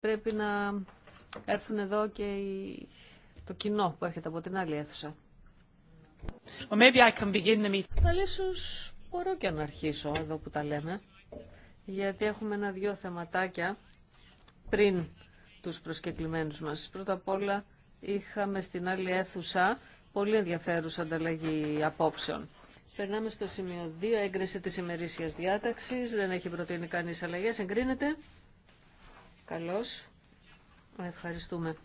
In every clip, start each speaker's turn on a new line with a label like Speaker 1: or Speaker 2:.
Speaker 1: πρέπει να έρθουν εδώ και το κοινό που έρχεται από την άλλη αίθουσα. Or ίσως μπορώ και να αρχίσω εδώ που τα λέμε, γιατί έχουμε ένα-δυο θεματάκια πριν τους προσκεκλημένους μας. Πρώτα απ' όλα είχαμε στην άλλη αίθουσα πολύ ενδιαφέρουσα ανταλλαγή απόψεων. Περνάμε στο σημείο 2, έγκριση της ημερήσιας διάταξης, δεν έχει προτείνει κανείς αλλαγές, εγκρίνεται. Καλώς. Ευχαριστούμε.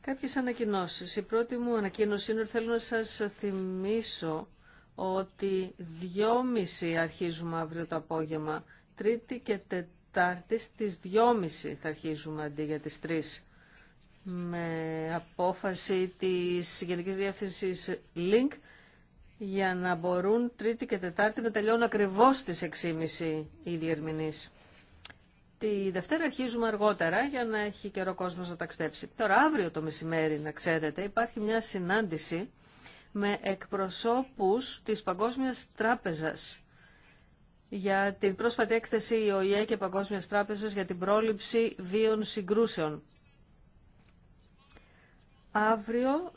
Speaker 1: Κάποιες ανακοινώσεις. Η πρώτη μου ανακοίνωση είναι ότι θέλω να σας θυμίσω ότι δυόμιση αρχίζουμε αύριο το απόγευμα. Τρίτη και Τετάρτη στις δυόμιση θα αρχίζουμε αντί για τις τρεις. Με απόφαση της Γενικής Διεύθυνσης Link για να μπορούν Τρίτη και Τετάρτη να τελειώνουν ακριβώς στις 6.30 οι διερμηνείς. Τη Δευτέρα αρχίζουμε αργότερα για να έχει καιρό κόσμος να ταξιδέψει. Τώρα αύριο το μεσημέρι, να ξέρετε, υπάρχει μια συνάντηση με εκπροσώπους της Παγκόσμιας Τράπεζας για την πρόσφατη έκθεση ΟΗΕ και Παγκόσμιας Τράπεζας για την πρόληψη βίων συγκρούσεων. Αύριο,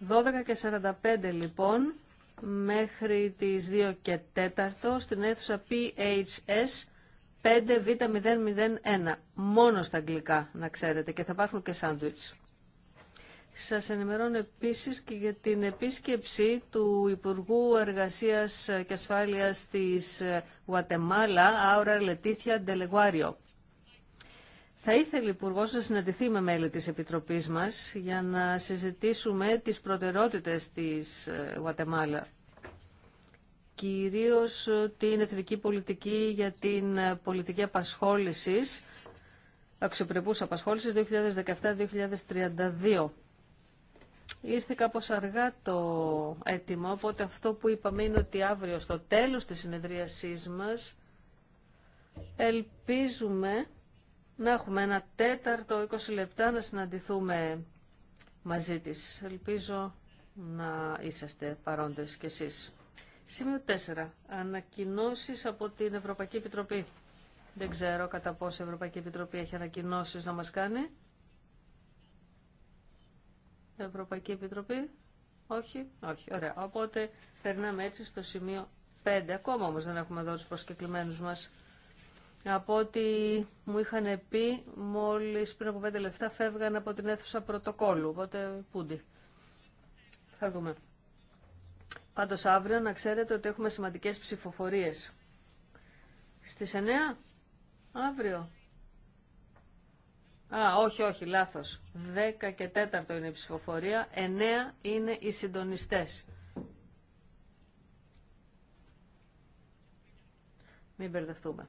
Speaker 1: 12.45 λοιπόν, μέχρι τις 2 και στην αίθουσα PHS 5Β001. Μόνο στα αγγλικά, να ξέρετε. Και θα υπάρχουν και σάντουιτς. Σας ενημερώνω επίσης και για την επίσκεψη του Υπουργού Εργασίας και Ασφάλειας της Γουατεμάλα, Άουρα Λετήθια Ντελεγουάριο. Θα ήθελε ο Υπουργό να συναντηθεί με μέλη της Επιτροπής μας για να συζητήσουμε τις προτεραιότητες της ε, Γουατεμάλα κυρίως ε, την εθνική πολιτική για την ε, πολιτική απασχόλησης, αξιοπρεπούς απασχόλησης 2017-2032. Ήρθε κάπως αργά το έτοιμο, οπότε αυτό που είπαμε είναι ότι αύριο στο τέλος της συνεδρίασής μας ελπίζουμε να έχουμε ένα τέταρτο 20 λεπτά να συναντηθούμε μαζί της. Ελπίζω να είσαστε παρόντες κι εσείς. Σημείο 4. Ανακοινώσεις από την Ευρωπαϊκή Επιτροπή. Δεν ξέρω κατά πόσο η Ευρωπαϊκή Επιτροπή έχει ανακοινώσεις να μας κάνει. Ευρωπαϊκή Επιτροπή. Όχι, όχι. Ωραία. Οπότε περνάμε έτσι στο σημείο 5. Ακόμα όμως δεν έχουμε εδώ τους προσκεκλημένους μας. Από ό,τι μου είχαν πει, μόλις πριν από 5 λεπτά φεύγαν από την αίθουσα πρωτοκόλλου. Οπότε πούντι. Θα δούμε. Πάντως αύριο να ξέρετε ότι έχουμε σημαντικές ψηφοφορίες. Στις 9, αύριο. Α, όχι, όχι, λάθος. 10 και 4 είναι η ψηφοφορία, 9 είναι οι συντονιστές. Μην μπερδευτούμε.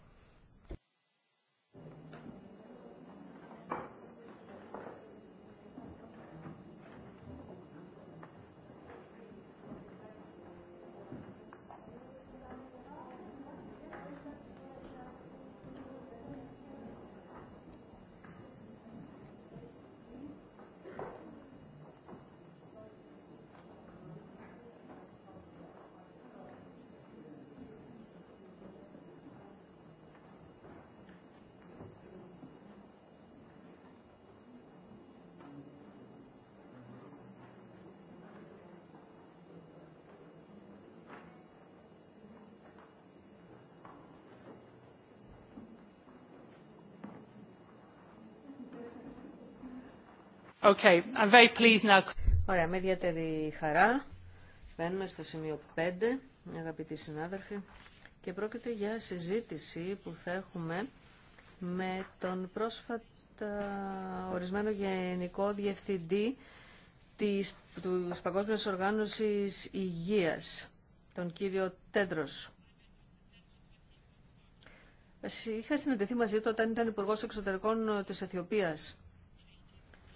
Speaker 1: Ωραία, με ιδιαίτερη χαρά. Μπαίνουμε στο σημείο 5, αγαπητοί συνάδελφοι, και πρόκειται για συζήτηση που θα έχουμε με τον πρόσφατα ορισμένο Γενικό Διευθυντή της, της Παγκόσμιας Οργάνωσης Υγείας, τον κύριο Τέντρος. Είχα συναντηθεί μαζί του όταν ήταν Υπουργός Εξωτερικών της Αιθιοπίας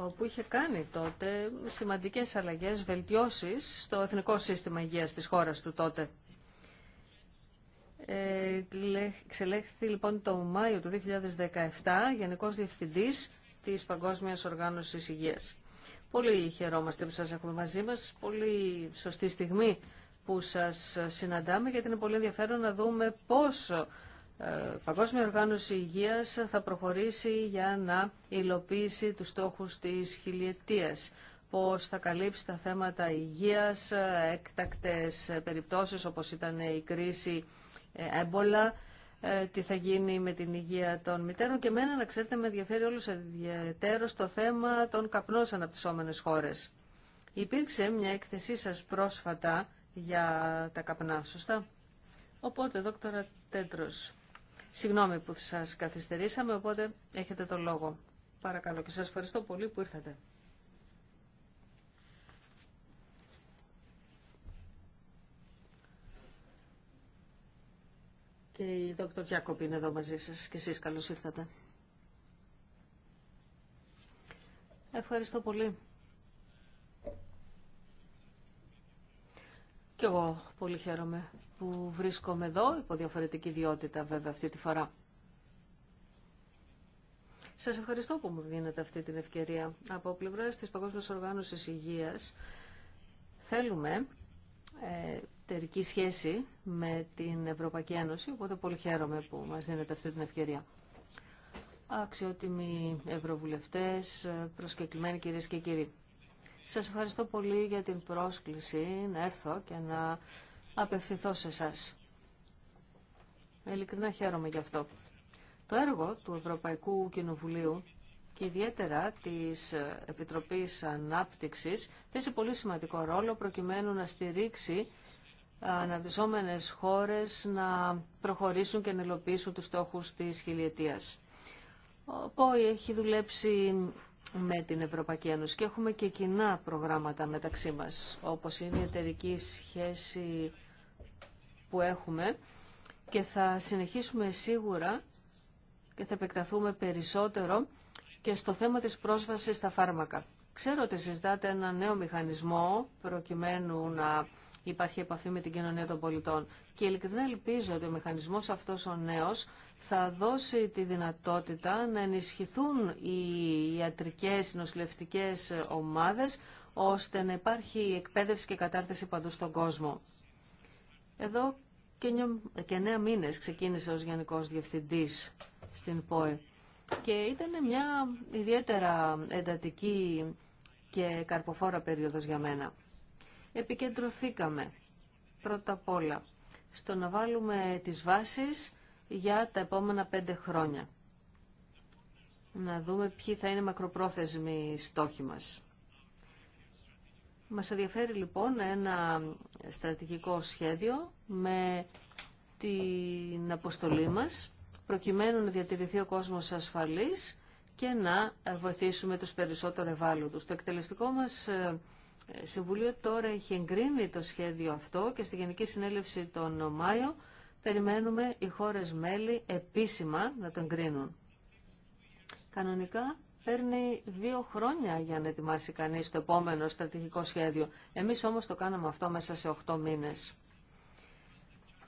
Speaker 1: όπου είχε κάνει τότε σημαντικές αλλαγές, βελτιώσεις στο εθνικό σύστημα υγείας της χώρας του τότε. Ε, ξελέχθη λοιπόν το Μάιο του 2017 Γενικός Διευθυντής της Παγκόσμιας Οργάνωσης Υγείας. Πολύ χαιρόμαστε που σας έχουμε μαζί μας, πολύ σωστή στιγμή που σας συναντάμε γιατί είναι πολύ ενδιαφέρον να δούμε πόσο ε, Παγκόσμια Οργάνωση Υγείας θα προχωρήσει για να υλοποιήσει τους στόχους της χιλιετίας πώς θα καλύψει τα θέματα υγείας, ε, έκτακτες περιπτώσεις όπως ήταν η κρίση ε, έμπολα, τι θα γίνει με την υγεία των μητέρων και μένα να ξέρετε με ενδιαφέρει όλους ιδιαίτερο το θέμα των καπνών σε αναπτυσσόμενες χώρες. Υπήρξε μια έκθεσή σας πρόσφατα για τα καπνά, σωστά. Οπότε, δόκτωρα Τέτρος, Συγγνώμη που σας καθυστερήσαμε, οπότε έχετε το λόγο. Παρακαλώ και σας ευχαριστώ πολύ που ήρθατε. Και η Δόκτωρ Γιάκοπη είναι εδώ μαζί σας και εσείς καλώς ήρθατε. Ευχαριστώ πολύ. Και εγώ πολύ χαίρομαι που βρίσκομαι εδώ, υπό διαφορετική ιδιότητα βέβαια αυτή τη φορά. Σας ευχαριστώ που μου δίνετε αυτή την ευκαιρία. Από πλευρά της Παγκόσμιας Οργάνωσης Υγείας θέλουμε ε, τερική σχέση με την Ευρωπαϊκή Ένωση, οπότε πολύ χαίρομαι που μας δίνετε αυτή την ευκαιρία. Αξιότιμοι ευρωβουλευτές, προσκεκλημένοι κυρίες και κύριοι. Σας ευχαριστώ πολύ για την πρόσκληση να έρθω και να απευθυνθώ σε εσά. Ειλικρινά χαίρομαι γι' αυτό. Το έργο του Ευρωπαϊκού Κοινοβουλίου και ιδιαίτερα της Επιτροπής Ανάπτυξης παίζει πολύ σημαντικό ρόλο προκειμένου να στηρίξει αναπτυσσόμενες χώρες να προχωρήσουν και να υλοποιήσουν τους στόχους της χιλιετίας. Ο ΠΟΗ έχει δουλέψει με την Ευρωπαϊκή Ένωση και έχουμε και κοινά προγράμματα μεταξύ μας, όπως είναι η εταιρική σχέση που έχουμε και θα συνεχίσουμε σίγουρα και θα επεκταθούμε περισσότερο και στο θέμα της πρόσβασης στα φάρμακα. Ξέρω ότι συζητάτε ένα νέο μηχανισμό προκειμένου να υπάρχει επαφή με την κοινωνία των πολιτών και ειλικρινά ελπίζω ότι ο μηχανισμός αυτός ο νέος θα δώσει τη δυνατότητα να ενισχυθούν οι ιατρικές νοσηλευτικές ομάδες ώστε να υπάρχει εκπαίδευση και κατάρτιση παντού στον κόσμο. Εδώ και νέα μήνες ξεκίνησε ως Γενικός Διευθυντής στην ΠΟΕ και ήταν μια ιδιαίτερα εντατική και καρποφόρα περίοδος για μένα. Επικεντρωθήκαμε πρώτα απ' όλα στο να βάλουμε τις βάσεις για τα επόμενα πέντε χρόνια. Να δούμε ποιοι θα είναι μακροπρόθεσμοι στόχοι μας. Μας ενδιαφέρει λοιπόν ένα στρατηγικό σχέδιο με την αποστολή μας, προκειμένου να διατηρηθεί ο κόσμος ασφαλής και να βοηθήσουμε τους περισσότερο ευάλωτους. Το εκτελεστικό μας ε, Συμβουλίο τώρα έχει εγκρίνει το σχέδιο αυτό και στη Γενική Συνέλευση τον Μάιο περιμένουμε οι χώρες μέλη επίσημα να τον κρίνουν. Κανονικά παίρνει δύο χρόνια για να ετοιμάσει κανείς το επόμενο στρατηγικό σχέδιο. Εμείς όμως το κάναμε αυτό μέσα σε 8 μήνες.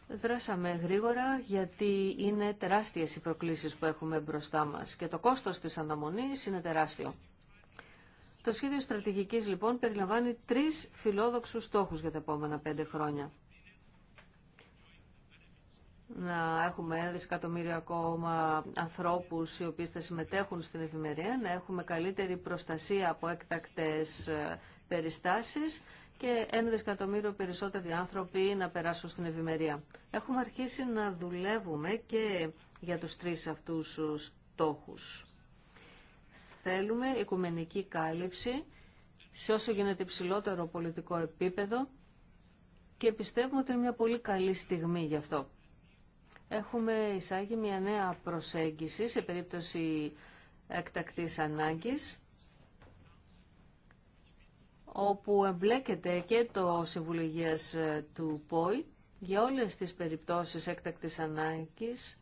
Speaker 1: Δράσαμε γρήγορα γιατί είναι τεράστιες οι προκλήσεις που έχουμε μπροστά μας και το κόστος της αναμονής είναι τεράστιο. Το σχέδιο στρατηγικής λοιπόν περιλαμβάνει τρεις φιλόδοξους στόχους για τα επόμενα πέντε χρόνια να έχουμε ένα δισεκατομμύριο ακόμα ανθρώπου οι οποίοι θα συμμετέχουν στην εφημερία, να έχουμε καλύτερη προστασία από έκτακτες ε, περιστάσεις και ένα δισεκατομμύριο περισσότεροι άνθρωποι να περάσουν στην ευημερία. Έχουμε αρχίσει να δουλεύουμε και για τους τρεις αυτούς στόχους. Θέλουμε οικουμενική κάλυψη σε όσο γίνεται υψηλότερο πολιτικό επίπεδο και πιστεύουμε ότι είναι μια πολύ καλή στιγμή γι' αυτό έχουμε εισάγει μια νέα προσέγγιση σε περίπτωση εκτακτής ανάγκης όπου εμπλέκεται και το Συμβουλίο ε, του ΠΟΗ για όλες τις περιπτώσεις έκτακτης ανάγκης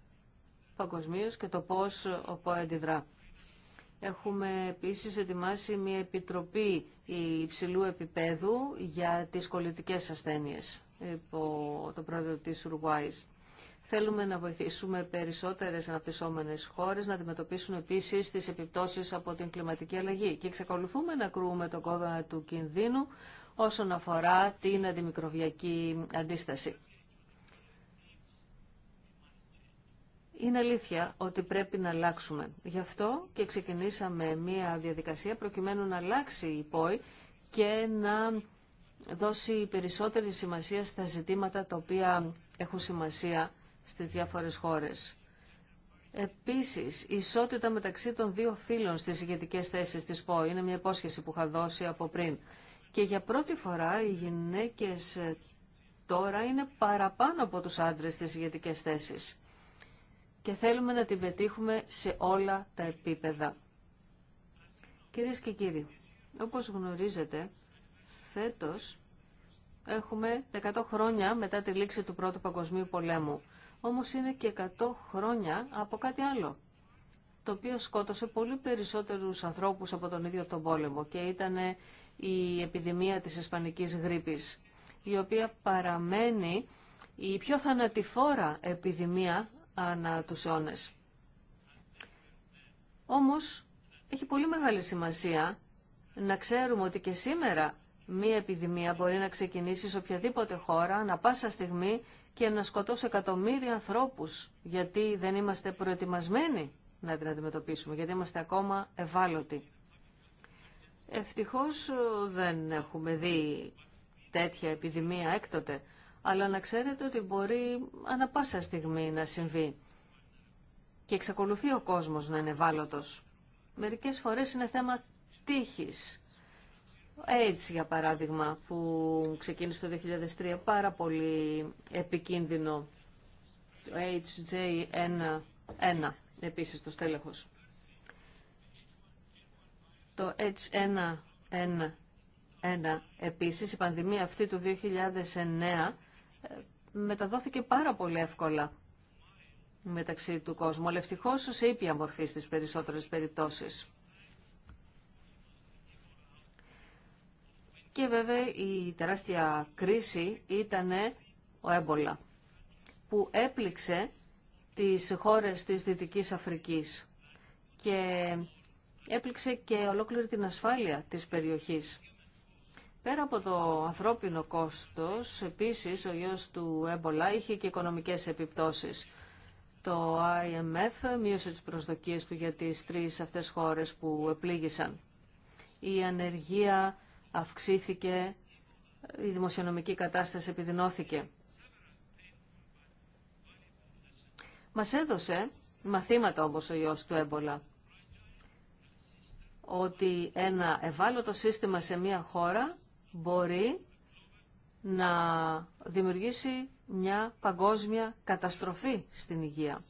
Speaker 1: παγκοσμίω και το πώς ο ΠΟΗ αντιδρά. Έχουμε επίσης ετοιμάσει μια επιτροπή υψηλού επίπεδου για τις κολλητικές ασθένειες υπό το πρόεδρο της Ουρουάης. Θέλουμε να βοηθήσουμε περισσότερες αναπτυσσόμενες χώρες να αντιμετωπίσουν επίσης τις επιπτώσεις από την κλιματική αλλαγή και εξακολουθούμε να κρούμε τον κόδωνα του κινδύνου όσον αφορά την αντιμικροβιακή αντίσταση. Είναι αλήθεια ότι πρέπει να αλλάξουμε. Γι' αυτό και ξεκινήσαμε μία διαδικασία προκειμένου να αλλάξει η ΠΟΗ και να δώσει περισσότερη σημασία στα ζητήματα τα οποία έχουν σημασία στις διάφορες χώρες. Επίσης, η ισότητα μεταξύ των δύο φύλων στις ηγετικές θέσεις της ΠΟΗ είναι μια υπόσχεση που είχα δώσει από πριν. Και για πρώτη φορά οι γυναίκες τώρα είναι παραπάνω από τους άντρες στις ηγετικές θέσεις. Και θέλουμε να την πετύχουμε σε όλα τα επίπεδα. Κυρίες και κύριοι, όπως γνωρίζετε, φέτος έχουμε 100 χρόνια μετά τη λήξη του Πρώτου Παγκοσμίου Πολέμου όμως είναι και 100 χρόνια από κάτι άλλο, το οποίο σκότωσε πολύ περισσότερους ανθρώπους από τον ίδιο τον πόλεμο και ήταν η επιδημία της Ισπανικής γρίπης, η οποία παραμένει η πιο θανατηφόρα επιδημία ανά τους αιώνες. Όμως, έχει πολύ μεγάλη σημασία να ξέρουμε ότι και σήμερα μία επιδημία μπορεί να ξεκινήσει σε οποιαδήποτε χώρα, να πάσα στιγμή και να σκοτώσει εκατομμύρια ανθρώπους γιατί δεν είμαστε προετοιμασμένοι να την αντιμετωπίσουμε, γιατί είμαστε ακόμα ευάλωτοι. Ευτυχώς ε, δεν έχουμε δει τέτοια επιδημία έκτοτε, αλλά να ξέρετε ότι μπορεί ανα πάσα στιγμή να συμβεί. Και εξακολουθεί ο κόσμος να είναι ευάλωτος. Μερικές φορές είναι θέμα τύχης AIDS για παράδειγμα που ξεκίνησε το 2003 πάρα πολύ Το επικίνδυνο HJ1 επίσης το στέλεχος. Το H1N1 επίσης η πανδημία αυτή του 2009 ε, μεταδόθηκε πάρα πολύ εύκολα μεταξύ του κόσμου, αλλά ευτυχώς σε ήπια μορφή στις περισσότερες περιπτώσεις. Και βέβαια η τεράστια κρίση ήταν ο έμπολα που έπληξε τις χώρες της Δυτικής Αφρικής και έπληξε και ολόκληρη την ασφάλεια της περιοχής. Πέρα από το ανθρώπινο κόστος, επίσης ο ιός του έμπολα είχε και οικονομικές επιπτώσεις. Το IMF μείωσε τις προσδοκίες του για τις τρεις αυτές χώρες που επλήγησαν. Η ανεργία αυξήθηκε, η δημοσιονομική κατάσταση επιδεινώθηκε. Μας έδωσε μαθήματα όμως ο ιός του έμπολα. Ότι ένα ευάλωτο σύστημα σε μια χώρα μπορεί να δημιουργήσει μια παγκόσμια καταστροφή στην υγεία.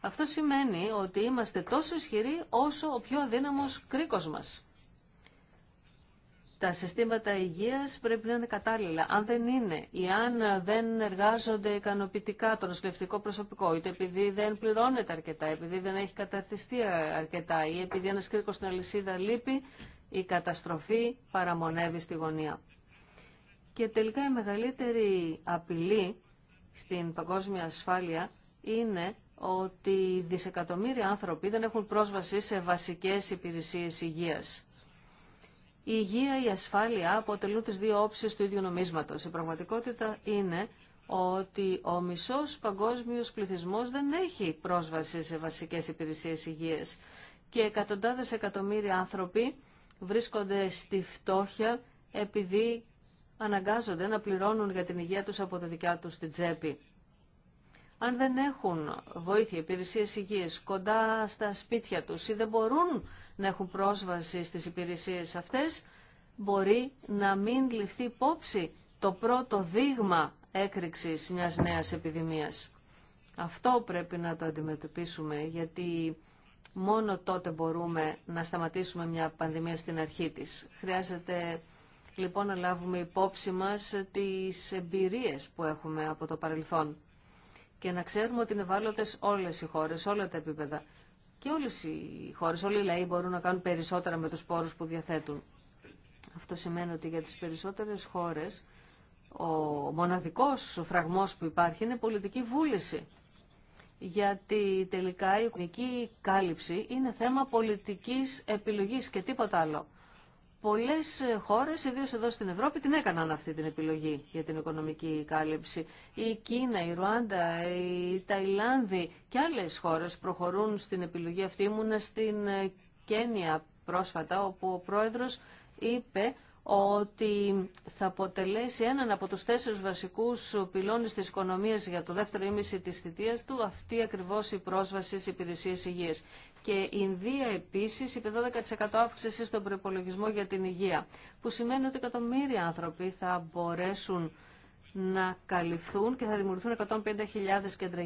Speaker 1: Αυτό σημαίνει ότι είμαστε τόσο ισχυροί όσο ο πιο αδύναμος κρίκος μας τα συστήματα υγείας πρέπει να είναι κατάλληλα. Αν δεν είναι ή αν δεν εργάζονται ικανοποιητικά το νοσηλευτικό προσωπικό, είτε επειδή δεν πληρώνεται αρκετά, επειδή δεν έχει καταρτιστεί αρκετά ή επειδή ένας κρίκος στην αλυσίδα λείπει, η καταστροφή παραμονεύει στη παραμονεύει η μεγαλύτερη απειλή στην παγκόσμια ασφάλεια είναι ότι δισεκατομμύρια άνθρωποι δεν έχουν πρόσβαση σε βασικές υπηρεσίες υγείας η υγεία, η ασφάλεια αποτελούν τις δύο όψεις του ίδιου νομίσματος. Η πραγματικότητα είναι ότι ο μισός παγκόσμιος πληθυσμός δεν έχει πρόσβαση σε βασικές υπηρεσίες υγείας και εκατοντάδες εκατομμύρια άνθρωποι βρίσκονται στη φτώχεια επειδή αναγκάζονται να πληρώνουν για την υγεία τους από τα δικιά τους την τσέπη αν δεν έχουν βοήθεια, υπηρεσίε υγεία κοντά στα σπίτια τους ή δεν μπορούν να έχουν πρόσβαση στις υπηρεσίες αυτές, μπορεί να μην ληφθεί υπόψη το πρώτο δείγμα έκρηξη μια νέας επιδημίας. Αυτό πρέπει να το αντιμετωπίσουμε, γιατί μόνο τότε μπορούμε να σταματήσουμε μια πανδημία στην αρχή της. Χρειάζεται λοιπόν να λάβουμε υπόψη μας τις εμπειρίες που έχουμε από το παρελθόν και να ξέρουμε ότι είναι ευάλωτε όλε οι χώρε, όλα τα επίπεδα. Και όλε οι χώρε, όλοι οι λαοί μπορούν να κάνουν περισσότερα με του πόρου που διαθέτουν. Αυτό σημαίνει ότι για τι περισσότερε χώρε ο μοναδικός φραγμός που υπάρχει είναι πολιτική βούληση. Γιατί τελικά η οικονομική κάλυψη είναι θέμα πολιτικής επιλογής και τίποτα άλλο. Πολλέ χώρες, ιδίω εδώ στην Ευρώπη, την έκαναν αυτή την επιλογή για την οικονομική κάλυψη. Η Κίνα, η Ρουάντα, η Ταϊλάνδη και άλλες χώρες προχωρούν στην επιλογή αυτή. Ήμουνα στην Κένια πρόσφατα, όπου ο πρόεδρος είπε ότι θα αποτελέσει έναν από τους τέσσερις βασικούς πυλώνες της οικονομίας για το δεύτερο ήμιση της θητείας του αυτή ακριβώς η πρόσβαση στις υπηρεσίες υγείας. Και η Ινδία επίση είπε 12% αύξηση στον προπολογισμό για την υγεία, που σημαίνει ότι εκατομμύρια άνθρωποι θα μπορέσουν να καλυφθούν και θα δημιουργηθούν 150.000 κέντρα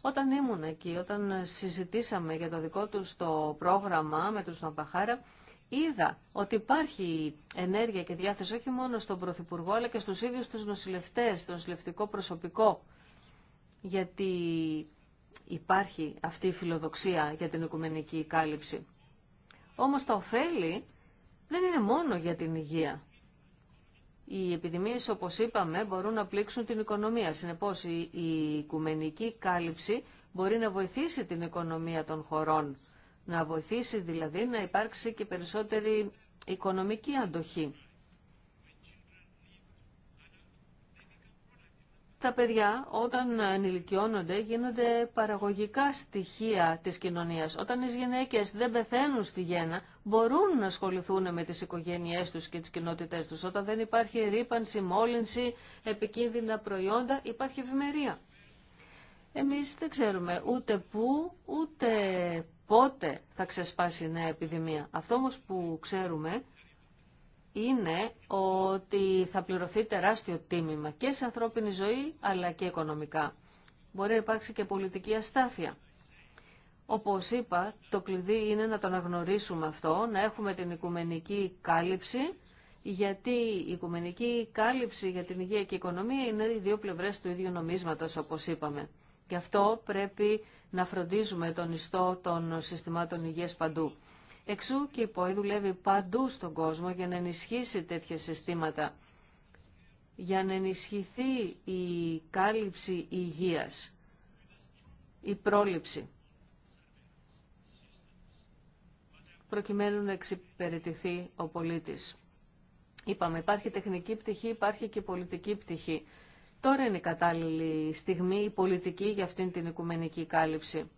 Speaker 1: Όταν ήμουν εκεί, όταν συζητήσαμε για το δικό του το πρόγραμμα με τους Ναμπαχάρα, είδα ότι υπάρχει ενέργεια και διάθεση όχι μόνο στον Πρωθυπουργό, αλλά και στους ίδιους τους νοσηλευτές, το νοσηλευτικό προσωπικό. Γιατί υπάρχει αυτή η φιλοδοξία για την οικουμενική κάλυψη. Όμως τα ωφέλη δεν είναι μόνο για την υγεία. Οι επιδημίες, όπως είπαμε, μπορούν να πλήξουν την οικονομία. Συνεπώς, η οικουμενική κάλυψη μπορεί να βοηθήσει την οικονομία των χωρών. Να βοηθήσει δηλαδή να υπάρξει και περισσότερη οικονομική αντοχή. τα παιδιά όταν ενηλικιώνονται γίνονται παραγωγικά στοιχεία της κοινωνίας. Όταν οι γυναίκες δεν πεθαίνουν στη γέννα, μπορούν να ασχοληθούν με τις οικογένειές τους και τις κοινότητές τους. Όταν δεν υπάρχει ρήπανση, μόλυνση, επικίνδυνα προϊόντα, υπάρχει ευημερία. Εμείς δεν ξέρουμε ούτε πού, ούτε πότε θα ξεσπάσει η νέα επιδημία. Αυτό όμως που ξέρουμε είναι ότι θα πληρωθεί τεράστιο τίμημα και σε ανθρώπινη ζωή αλλά και οικονομικά. Μπορεί να υπάρξει και πολιτική αστάθεια. Όπως είπα, το κλειδί είναι να τον αγνωρίσουμε αυτό, να έχουμε την οικουμενική κάλυψη, γιατί η οικουμενική κάλυψη για την υγεία και η οικονομία είναι οι δύο πλευρές του ίδιου νομίσματος, όπως είπαμε. Γι' αυτό πρέπει να φροντίζουμε τον ιστό των συστημάτων υγείας παντού. Εξού και η ΠΟΕ δουλεύει παντού στον κόσμο για να ενισχύσει τέτοια συστήματα, για να ενισχυθεί η κάλυψη υγείας, η πρόληψη, προκειμένου να εξυπηρετηθεί ο πολίτης. Είπαμε, υπάρχει τεχνική πτυχή, υπάρχει και πολιτική πτυχή. Τώρα είναι η κατάλληλη στιγμή η πολιτική για αυτήν την οικουμενική κάλυψη.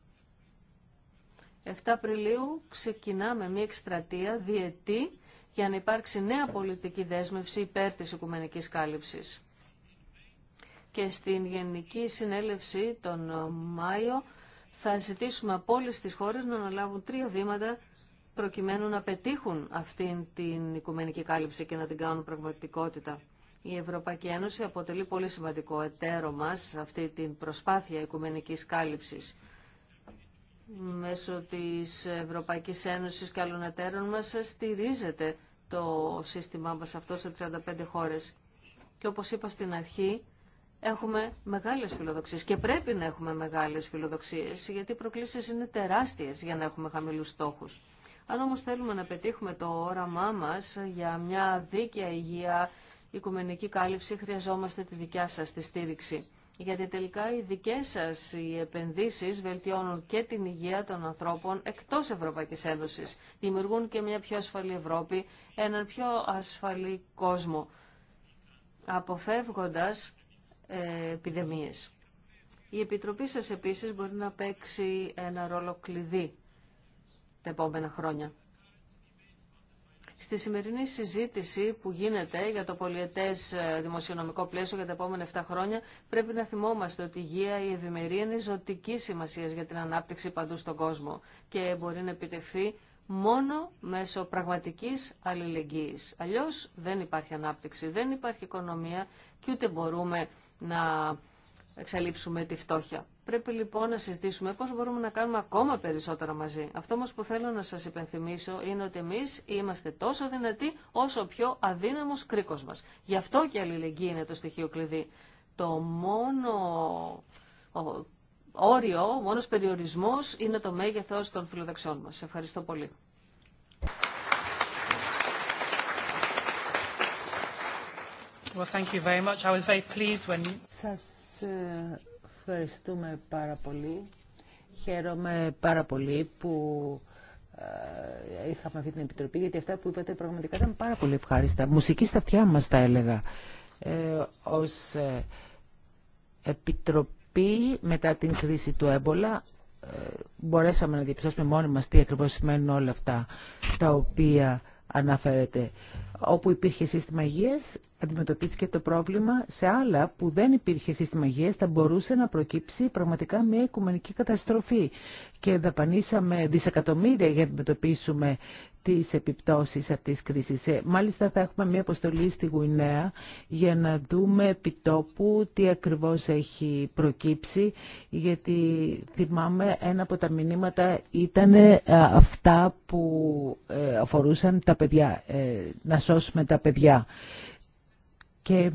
Speaker 1: 7 Απριλίου ξεκινάμε μια εκστρατεία διετή για να υπάρξει νέα πολιτική δέσμευση υπέρ της οικουμενικής κάλυψης. Και στην Γενική Συνέλευση τον Μάιο θα ζητήσουμε από όλες τις χώρες να αναλάβουν τρία βήματα προκειμένου να πετύχουν αυτήν την οικουμενική κάλυψη και να την κάνουν πραγματικότητα. Η Ευρωπαϊκή Ένωση αποτελεί πολύ σημαντικό εταίρο μας αυτή την προσπάθεια οικουμενικής κάλυψης μέσω της Ευρωπαϊκής Ένωσης και άλλων εταίρων μας στηρίζεται το σύστημά μας αυτό σε 35 χώρες. Και όπως είπα στην αρχή, έχουμε μεγάλες φιλοδοξίες και πρέπει να έχουμε μεγάλες φιλοδοξίες γιατί οι προκλήσεις είναι τεράστιες για να έχουμε χαμηλούς στόχους. Αν όμως θέλουμε να πετύχουμε το όραμά μας για μια δίκαια υγεία, οικουμενική κάλυψη, χρειαζόμαστε τη δικιά σας τη στήριξη γιατί τελικά οι δικές σας οι επενδύσεις βελτιώνουν και την υγεία των ανθρώπων εκτός Ευρωπαϊκής Ένωσης. Δημιουργούν και μια πιο ασφαλή Ευρώπη, έναν πιο ασφαλή κόσμο, αποφεύγοντας ε, Η Επιτροπή σας επίσης μπορεί να παίξει ένα ρόλο κλειδί τα επόμενα χρόνια. Στη σημερινή συζήτηση που γίνεται για το πολιετές ε, δημοσιονομικό πλαίσιο για τα επόμενα 7 χρόνια, πρέπει να θυμόμαστε ότι η υγεία, η ευημερία είναι ζωτική σημασία για την ανάπτυξη παντού στον κόσμο και μπορεί να επιτευχθεί μόνο μέσω πραγματικής αλληλεγγύης. Αλλιώς δεν υπάρχει ανάπτυξη, δεν υπάρχει οικονομία και ούτε μπορούμε να εξαλείψουμε τη φτώχεια. Πρέπει λοιπόν να συζητήσουμε πώς μπορούμε να κάνουμε ακόμα περισσότερα μαζί. Αυτό όμως που θέλω να σας υπενθυμίσω είναι ότι εμείς είμαστε τόσο δυνατοί όσο πιο αδύναμος κρίκος μας. Γι' αυτό και η αλληλεγγύη είναι το στοιχείο κλειδί. Το μόνο όριο, ο μόνος περιορισμός είναι το μέγεθος των φιλοδεξιών μας. Ευχαριστώ πολύ.
Speaker 2: Well, thank you very much. I was very pleased when...
Speaker 3: Ε, ευχαριστούμε πάρα πολύ. Χαίρομαι πάρα πολύ που ε, είχαμε αυτή την επιτροπή, γιατί αυτά που είπατε πραγματικά ήταν πάρα πολύ ευχάριστα. Μουσική στα αυτιά μας τα έλεγα. Ε, ως ε, επιτροπή μετά την κρίση του έμπολα μπορέσαμε να διαπιστώσουμε μόνοι μας τι ακριβώς σημαίνουν όλα αυτά τα οποία αναφέρεται όπου υπήρχε σύστημα υγείας, αντιμετωπίστηκε το πρόβλημα. Σε άλλα που δεν υπήρχε σύστημα υγείας, θα μπορούσε να προκύψει πραγματικά μια οικουμενική καταστροφή. Και δαπανίσαμε δισεκατομμύρια για να αντιμετωπίσουμε τις επιπτώσεις αυτής της κρίσης. Ε, μάλιστα θα έχουμε μια αποστολή στη Γουινέα για να δούμε επιτόπου τι ακριβώς έχει προκύψει γιατί θυμάμαι ένα από τα μηνύματα ήταν ε, αυτά που ε, αφορούσαν τα παιδιά να σώσουμε τα παιδιά. Και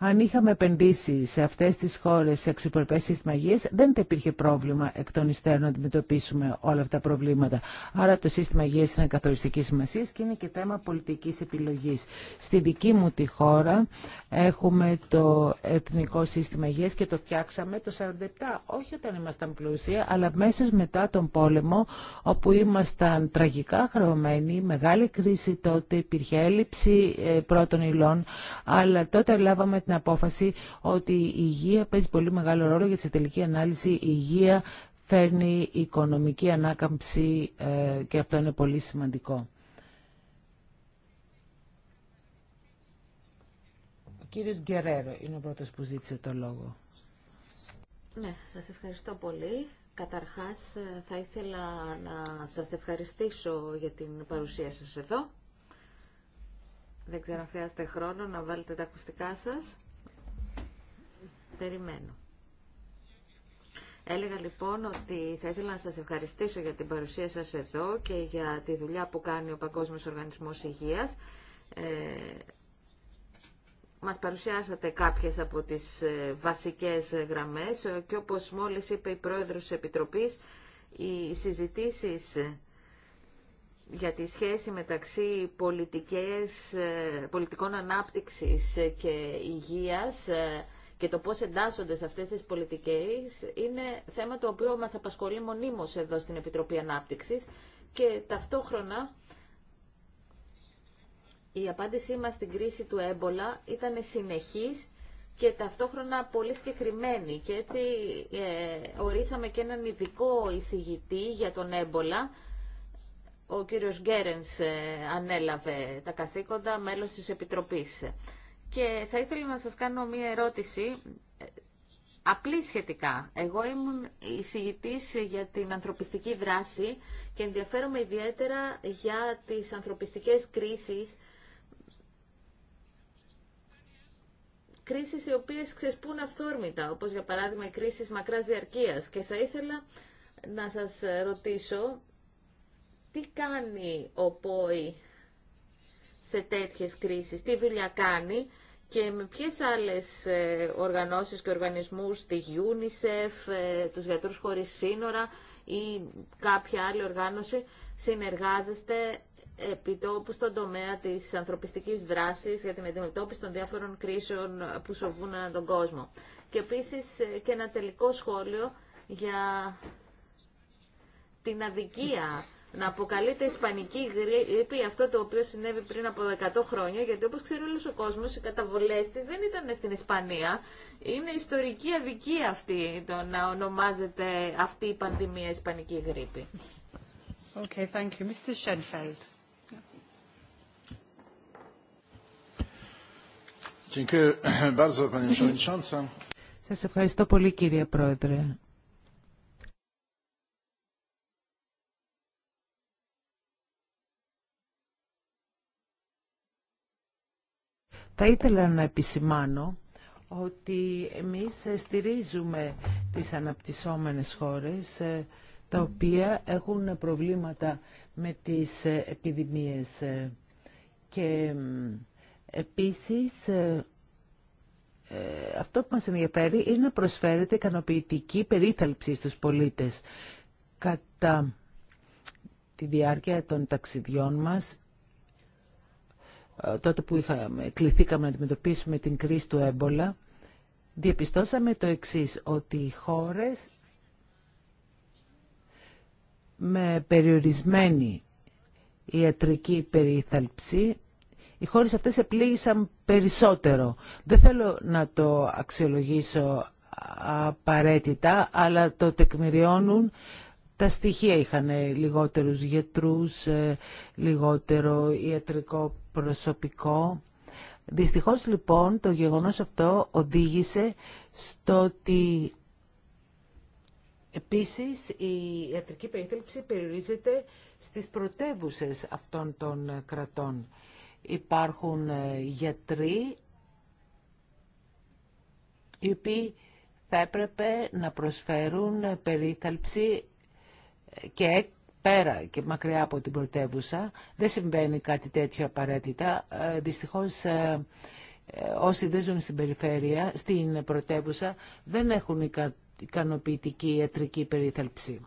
Speaker 3: αν είχαμε επενδύσει σε αυτέ τι χώρε σε σύστημα υγεία, δεν θα υπήρχε πρόβλημα εκ των υστέρων να αντιμετωπίσουμε όλα αυτά τα προβλήματα. Άρα το σύστημα υγεία είναι καθοριστική σημασία και είναι και θέμα πολιτική επιλογή. Στη δική μου τη χώρα έχουμε το Εθνικό Σύστημα Υγεία και το φτιάξαμε το 1947. όχι όταν ήμασταν πλούσια, αλλά αμέσω μετά τον πόλεμο, όπου ήμασταν τραγικά χρεωμένοι, μεγάλη κρίση τότε, υπήρχε έλλειψη ε, πρώτων υλών, αλλά τότε λάβαμε την απόφαση ότι η υγεία παίζει πολύ μεγάλο ρόλο για τη τελική ανάλυση η υγεία φέρνει οικονομική ανάκαμψη ε, και αυτό είναι πολύ σημαντικό. Ο κύριος Γκερέρο είναι ο πρώτος που ζήτησε το λόγο.
Speaker 4: Ναι, σας ευχαριστώ πολύ. Καταρχάς ε, θα ήθελα να σας ευχαριστήσω για την παρουσία σας εδώ. Δεν ξέρω αν χρειάζεται χρόνο να βάλετε τα ακουστικά σας. Περιμένω. Έλεγα λοιπόν ότι θα ήθελα να σας ευχαριστήσω για την παρουσία σας εδώ και για τη δουλειά που κάνει ο Παγκόσμιος Οργανισμός Υγείας. Ε, μας παρουσιάσατε κάποιες από τις ε, βασικές γραμμές και όπως μόλις είπε η Πρόεδρος Επιτροπής, οι συζητήσεις για τη σχέση μεταξύ πολιτικές, ε, πολιτικών ανάπτυξης ε, και υγείας ε, και το πώς εντάσσονται σε αυτές τις πολιτικές είναι θέμα το οποίο μας απασχολεί μονίμως εδώ στην Επιτροπή Ανάπτυξης και ταυτόχρονα η απάντησή μας στην κρίση του έμπολα ήταν συνεχής και ταυτόχρονα πολύ συγκεκριμένη και έτσι ορίσαμε και έναν ειδικό εισηγητή για τον έμπολα ο κύριος Γκέρενς ε, ανέλαβε τα καθήκοντα μέλος της Επιτροπής. Και θα ήθελα να σας κάνω μία ερώτηση ε, απλή σχετικά. Εγώ ήμουν εισηγητής για την ανθρωπιστική δράση και ενδιαφέρομαι ιδιαίτερα για τις ανθρωπιστικές κρίσεις κρίσεις οι οποίες ξεσπούν αυθόρμητα, όπως για παράδειγμα οι κρίσεις μακράς διαρκείας. Και θα ήθελα να σας ρωτήσω τι κάνει ο ΠΟΗ σε τέτοιες κρίσεις, τι δουλειά κάνει και με ποιες άλλες ε, οργανώσεις και οργανισμούς, τη UNICEF, ε, τους Γιατρούς Χωρίς Σύνορα ή κάποια άλλη οργάνωση, συνεργάζεστε επί τόπου στον τομέα της ανθρωπιστικής δράσης για την αντιμετώπιση των διάφορων κρίσεων που σοβούν τον κόσμο. Και επίσης ε, και ένα τελικό σχόλιο για την αδικία να αποκαλείται ισπανική γρήπη αυτό το οποίο συνέβη πριν από 100 χρόνια, γιατί όπως ξέρει όλος ο κόσμος, οι καταβολές της δεν ήταν στην Ισπανία. Είναι ιστορική αδικία αυτή το να ονομάζεται αυτή η πανδημία ισπανική γρήπη. Okay, thank you. Mr.
Speaker 3: Σας ευχαριστώ πολύ κύριε Πρόεδρε. Θα ήθελα να επισημάνω ότι εμείς στηρίζουμε τις αναπτυσσόμενες χώρες ε, τα οποία έχουν προβλήματα με τις ε, επιδημίες ε. και επίσης αυτό που μας ενδιαφέρει είναι να προσφέρεται ικανοποιητική περίθαλψη στους πολίτες. Κατά τη διάρκεια των ταξιδιών μας ε, τότε που είχαμε, κληθήκαμε να αντιμετωπίσουμε την κρίση του έμπολα, διαπιστώσαμε το εξής, ότι οι χώρες με περιορισμένη ιατρική περιθαλψή, οι χώρες αυτές επλήγησαν περισσότερο. Δεν θέλω να το αξιολογήσω απαραίτητα, αλλά το τεκμηριώνουν τα στοιχεία είχαν λιγότερους γιατρούς, ε, λιγότερο ιατρικό προσωπικό. Δυστυχώς λοιπόν το γεγονός αυτό οδήγησε στο ότι επίσης η ιατρική περίθαλψη περιορίζεται στις πρωτεύουσες αυτών των κρατών. Υπάρχουν ε, γιατροί οι οποίοι θα έπρεπε να προσφέρουν ε, περίθαλψη ε, και πέρα και μακριά από την πρωτεύουσα. Δεν συμβαίνει κάτι τέτοιο απαραίτητα. Ε, δυστυχώς ε, ε, όσοι δεν ζουν στην περιφέρεια, στην πρωτεύουσα, δεν έχουν ικανοποιητική ιατρική περίθαλψη.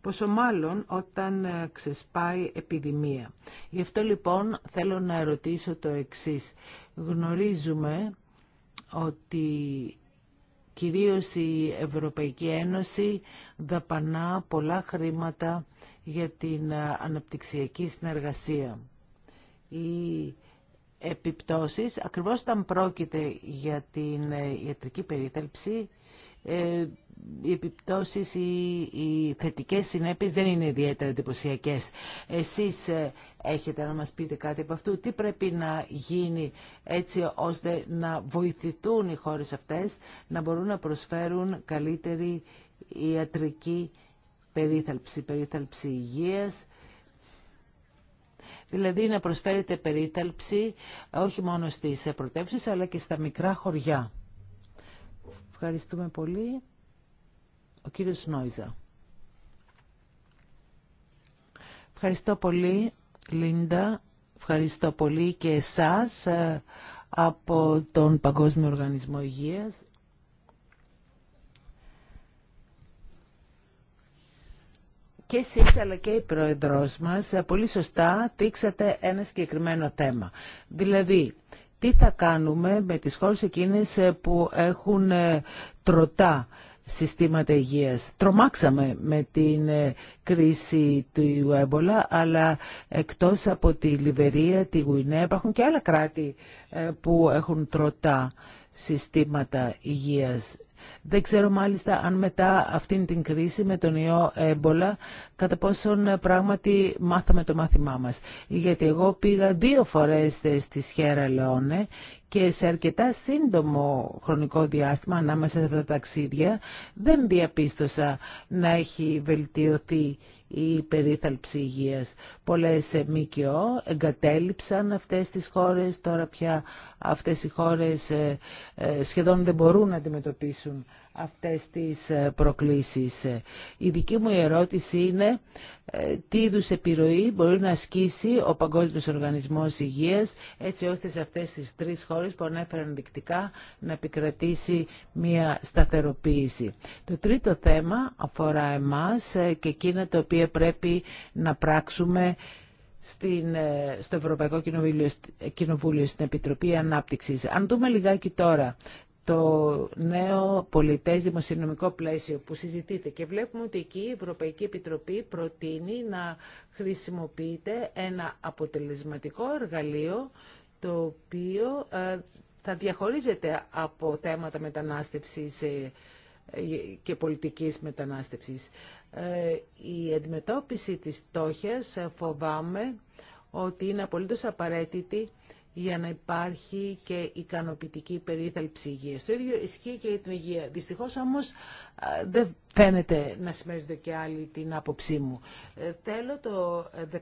Speaker 3: Πόσο μάλλον όταν ξεσπάει επιδημία. Γι' αυτό λοιπόν θέλω να ερωτήσω το εξής. Γνωρίζουμε ότι κυρίως η Ευρωπαϊκή Ένωση δαπανά πολλά χρήματα για την ε, αναπτυξιακή συνεργασία. Οι επιπτώσεις, ακριβώς όταν πρόκειται για την ε, ιατρική περίθαλψη, ε, οι επιπτώσεις, οι, οι θετικές συνέπειες δεν είναι ιδιαίτερα εντυπωσιακέ. Εσείς έχετε να μας πείτε κάτι από αυτού. Τι πρέπει να γίνει έτσι ώστε να βοηθηθούν οι χώρες αυτές να μπορούν να προσφέρουν καλύτερη ιατρική περίθαλψη, περίθαλψη υγείας, δηλαδή να προσφέρεται περίθαλψη όχι μόνο στις πρωτεύουσες αλλά και στα μικρά χωριά. Ευχαριστούμε πολύ. Ο κύριος Νόιζα. Ευχαριστώ πολύ, Λίντα. Ευχαριστώ πολύ και εσάς ε, από τον Παγκόσμιο Οργανισμό Υγείας και εσείς αλλά και η Πρόεδρος μας πολύ σωστά δείξατε ένα συγκεκριμένο θέμα. Δηλαδή, τι θα κάνουμε με τις χώρες εκείνες που έχουν ε, τροτά συστήματα υγείας. Τρομάξαμε με την ε, κρίση του Ιουέμπολα, αλλά εκτός από τη Λιβερία, τη Γουινέα, υπάρχουν και άλλα κράτη ε, που έχουν τροτά συστήματα υγείας. Δεν ξέρω μάλιστα αν μετά αυτήν την κρίση με τον ιό έμπολα κατά πόσον ε, πράγματι μάθαμε το μάθημά μας. Γιατί εγώ πήγα δύο φορές ε, στη Σχέρα Λεόνε και σε αρκετά σύντομο χρονικό διάστημα ανάμεσα σε αυτά τα ταξίδια δεν διαπίστωσα να έχει βελτιωθεί η περίθαλψη υγείας. Πολλές ΜΚΟ εγκατέλειψαν αυτές τις χώρες, τώρα πια αυτές οι χώρες ε, ε, σχεδόν δεν μπορούν να αντιμετωπίσουν αυτές τις ε, προκλήσεις. Η δική μου ερώτηση είναι τι είδου επιρροή μπορεί να ασκήσει ο Παγκόσμιο Οργανισμός Υγείας έτσι ώστε σε αυτές τις τρεις χώρες που ανέφεραν δεικτικά να επικρατήσει μια σταθεροποίηση. Το τρίτο θέμα αφορά εμάς και εκείνα τα οποία πρέπει να πράξουμε στην, ε, στο Ευρωπαϊκό Κοινοβούλιο, στην Επιτροπή Ανάπτυξης. Αν δούμε λιγάκι τώρα το νέο πολιτές δημοσιονομικό πλαίσιο που συζητείται και βλέπουμε ότι εκεί η Ευρωπαϊκή Επιτροπή προτείνει να χρησιμοποιείται ένα αποτελεσματικό εργαλείο το οποίο ε, θα διαχωρίζεται από θέματα μετανάστευσης ε, και πολιτικής μετανάστευσης. Ε, η αντιμετώπιση της φτώχειας ε, φοβάμαι ότι είναι απολύτως απαραίτητη για να υπάρχει και ικανοποιητική περίθαλψη υγεία. Το ίδιο ισχύει και η την υγεία. Δυστυχώς όμω δεν φαίνεται να συμμερίζονται και άλλοι την άποψή μου. Ε, θέλω το 2014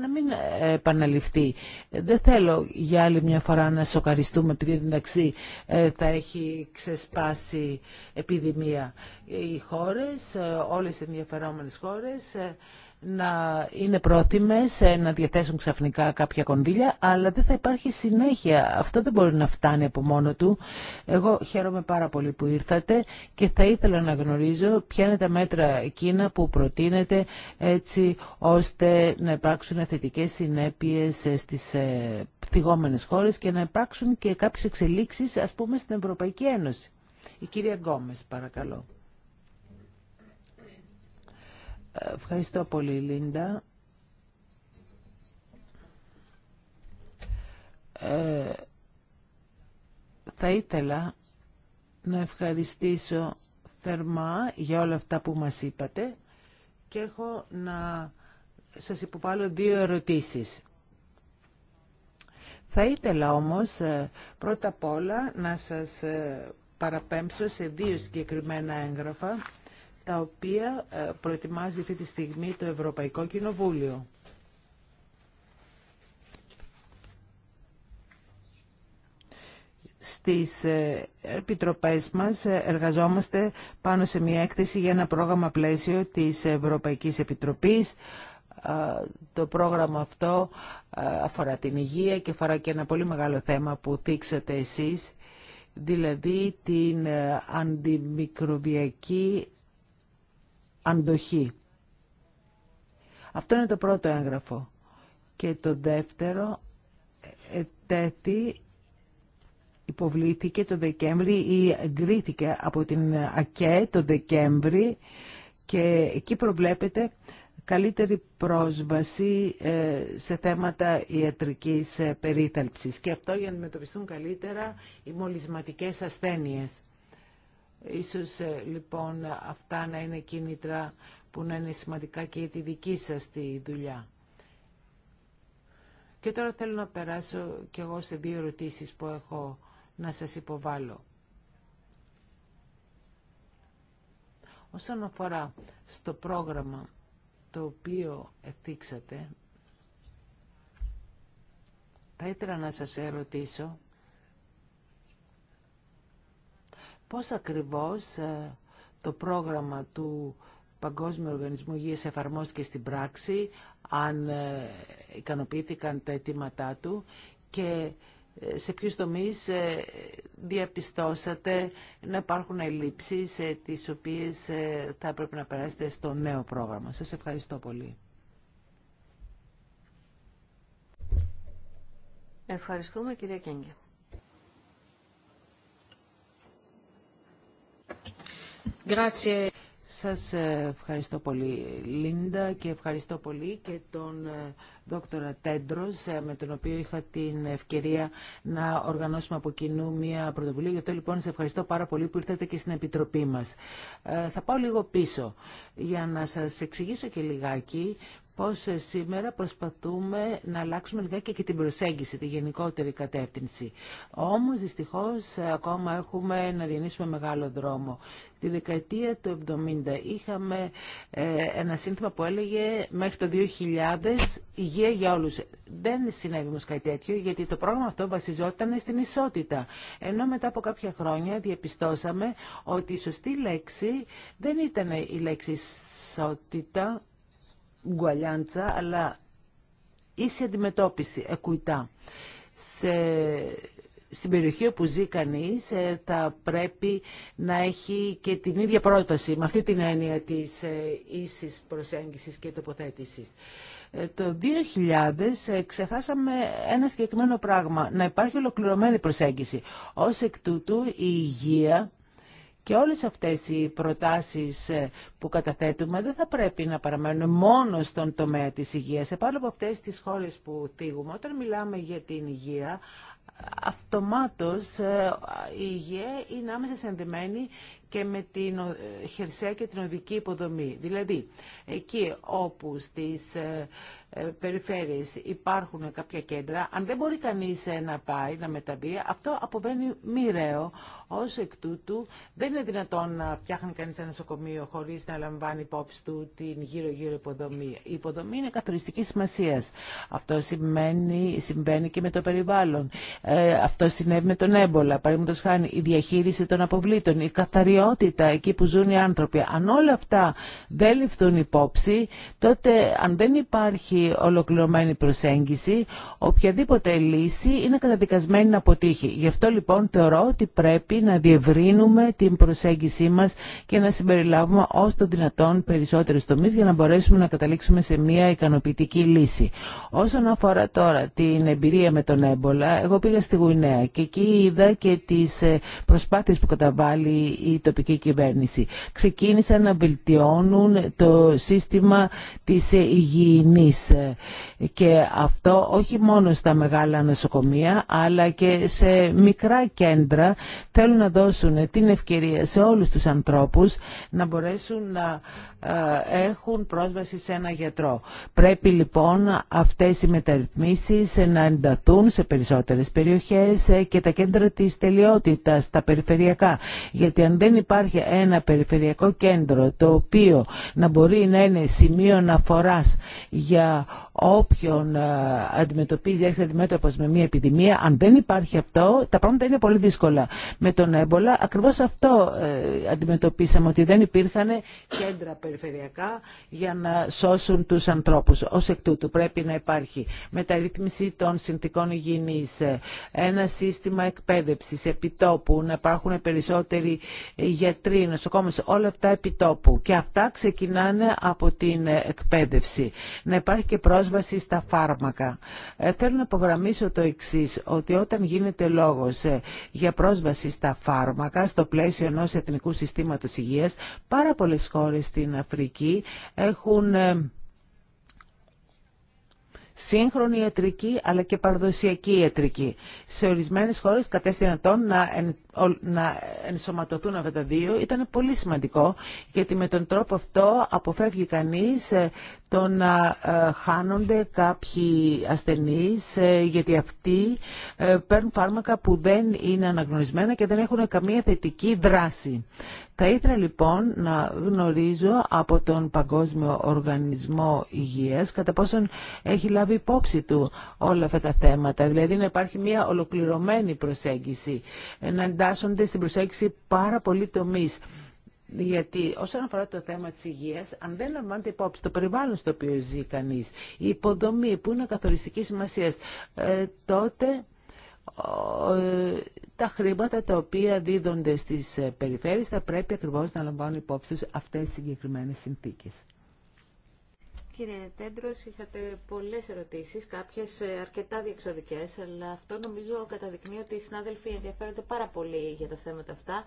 Speaker 3: να μην ε, επαναληφθεί. Δεν θέλω για άλλη μια φορά να σοκαριστούμε επειδή εντάξει θα έχει ξεσπάσει επιδημία. Οι χώρες, ε, όλες οι ενδιαφερόμενες χώρες να είναι πρόθυμες να διαθέσουν ξαφνικά κάποια κονδύλια, αλλά δεν θα υπάρχει συνέχεια. Αυτό δεν μπορεί να φτάνει από μόνο του. Εγώ χαίρομαι πάρα πολύ που ήρθατε και θα ήθελα να γνωρίζω ποια είναι τα μέτρα εκείνα που προτείνετε έτσι ώστε να υπάρξουν θετικές συνέπειες στις ε, θυγόμενες χώρες και να υπάρξουν και κάποιες εξελίξεις ας πούμε στην Ευρωπαϊκή Ένωση. Η κυρία Γκόμες παρακαλώ. Ευχαριστώ πολύ, Λίντα. Ε, θα ήθελα να ευχαριστήσω θερμά για όλα αυτά που μας είπατε και έχω να σας υποβάλω δύο ερωτήσεις. Θα ήθελα όμως ε, πρώτα απ' όλα να σας ε, παραπέμψω σε δύο συγκεκριμένα έγγραφα τα οποία ε, προετοιμάζει αυτή τη στιγμή το Ευρωπαϊκό Κοινοβούλιο. στις ε, επιτροπές μας ε, εργαζόμαστε πάνω σε μια έκθεση για ένα πρόγραμμα πλαίσιο της Ευρωπαϊκής Επιτροπής. Το πρόγραμμα αυτό αφορά την υγεία και αφορά και ένα πολύ μεγάλο θέμα που θίξατε εσείς, δηλαδή την αντιμικροβιακή αντοχή. Αυτό είναι το πρώτο έγγραφο. Και το δεύτερο ε, τέτη υποβλήθηκε το Δεκέμβρη ή εγκρίθηκε από την ΑΚΕ το Δεκέμβρη και εκεί προβλέπεται καλύτερη πρόσβαση ε, σε θέματα ιατρικής ε, περίθαλψης και αυτό για να αντιμετωπιστούν καλύτερα οι μολυσματικές ασθένειες. Ίσως ε, λοιπόν αυτά να είναι κίνητρα που να είναι σημαντικά και για τη δική σας τη δουλειά. Και τώρα θέλω να περάσω κι εγώ σε δύο ερωτήσεις που έχω να σας υποβάλω. Όσον αφορά στο πρόγραμμα το οποίο εφήξατε, θα ήθελα να σας ερωτήσω πώς ακριβώς ε, το πρόγραμμα του Παγκόσμιου Οργανισμού Υγείας εφαρμόστηκε στην πράξη, αν ε, ικανοποιήθηκαν τα αιτήματά του και ε, σε ποιους τομείς διαπιστώσατε να υπάρχουν ελλείψεις τις οποίες θα πρέπει να περάσετε στο νέο πρόγραμμα. Σας ευχαριστώ πολύ.
Speaker 1: Ευχαριστούμε κυρία Κέγγε.
Speaker 3: Σας ε, ευχαριστώ πολύ Λίντα και ευχαριστώ πολύ και τον ε, Δόκτωρα Τέντρος ε, με τον οποίο είχα την ευκαιρία να οργανώσουμε από κοινού μια πρωτοβουλία. Γι' αυτό λοιπόν σε ευχαριστώ πάρα πολύ που ήρθατε και στην Επιτροπή μας. θα πάω λίγο πίσω για να σας εξηγήσω και λιγάκι πώς ε, σήμερα προσπαθούμε να αλλάξουμε λιγάκι και την προσέγγιση, τη γενικότερη κατεύθυνση. Όμως, δυστυχώς, ε, ακόμα έχουμε να διανύσουμε μεγάλο δρόμο. Τη δεκαετία του 70 είχαμε ε, ένα σύνθημα που έλεγε μέχρι το 2000 υγεία για όλους. Δεν συνέβη όμως κάτι τέτοιο, γιατί το πρόγραμμα αυτό βασιζόταν στην ισότητα. Ενώ μετά από κάποια χρόνια διαπιστώσαμε ότι η σωστή λέξη δεν ήταν η λέξη ισότητα, Γκουαλιάντσα, αλλά ίση αντιμετώπιση, εκουητά. στην περιοχή όπου ζει κανεί ε, θα πρέπει να έχει και την ίδια πρόταση, με αυτή την έννοια της ε, ίσης προσέγγισης και τοποθέτησης. Ε, το 2000 ξεχάσαμε ένα συγκεκριμένο πράγμα, να υπάρχει ολοκληρωμένη προσέγγιση. Ως εκ τούτου η υγεία και όλες αυτές οι προτάσεις ε, που καταθέτουμε δεν θα πρέπει να παραμένουν μόνο στον τομέα της υγείας. Επάνω από αυτές τις χώρες που θίγουμε, όταν μιλάμε για την υγεία, αυτομάτως ε, η υγεία είναι άμεσα συνδεμένη και με την ε, χερσαία και την οδική υποδομή. Δηλαδή, εκεί όπου στις ε, ε, περιφέρειες υπάρχουν κάποια κέντρα, αν δεν μπορεί κανείς να πάει, να μεταβεί, αυτό αποβαίνει μοιραίο. ω εκ τούτου, δεν είναι δυνατόν να φτιάχνει κανείς ένα νοσοκομείο χωρίς να λαμβάνει υπόψη του την γύρω-γύρω υποδομή. Η υποδομή είναι καθοριστική σημασία. Αυτό σημαίνει, συμβαίνει και με το περιβάλλον. Ε, αυτό συνέβη με τον έμπολα. Παραδείγματο χάνει η διαχείριση των αποβλήτων, η καθαριότητα κοινότητα εκεί που ζουν οι άνθρωποι. Αν όλα αυτά δεν ληφθούν υπόψη, τότε αν δεν υπάρχει ολοκληρωμένη προσέγγιση, οποιαδήποτε λύση είναι καταδικασμένη να αποτύχει. Γι' αυτό λοιπόν θεωρώ ότι πρέπει να διευρύνουμε την προσέγγιση μας και να συμπεριλάβουμε όσο το δυνατόν περισσότερες τομείς για να μπορέσουμε να καταλήξουμε σε μια ικανοποιητική λύση. Όσον αφορά τώρα την εμπειρία με τον έμπολα, εγώ πήγα στη Γουινέα και εκεί είδα και τις ε, προσπάθειες που καταβάλει η τοπική κυβέρνηση. Ξεκίνησαν να βελτιώνουν το σύστημα της υγιεινής και αυτό όχι μόνο στα μεγάλα νοσοκομεία αλλά και σε μικρά κέντρα θέλουν να δώσουν την ευκαιρία σε όλους τους ανθρώπους να μπορέσουν να ε, έχουν πρόσβαση σε ένα γιατρό. Πρέπει λοιπόν αυτές οι μεταρρυθμίσεις να ενταθούν σε περισσότερες περιοχές ε, και τα κέντρα της τελειότητας, τα περιφερειακά. Γιατί αν δεν υπάρχει ένα περιφερειακό κέντρο το οποίο να μπορεί να είναι σημείο αναφοράς για όποιον ε, αντιμετωπίζει, έρχεται αντιμέτωπο με μια επιδημία, αν δεν υπάρχει αυτό, τα πράγματα είναι πολύ δύσκολα. Με τον έμπολα, ακριβώ αυτό ε, αντιμετωπίσαμε, ότι δεν υπήρχαν κέντρα περιφερειακά για να σώσουν του ανθρώπου. Ω εκ τούτου πρέπει να υπάρχει μεταρρύθμιση των συνθηκών υγιεινή, ε, ένα σύστημα εκπαίδευση επιτόπου, να υπάρχουν περισσότεροι γιατροί, νοσοκόμε, όλα αυτά επιτόπου. Και αυτά ξεκινάνε από την εκπαίδευση. Να υπάρχει και πρόσβαση πρόσβαση στα φάρμακα. Ε, θέλω να απογραμμίσω το εξή, ότι όταν γίνεται λόγος ε, για πρόσβαση στα φάρμακα στο πλαίσιο ενός εθνικού συστήματος υγείας, πάρα πολλές χώρες στην Αφρική έχουν ε, σύγχρονη ιατρική αλλά και παραδοσιακή ιατρική. Σε ορισμένε χώρε κατέστηνατόν να, εν, να ενσωματωθούν αυτά τα δύο ήταν πολύ σημαντικό γιατί με τον τρόπο αυτό αποφεύγει κανεί το να ε, χάνονται κάποιοι ασθενείς ε, γιατί αυτοί ε, παίρνουν φάρμακα που δεν είναι αναγνωρισμένα και δεν έχουν καμία θετική δράση. Θα ήθελα λοιπόν να γνωρίζω από τον Παγκόσμιο Οργανισμό Υγείας κατά πόσον έχει λάβει υπόψη του όλα αυτά τα θέματα, δηλαδή να υπάρχει μια ολοκληρωμένη προσέγγιση, να εντάσσονται στην προσέγγιση πάρα πολλοί τομείς. Γιατί όσον αφορά το θέμα της υγείας, αν δεν λαμβάνεται υπόψη το περιβάλλον στο οποίο ζει κανείς, η υποδομή που είναι καθοριστική σημασία, ε, τότε ε, τα χρήματα τα οποία δίδονται στις ε, περιφέρειες θα πρέπει ακριβώς να λαμβάνουν υπόψη τους αυτές τις συγκεκριμένες συνθήκες.
Speaker 4: Κύριε Τέντρος, είχατε πολλές ερωτήσεις, κάποιες αρκετά διεξοδικές, αλλά αυτό νομίζω καταδεικνύει ότι οι συνάδελφοι ενδιαφέρονται πάρα πολύ για τα θέματα αυτά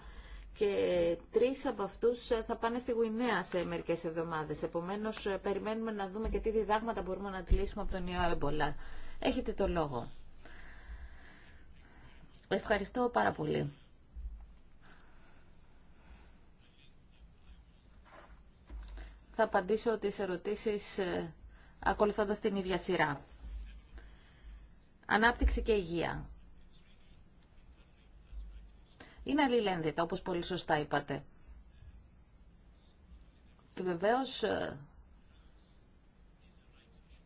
Speaker 4: και τρεις από αυτούς ε, θα πάνε στη Γουινέα σε μερικές εβδομάδες. Επομένως, ε, περιμένουμε να δούμε και τι διδάγματα μπορούμε να αντιλήσουμε από τον ιό έμπολα. Έχετε το λόγο. Ευχαριστώ πάρα πολύ. Θα απαντήσω τις ερωτήσεις ε, ακολουθώντας την ίδια σειρά. Ανάπτυξη και υγεία είναι αλληλένδετα, όπως πολύ σωστά είπατε. Και βεβαίως ε,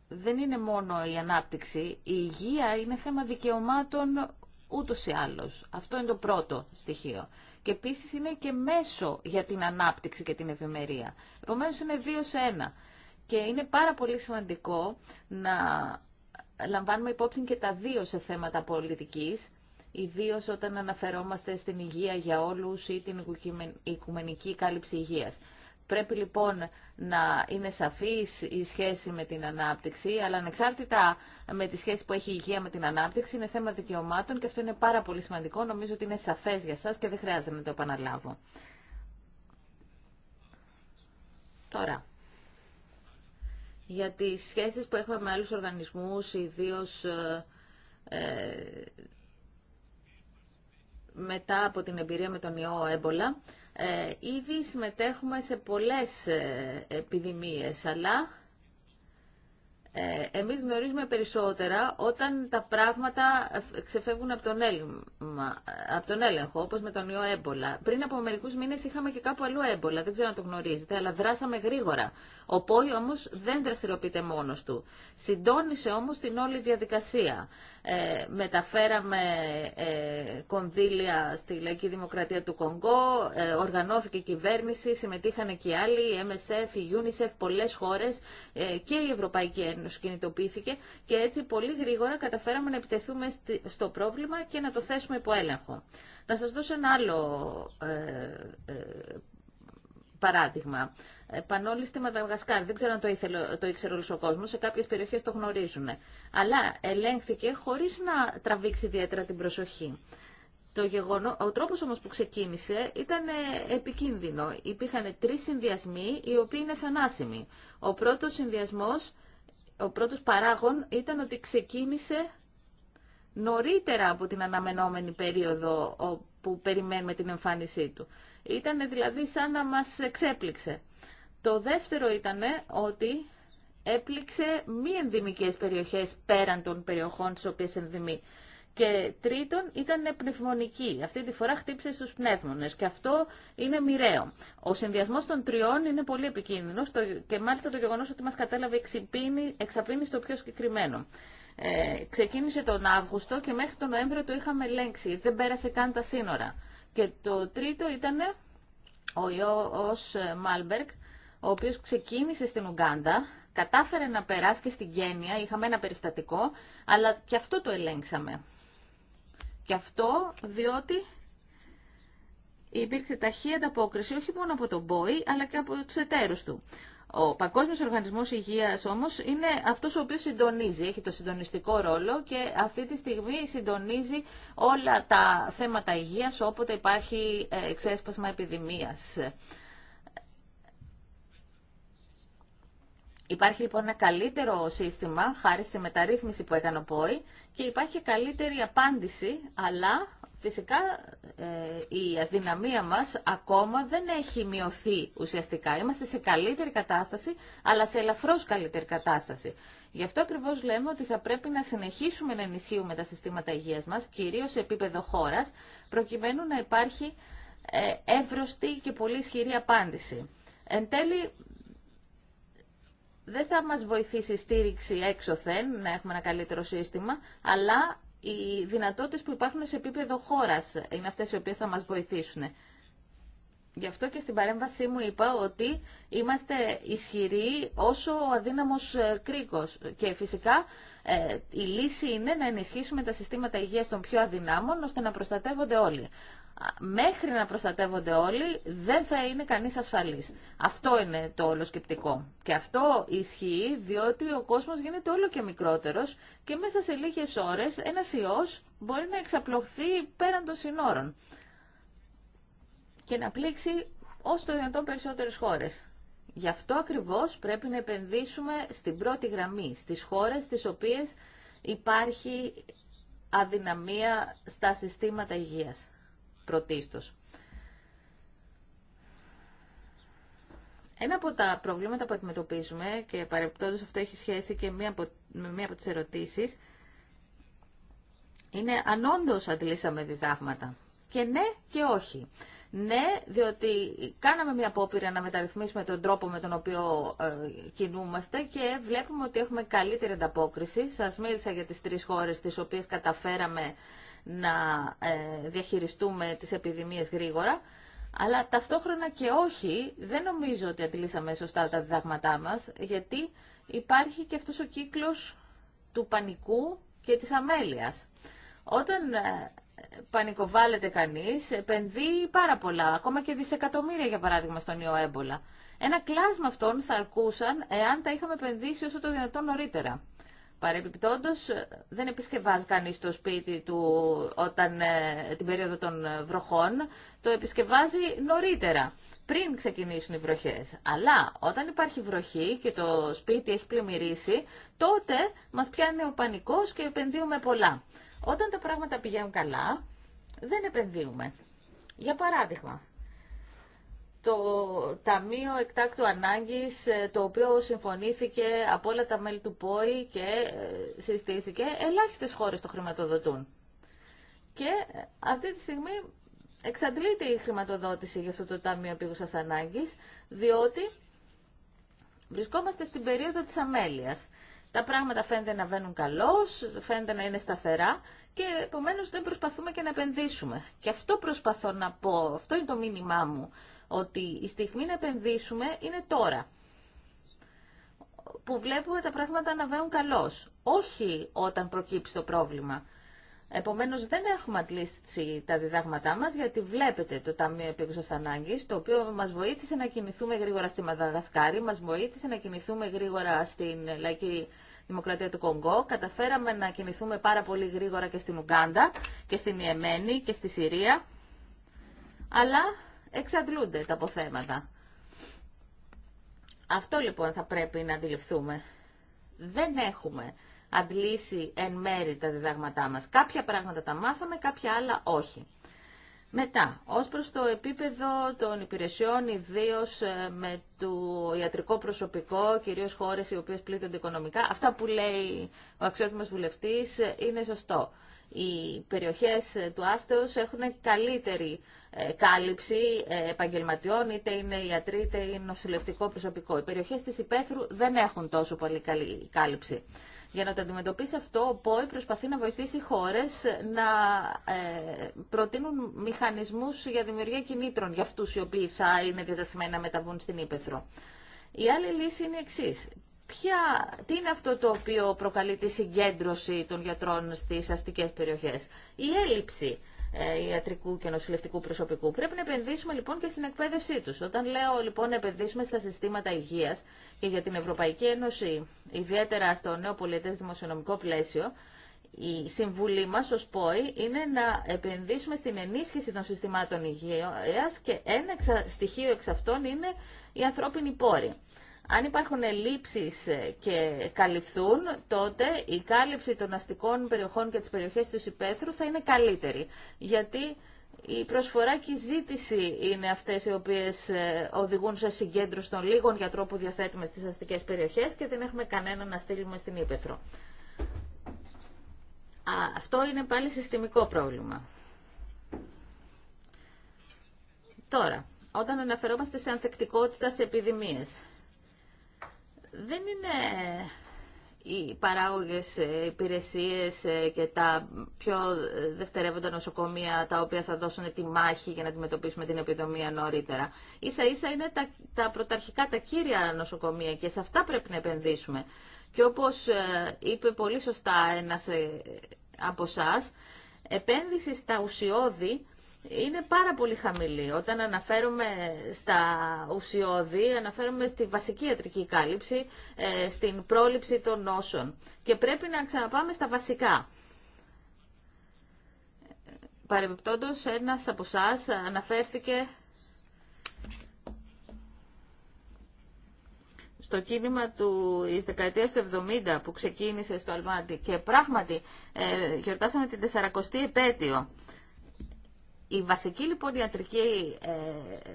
Speaker 4: δεν είναι μόνο η ανάπτυξη, η υγεία είναι θέμα δικαιωμάτων ούτως ή άλλως. Αυτό είναι το πρώτο στοιχείο. Και επίσης είναι και μέσο για την ανάπτυξη και την ευημερία. Επομένως είναι δύο σε ένα. Και είναι πάρα πολύ σημαντικό να λαμβάνουμε υπόψη και τα δύο σε θέματα πολιτικής Ιδίω όταν αναφερόμαστε στην υγεία για όλους ή την οικουμενική κάλυψη υγείας. Πρέπει λοιπόν να είναι σαφής η την οικουμενικη καλυψη υγεια πρεπει λοιπον να ειναι σαφης η σχεση με την ανάπτυξη, αλλά ανεξάρτητα με τη σχέση που έχει η υγεία με την ανάπτυξη, είναι θέμα δικαιωμάτων και αυτό είναι πάρα πολύ σημαντικό. Νομίζω ότι είναι σαφές για σας και δεν χρειάζεται να το επαναλάβω. Τώρα, για τις σχέσεις που έχουμε με άλλους οργανισμούς, ιδίως ε, ε, μετά από την εμπειρία με τον ιό έμπολα, ε, ήδη συμμετέχουμε σε πολλές ε, επιδημίες, αλλά ε, εμείς γνωρίζουμε περισσότερα όταν τα πράγματα ξεφεύγουν από τον, από τον έλεγχο, όπως με τον ιό έμπολα. Πριν από μερικούς μήνες είχαμε και κάπου αλλού έμπολα, δεν ξέρω αν το γνωρίζετε, αλλά δράσαμε γρήγορα. Ο ΠΟΗ όμως δεν δραστηριοποιείται μόνος του. Συντώνησε όμως την όλη διαδικασία. Ε, μεταφέραμε ε, κονδύλια στη Λαϊκή Δημοκρατία του Κονγκό, ε, οργανώθηκε κυβέρνηση, συμμετείχαν και οι άλλοι, η MSF, η UNICEF, πολλές χώρες και η Ευρωπαϊκή Ένωση κινητοποιήθηκε και έτσι πολύ γρήγορα καταφέραμε να επιτεθούμε στο πρόβλημα και να το θέσουμε υπό έλεγχο. Να σας δώσω ένα άλλο παράδειγμα. Επανόλη στη Μαδαγασκάρ. Δεν ξέρω αν το, το ήξερε όλο ο κόσμο. Σε κάποιε περιοχέ το γνωρίζουν. Αλλά ελέγχθηκε χωρί να τραβήξει ιδιαίτερα την προσοχή. Το γεγονό, ο τρόπο όμω που ξεκίνησε ήταν ε, επικίνδυνο. Υπήρχαν τρει συνδυασμοί οι οποίοι είναι θανάσιμοι. Ο πρώτο συνδυασμό, ο πρώτο παράγων ήταν ότι ξεκίνησε νωρίτερα από την αναμενόμενη περίοδο που περιμένουμε την εμφάνισή του. Ήταν δηλαδή σαν να μας εξέπληξε. Το δεύτερο ήταν ότι έπληξε μη ενδυμικές περιοχές πέραν των περιοχών στις οποίες ενδυμεί. Και τρίτον ήταν πνευμονική. Αυτή τη φορά χτύπησε στους πνεύμονες και αυτό είναι μοιραίο. Ο συνδυασμός των τριών είναι πολύ επικίνδυνος και μάλιστα το γεγονός ότι μας κατάλαβε εξαπίνει στο πιο συγκεκριμένο. Ε, ξεκίνησε τον Αύγουστο και μέχρι τον Νοέμβριο το είχαμε ελέγξει. Δεν πέρασε καν τα σύνορα. Και το τρίτο ήταν ο ιός Μάλμπεργκ ο οποίος ξεκίνησε στην Ουγκάντα, κατάφερε να περάσει και στην Κένια, είχαμε ένα περιστατικό, αλλά και αυτό το ελέγξαμε. Και αυτό διότι υπήρξε ταχεία ανταπόκριση όχι μόνο από τον Μπόι, αλλά και από τους εταίρους του. Ο Παγκόσμιος Οργανισμός Υγείας όμως είναι αυτός ο οποίος συντονίζει, έχει το συντονιστικό ρόλο και αυτή τη στιγμή συντονίζει όλα τα θέματα υγείας όποτε υπάρχει ε, εξέσπασμα επιδημίας. Υπάρχει λοιπόν ένα καλύτερο σύστημα, χάρη στη μεταρρύθμιση που έκανε ο ΠΟΗ, και υπάρχει καλύτερη απάντηση, αλλά φυσικά ε, η αδυναμία μας ακόμα δεν έχει μειωθεί ουσιαστικά. Είμαστε σε καλύτερη κατάσταση, αλλά σε ελαφρώς καλύτερη κατάσταση. Γι' αυτό ακριβώς λέμε ότι θα πρέπει να συνεχίσουμε να ενισχύουμε τα συστήματα υγείας μας, κυρίως σε επίπεδο χώρας, προκειμένου να υπάρχει ε, εύρωστη και πολύ ισχυρή απάντηση. Εν δεν θα μας βοηθήσει η στήριξη έξωθεν, να έχουμε ένα καλύτερο σύστημα, αλλά οι δυνατότητες που υπάρχουν σε επίπεδο χώρας είναι αυτές οι οποίες θα μας βοηθήσουν. Γι' αυτό και στην παρέμβασή μου είπα ότι είμαστε ισχυροί όσο ο αδύναμος ε, κρίκος. Και φυσικά ε, η λύση είναι να ενισχύσουμε τα συστήματα υγείας των πιο αδυνάμων ώστε να προστατεύονται όλοι. Μέχρι να προστατεύονται όλοι δεν θα είναι κανείς ασφαλής. Αυτό είναι το όλο σκεπτικό. Και αυτό ισχύει διότι ο κόσμος γίνεται όλο και μικρότερος και μέσα σε λίγες ώρες ένας ιός μπορεί να εξαπλωθεί πέραν των συνόρων και να πλήξει όσο το δυνατόν περισσότερες χώρες. Γι' αυτό ακριβώς πρέπει να επενδύσουμε στην πρώτη γραμμή, στις χώρες στις οποίες υπάρχει αδυναμία στα συστήματα υγείας, πρωτίστως. Ένα από τα προβλήματα που αντιμετωπίζουμε, και παρεπτόντως αυτό έχει σχέση και μία με μία από τις ερωτήσεις, είναι αν όντως αντλήσαμε διδάγματα. Και ναι και όχι. Ναι, διότι κάναμε μια απόπειρα να μεταρρυθμίσουμε τον τρόπο με τον οποίο ε, κινούμαστε και βλέπουμε ότι έχουμε καλύτερη ανταπόκριση. Σας μίλησα για τις τρεις χώρες τις οποίες καταφέραμε να ε, διαχειριστούμε τις επιδημίες γρήγορα. Αλλά ταυτόχρονα και όχι, δεν νομίζω ότι αντιλήσαμε σωστά τα διδάγματά μας, γιατί υπάρχει και αυτός ο κύκλος του πανικού και της αμέλειας. Όταν ε, πανικοβάλλεται κανείς, επενδύει πάρα πολλά, ακόμα και δισεκατομμύρια για παράδειγμα στον ιό έμπολα. Ένα κλάσμα αυτών θα αρκούσαν εάν τα είχαμε επενδύσει όσο το δυνατόν νωρίτερα. Παρεπιπτόντως δεν επισκευάζει κανεί το σπίτι του όταν ε, την περίοδο των ε, βροχών, το επισκευάζει νωρίτερα, πριν ξεκινήσουν οι βροχέ. Αλλά όταν υπάρχει βροχή και το σπίτι έχει πλημμυρίσει, τότε μα πιάνει ο πανικό και επενδύουμε πολλά. Όταν τα πράγματα πηγαίνουν καλά, δεν επενδύουμε. Για παράδειγμα, το Ταμείο Εκτάκτου Ανάγκης, ε, το οποίο συμφωνήθηκε από όλα τα μέλη του ΠΟΗ και ε, συστήθηκε, ελάχιστες χώρες το χρηματοδοτούν. Και ε, αυτή τη στιγμή εξαντλείται η χρηματοδότηση για αυτό το Ταμείο Επίγουσας Ανάγκης, διότι βρισκόμαστε στην περίοδο της αμέλειας. Τα πράγματα φαίνεται να βαίνουν καλώς, φαίνεται να είναι σταθερά και επομένω δεν προσπαθούμε και να επενδύσουμε. Και αυτό προσπαθώ να πω, αυτό είναι το μήνυμά μου, ότι η στιγμή να επενδύσουμε είναι τώρα που βλέπουμε τα πράγματα να βαίνουν καλώς, όχι όταν προκύψει το πρόβλημα. Επομένω δεν έχουμε αντλήσει τα διδάγματά μα γιατί βλέπετε το Ταμείο Επίγουσα ανάγκη. το οποίο μα βοήθησε να κινηθούμε γρήγορα στη Μαδαγασκάρη, μα βοήθησε να κινηθούμε γρήγορα στην Λαϊκή Δημοκρατία του Κονγκό. Καταφέραμε να κινηθούμε πάρα πολύ γρήγορα και στην Ουγκάντα και στην Ιεμένη και στη Συρία. Αλλά εξαντλούνται τα αποθέματα. Αυτό λοιπόν θα πρέπει να αντιληφθούμε. Δεν έχουμε αντλήσει εν μέρη τα διδάγματά μας. Κάποια πράγματα τα μάθαμε, κάποια άλλα όχι. Μετά, ως προς το επίπεδο των υπηρεσιών, ιδίω ε, με το ιατρικό προσωπικό, κυρίως χώρες οι οποίες πλήττονται οικονομικά, αυτά που λέει ο αξιότιμος βουλευτής ε, είναι σωστό. Οι περιοχές ε, του Άστεως έχουν καλύτερη κάλυψη επαγγελματιών, είτε είναι ιατροί, είτε είναι νοσηλευτικό προσωπικό. Οι περιοχές της Υπέθρου δεν έχουν τόσο πολύ καλή κάλυψη. Για να το αντιμετωπίσει αυτό, ο ΠΟΗ προσπαθεί να βοηθήσει χώρε να ε, προτείνουν μηχανισμού για δημιουργία κινήτρων για αυτού οι οποίοι θα είναι διατεθειμένοι να μεταβούν στην Ήπεθρο. Η άλλη λύση είναι η εξή. Ποια, τι είναι αυτό το οποίο προκαλεί τη συγκέντρωση των γιατρών στις αστικές περιοχές. Η έλλειψη ε, ιατρικού και νοσηλευτικού προσωπικού. Πρέπει να επενδύσουμε λοιπόν και στην εκπαίδευσή τους. Όταν λέω λοιπόν να επενδύσουμε στα συστήματα υγείας και για την Ευρωπαϊκή Ένωση, ιδιαίτερα στο νέο Πολιτέ δημοσιονομικό πλαίσιο, η συμβουλή μας ως ΠΟΗ είναι να επενδύσουμε στην ενίσχυση των συστημάτων υγείας και ένα στοιχείο εξ αυτών είναι η ανθρώπινη πόρη. Αν υπάρχουν ελλείψεις ε, και καλυφθούν, τότε η κάλυψη των αστικών περιοχών και τις περιοχές του υπαίθρου θα είναι καλύτερη. Γιατί η προσφορά και η ζήτηση είναι αυτές οι οποίες ε, οδηγούν σε συγκέντρωση των λίγων γιατρών που διαθέτουμε στις αστικές περιοχές και δεν έχουμε κανένα να στείλουμε στην Ήπεθρο. αυτό είναι πάλι συστημικό πρόβλημα. Τώρα, όταν αναφερόμαστε σε ανθεκτικότητα σε επιδημίες, δεν είναι οι παράγωγες ε, υπηρεσίες ε, και τα πιο δευτερεύοντα νοσοκομεία τα οποία θα δώσουν τη μάχη για να αντιμετωπίσουμε την επιδομία νωρίτερα. Ίσα ίσα είναι τα, τα πρωταρχικά, τα κύρια νοσοκομεία και σε αυτά πρέπει να επενδύσουμε. Και όπως ε, είπε πολύ σωστά ένας από εσά, επένδυση στα ουσιώδη είναι πάρα πολύ χαμηλή. Όταν αναφέρομαι στα ουσιώδη, αναφέρομαι στη βασική ιατρική κάλυψη, ε, στην πρόληψη των νόσων. Και πρέπει να ξαναπάμε στα βασικά. Παρεμπιπτόντως, ένας από εσά αναφέρθηκε στο κίνημα του δεκαετία δεκαετίας του 70 που ξεκίνησε στο Αλμάντι και πράγματι ε, γιορτάσαμε την 40η επέτειο. Η βασική λοιπόν ιατρική ε,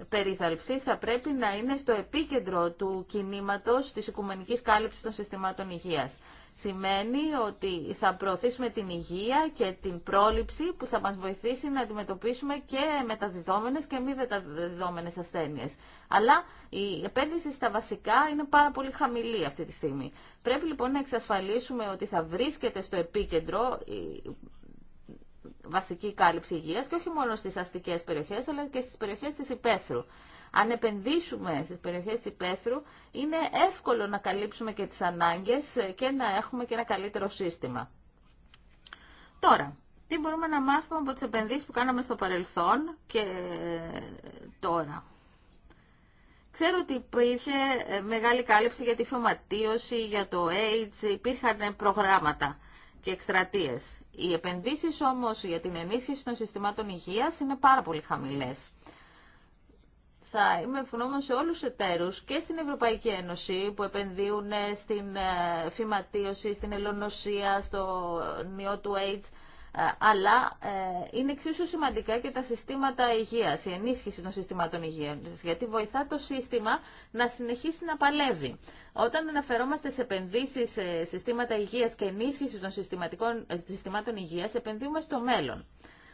Speaker 4: περίθαλψη θα πρέπει να είναι στο επίκεντρο του κινήματος της οικουμενικής κάλυψης των συστημάτων υγείας. Σημαίνει ότι θα προωθήσουμε την υγεία και την πρόληψη που θα μας βοηθήσει να αντιμετωπίσουμε και μεταδιδόμενες και μη μεταδιδόμενες ασθένειες. Αλλά η επένδυση στα βασικά είναι πάρα πολύ χαμηλή αυτή τη στιγμή. Πρέπει λοιπόν να εξασφαλίσουμε ότι θα βρίσκεται στο επίκεντρο βασική κάλυψη υγείας και όχι μόνο στις αστικές περιοχές αλλά και στις περιοχές της υπαίθρου. Αν επενδύσουμε στις περιοχές της υπαίθρου είναι εύκολο να καλύψουμε και τις ανάγκες και να έχουμε και ένα καλύτερο σύστημα. Τώρα, τι μπορούμε να μάθουμε από τις επενδύσεις που κάναμε στο παρελθόν και ε, τώρα. Ξέρω ότι υπήρχε ε, μεγάλη κάλυψη για τη φωματίωση, για το AIDS, υπήρχαν προγράμματα και εκστρατείε. Οι επενδύσει όμως για την ενίσχυση των συστημάτων υγείας είναι πάρα πολύ χαμηλές. Θα είμαι ευγνώμων σε όλους του εταίρους και στην Ευρωπαϊκή Ένωση που επενδύουν στην ε, φυματίωση, στην ελονοσία, στο νιό του AIDS ε, αλλά ε, είναι εξίσου σημαντικά και τα συστήματα υγείας, η ενίσχυση των συστημάτων υγείας, γιατί βοηθά το σύστημα να συνεχίσει να παλεύει. Όταν αναφερόμαστε σε επενδύσει σε συστήματα υγείας και ενίσχυση των ε, συστημάτων υγείας, επενδύουμε στο μέλλον.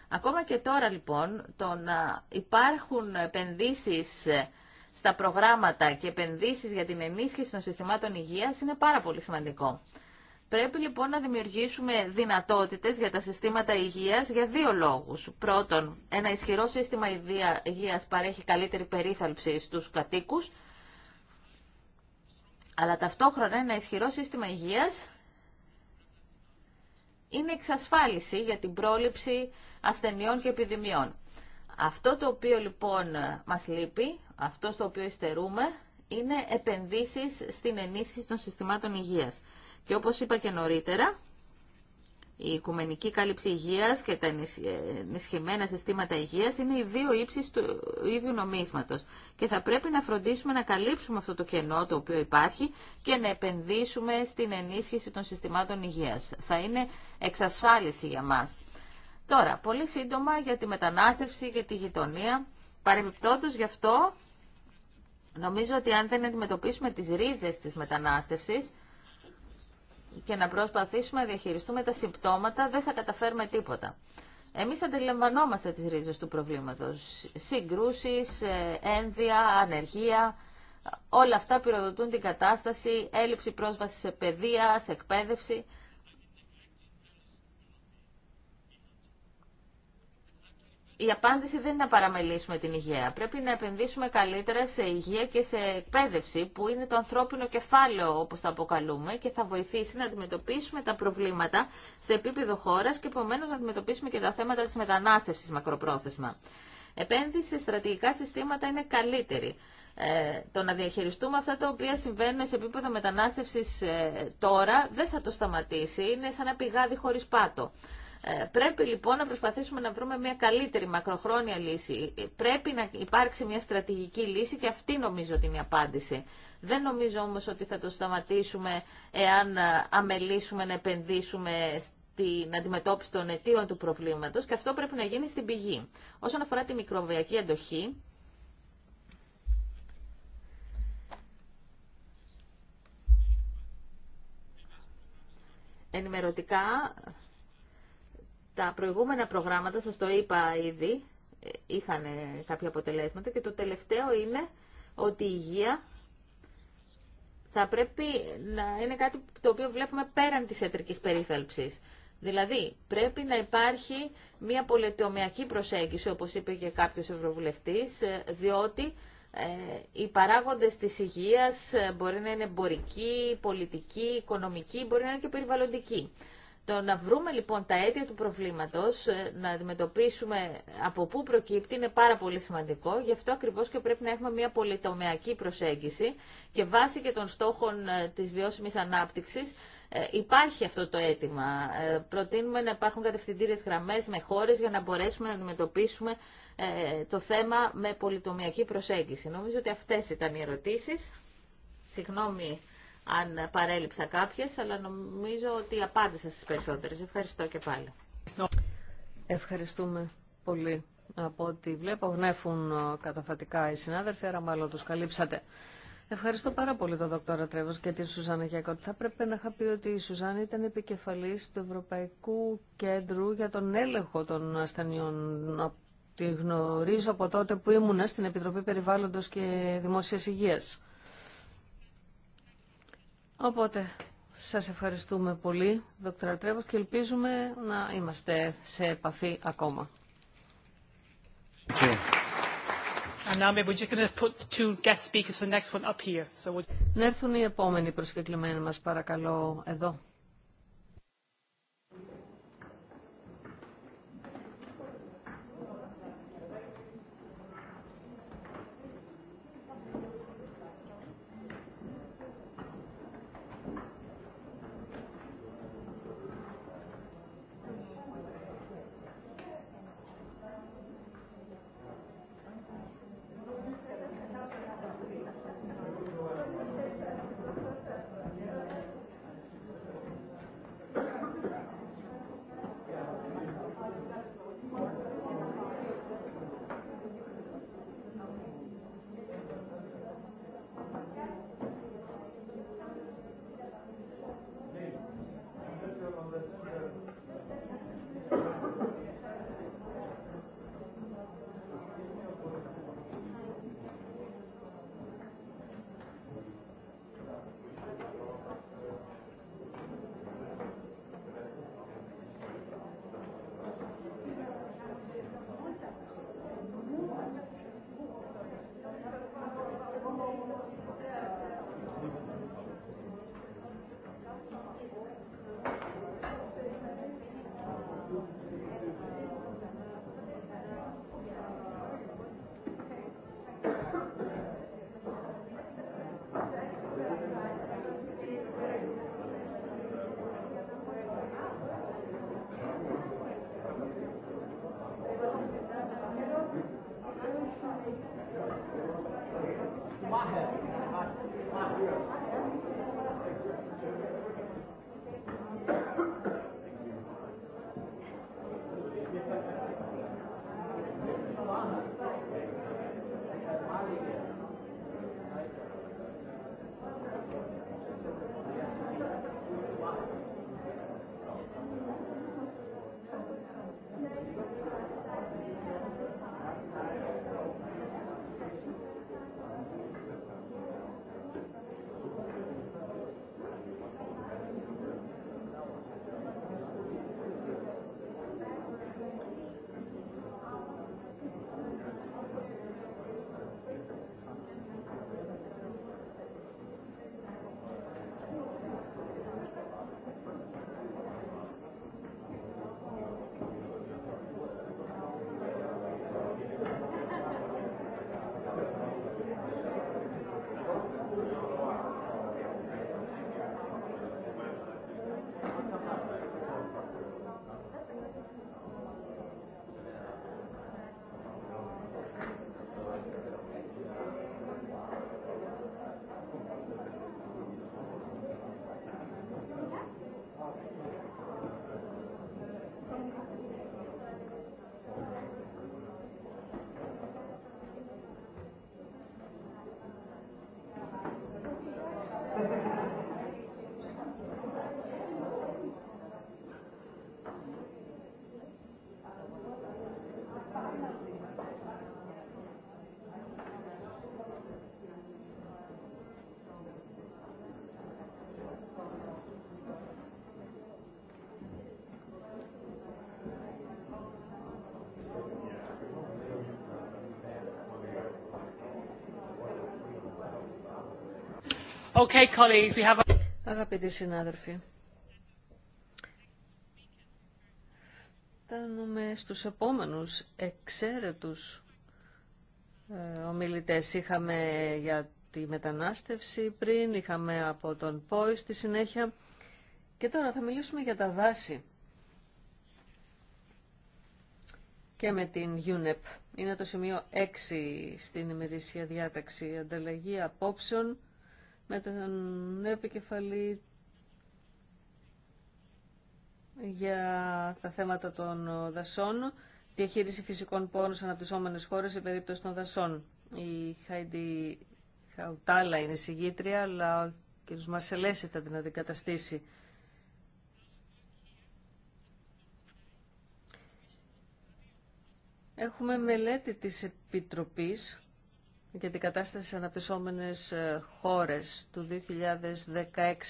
Speaker 4: Ακόμα και τώρα λοιπόν, το να υπάρχουν επενδύσεις στα προγράμματα και επενδύσεις για την ενίσχυση των συστημάτων υγείας είναι πάρα πολύ σημαντικό. Πρέπει λοιπόν να δημιουργήσουμε δυνατότητες για τα συστήματα υγείας για δύο λόγους. Πρώτον, ένα ισχυρό σύστημα υγείας παρέχει καλύτερη περίθαλψη στους κατοίκους, αλλά ταυτόχρονα ένα ισχυρό σύστημα υγείας είναι εξασφάλιση για την πρόληψη ασθενειών και επιδημιών. Αυτό το οποίο λοιπόν μας λείπει, αυτό στο οποίο υστερούμε, είναι επενδύσεις στην ενίσχυση των συστημάτων υγείας. Και όπως είπα και νωρίτερα, η οικουμενική κάλυψη υγείας και τα ενισχυμένα συστήματα υγείας είναι οι δύο ύψεις του ίδιου νομίσματος. Και θα πρέπει να φροντίσουμε να καλύψουμε αυτό το κενό το οποίο υπάρχει και να επενδύσουμε στην ενίσχυση των συστημάτων υγείας. Θα είναι εξασφάλιση για μας. Τώρα, πολύ σύντομα για τη μετανάστευση και τη γειτονία. Παρεμπιπτόντως γι' αυτό, νομίζω ότι αν δεν αντιμετωπίσουμε τις ρίζες της μετανάστευσης, και να προσπαθήσουμε να διαχειριστούμε τα συμπτώματα, δεν θα καταφέρουμε τίποτα. Εμείς αντιλαμβανόμαστε τις ρίζες του προβλήματος. Συγκρούσεις, ε, ένδια, ανεργία, όλα αυτά πυροδοτούν την κατάσταση, έλλειψη πρόσβασης σε παιδεία, σε εκπαίδευση. η απάντηση δεν είναι να παραμελήσουμε την υγεία. Πρέπει να επενδύσουμε καλύτερα σε υγεία και σε εκπαίδευση, που είναι το ανθρώπινο κεφάλαιο, όπως το αποκαλούμε, και θα βοηθήσει να αντιμετωπίσουμε τα προβλήματα σε επίπεδο χώρας και επομένως να αντιμετωπίσουμε και τα θέματα της μετανάστευσης μακροπρόθεσμα. Επένδυση σε στρατηγικά συστήματα είναι καλύτερη. Ε, το να διαχειριστούμε αυτά τα οποία συμβαίνουν σε επίπεδο μετανάστευσης ε, τώρα δεν θα το σταματήσει. Είναι σαν ένα πηγάδι χωρίς πάτο. Ε, πρέπει λοιπόν να προσπαθήσουμε να βρούμε μια καλύτερη μακροχρόνια λύση. Πρέπει να υπάρξει μια στρατηγική λύση και αυτή νομίζω ότι είναι η απάντηση. Δεν νομίζω όμως ότι θα το σταματήσουμε εάν ε, αμελήσουμε να επενδύσουμε την αντιμετώπιση των αιτίων του προβλήματος και αυτό πρέπει να γίνει στην πηγή. Όσον αφορά τη μικροβιακή εντοχή, ενημερωτικά τα προηγούμενα προγράμματα, σας το είπα ήδη, είχαν κάποια αποτελέσματα και το τελευταίο είναι ότι η υγεία θα πρέπει να είναι κάτι το οποίο βλέπουμε πέραν της ιατρικής περίθαλψης. Δηλαδή, πρέπει να υπάρχει μια πολετομιακή προσέγγιση, όπως είπε και κάποιος ευρωβουλευτής, διότι ε, οι παράγοντες της υγείας ε, μπορεί να είναι εμπορικοί, πολιτικοί, οικονομικοί, μπορεί να είναι και περιβαλλοντικοί. Το να βρούμε λοιπόν τα αίτια του προβλήματος, ε, να αντιμετωπίσουμε από πού προκύπτει είναι πάρα πολύ σημαντικό. Γι' αυτό ακριβώς και πρέπει να έχουμε μια πολυτομεακή προσέγγιση και βάσει και των στόχων ε, της βιώσιμης ανάπτυξης ε, υπάρχει αυτό το αίτημα. Προτείνουμε να υπάρχουν κατευθυντήριες γραμμές με χώρες για να μπορέσουμε να αντιμετωπίσουμε το θέμα με πολυτομιακή προσέγγιση. Νομίζω ότι αυτές ήταν οι ερωτήσεις. Συγγνώμη αν παρέλειψα κάποιε, αλλά νομίζω ότι απάντησα στι περισσότερε. Ευχαριστώ και πάλι.
Speaker 1: Ευχαριστούμε πολύ. Από ό,τι βλέπω γνέφουν ε, καταφατικά οι συνάδελφοι, άρα μάλλον του καλύψατε. Ευχαριστώ πάρα πολύ τον Δόκτωρα Τρέβος και την Σουζάννα Γιακο. Θα έπρεπε να είχα πει ότι η Σουζάννα ήταν επικεφαλή του Ευρωπαϊκού Κέντρου για τον έλεγχο των ασθενειών. Τη γνωρίζω από τότε που ήμουν στην Επιτροπή Περιβάλλοντος και Δημόσιας Υγείας. Οπότε, σας ευχαριστούμε πολύ, Δόκτωρα Τρέβος, και ελπίζουμε να είμαστε σε επαφή ακόμα. Να έρθουν οι επόμενοι προσκεκλημένοι μας, παρακαλώ, εδώ. Αγαπητοί συνάδελφοι, φτάνουμε στους επόμενους εξαίρετους ε, ομιλητές. Είχαμε για τη μετανάστευση πριν, είχαμε από τον ΠΟΙ στη συνέχεια και τώρα θα μιλήσουμε για τα δάση και με την UNEP. Είναι το σημείο 6 στην ημερήσια διάταξη. Ανταλλαγή απόψεων με τον νέο επικεφαλή για τα θέματα των δασών, διαχείριση φυσικών πόρων σε αναπτυσσόμενες χώρες σε περίπτωση των δασών. Η Χάιντι Χαουτάλα είναι συγγήτρια, αλλά ο κ. Μαρσελέση θα την αντικαταστήσει. Έχουμε μελέτη της Επιτροπής για την κατάσταση στις αναπτυσσόμενες ε, χώρες του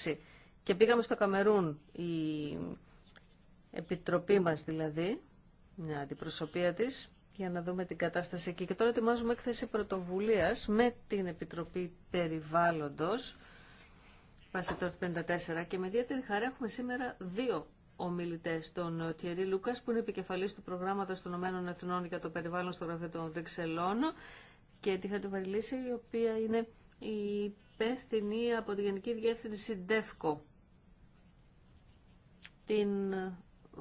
Speaker 1: 2016 και πήγαμε στο Καμερούν η επιτροπή μας δηλαδή, μια αντιπροσωπεία της, για να δούμε την κατάσταση εκεί. Και τώρα ετοιμάζουμε έκθεση πρωτοβουλίας με την Επιτροπή Περιβάλλοντος, βάση του 54 και με ιδιαίτερη χαρά έχουμε σήμερα δύο ομιλητές, τον Τιερή Λούκας που είναι επικεφαλής του προγράμματος των Ηνωμένων Εθνών για το περιβάλλον στο γραφείο των Βρυξελών και τη Χατουβαριλίση, η οποία είναι η υπεύθυνη από τη Γενική Διεύθυνση ΔΕΦΚΟ. Την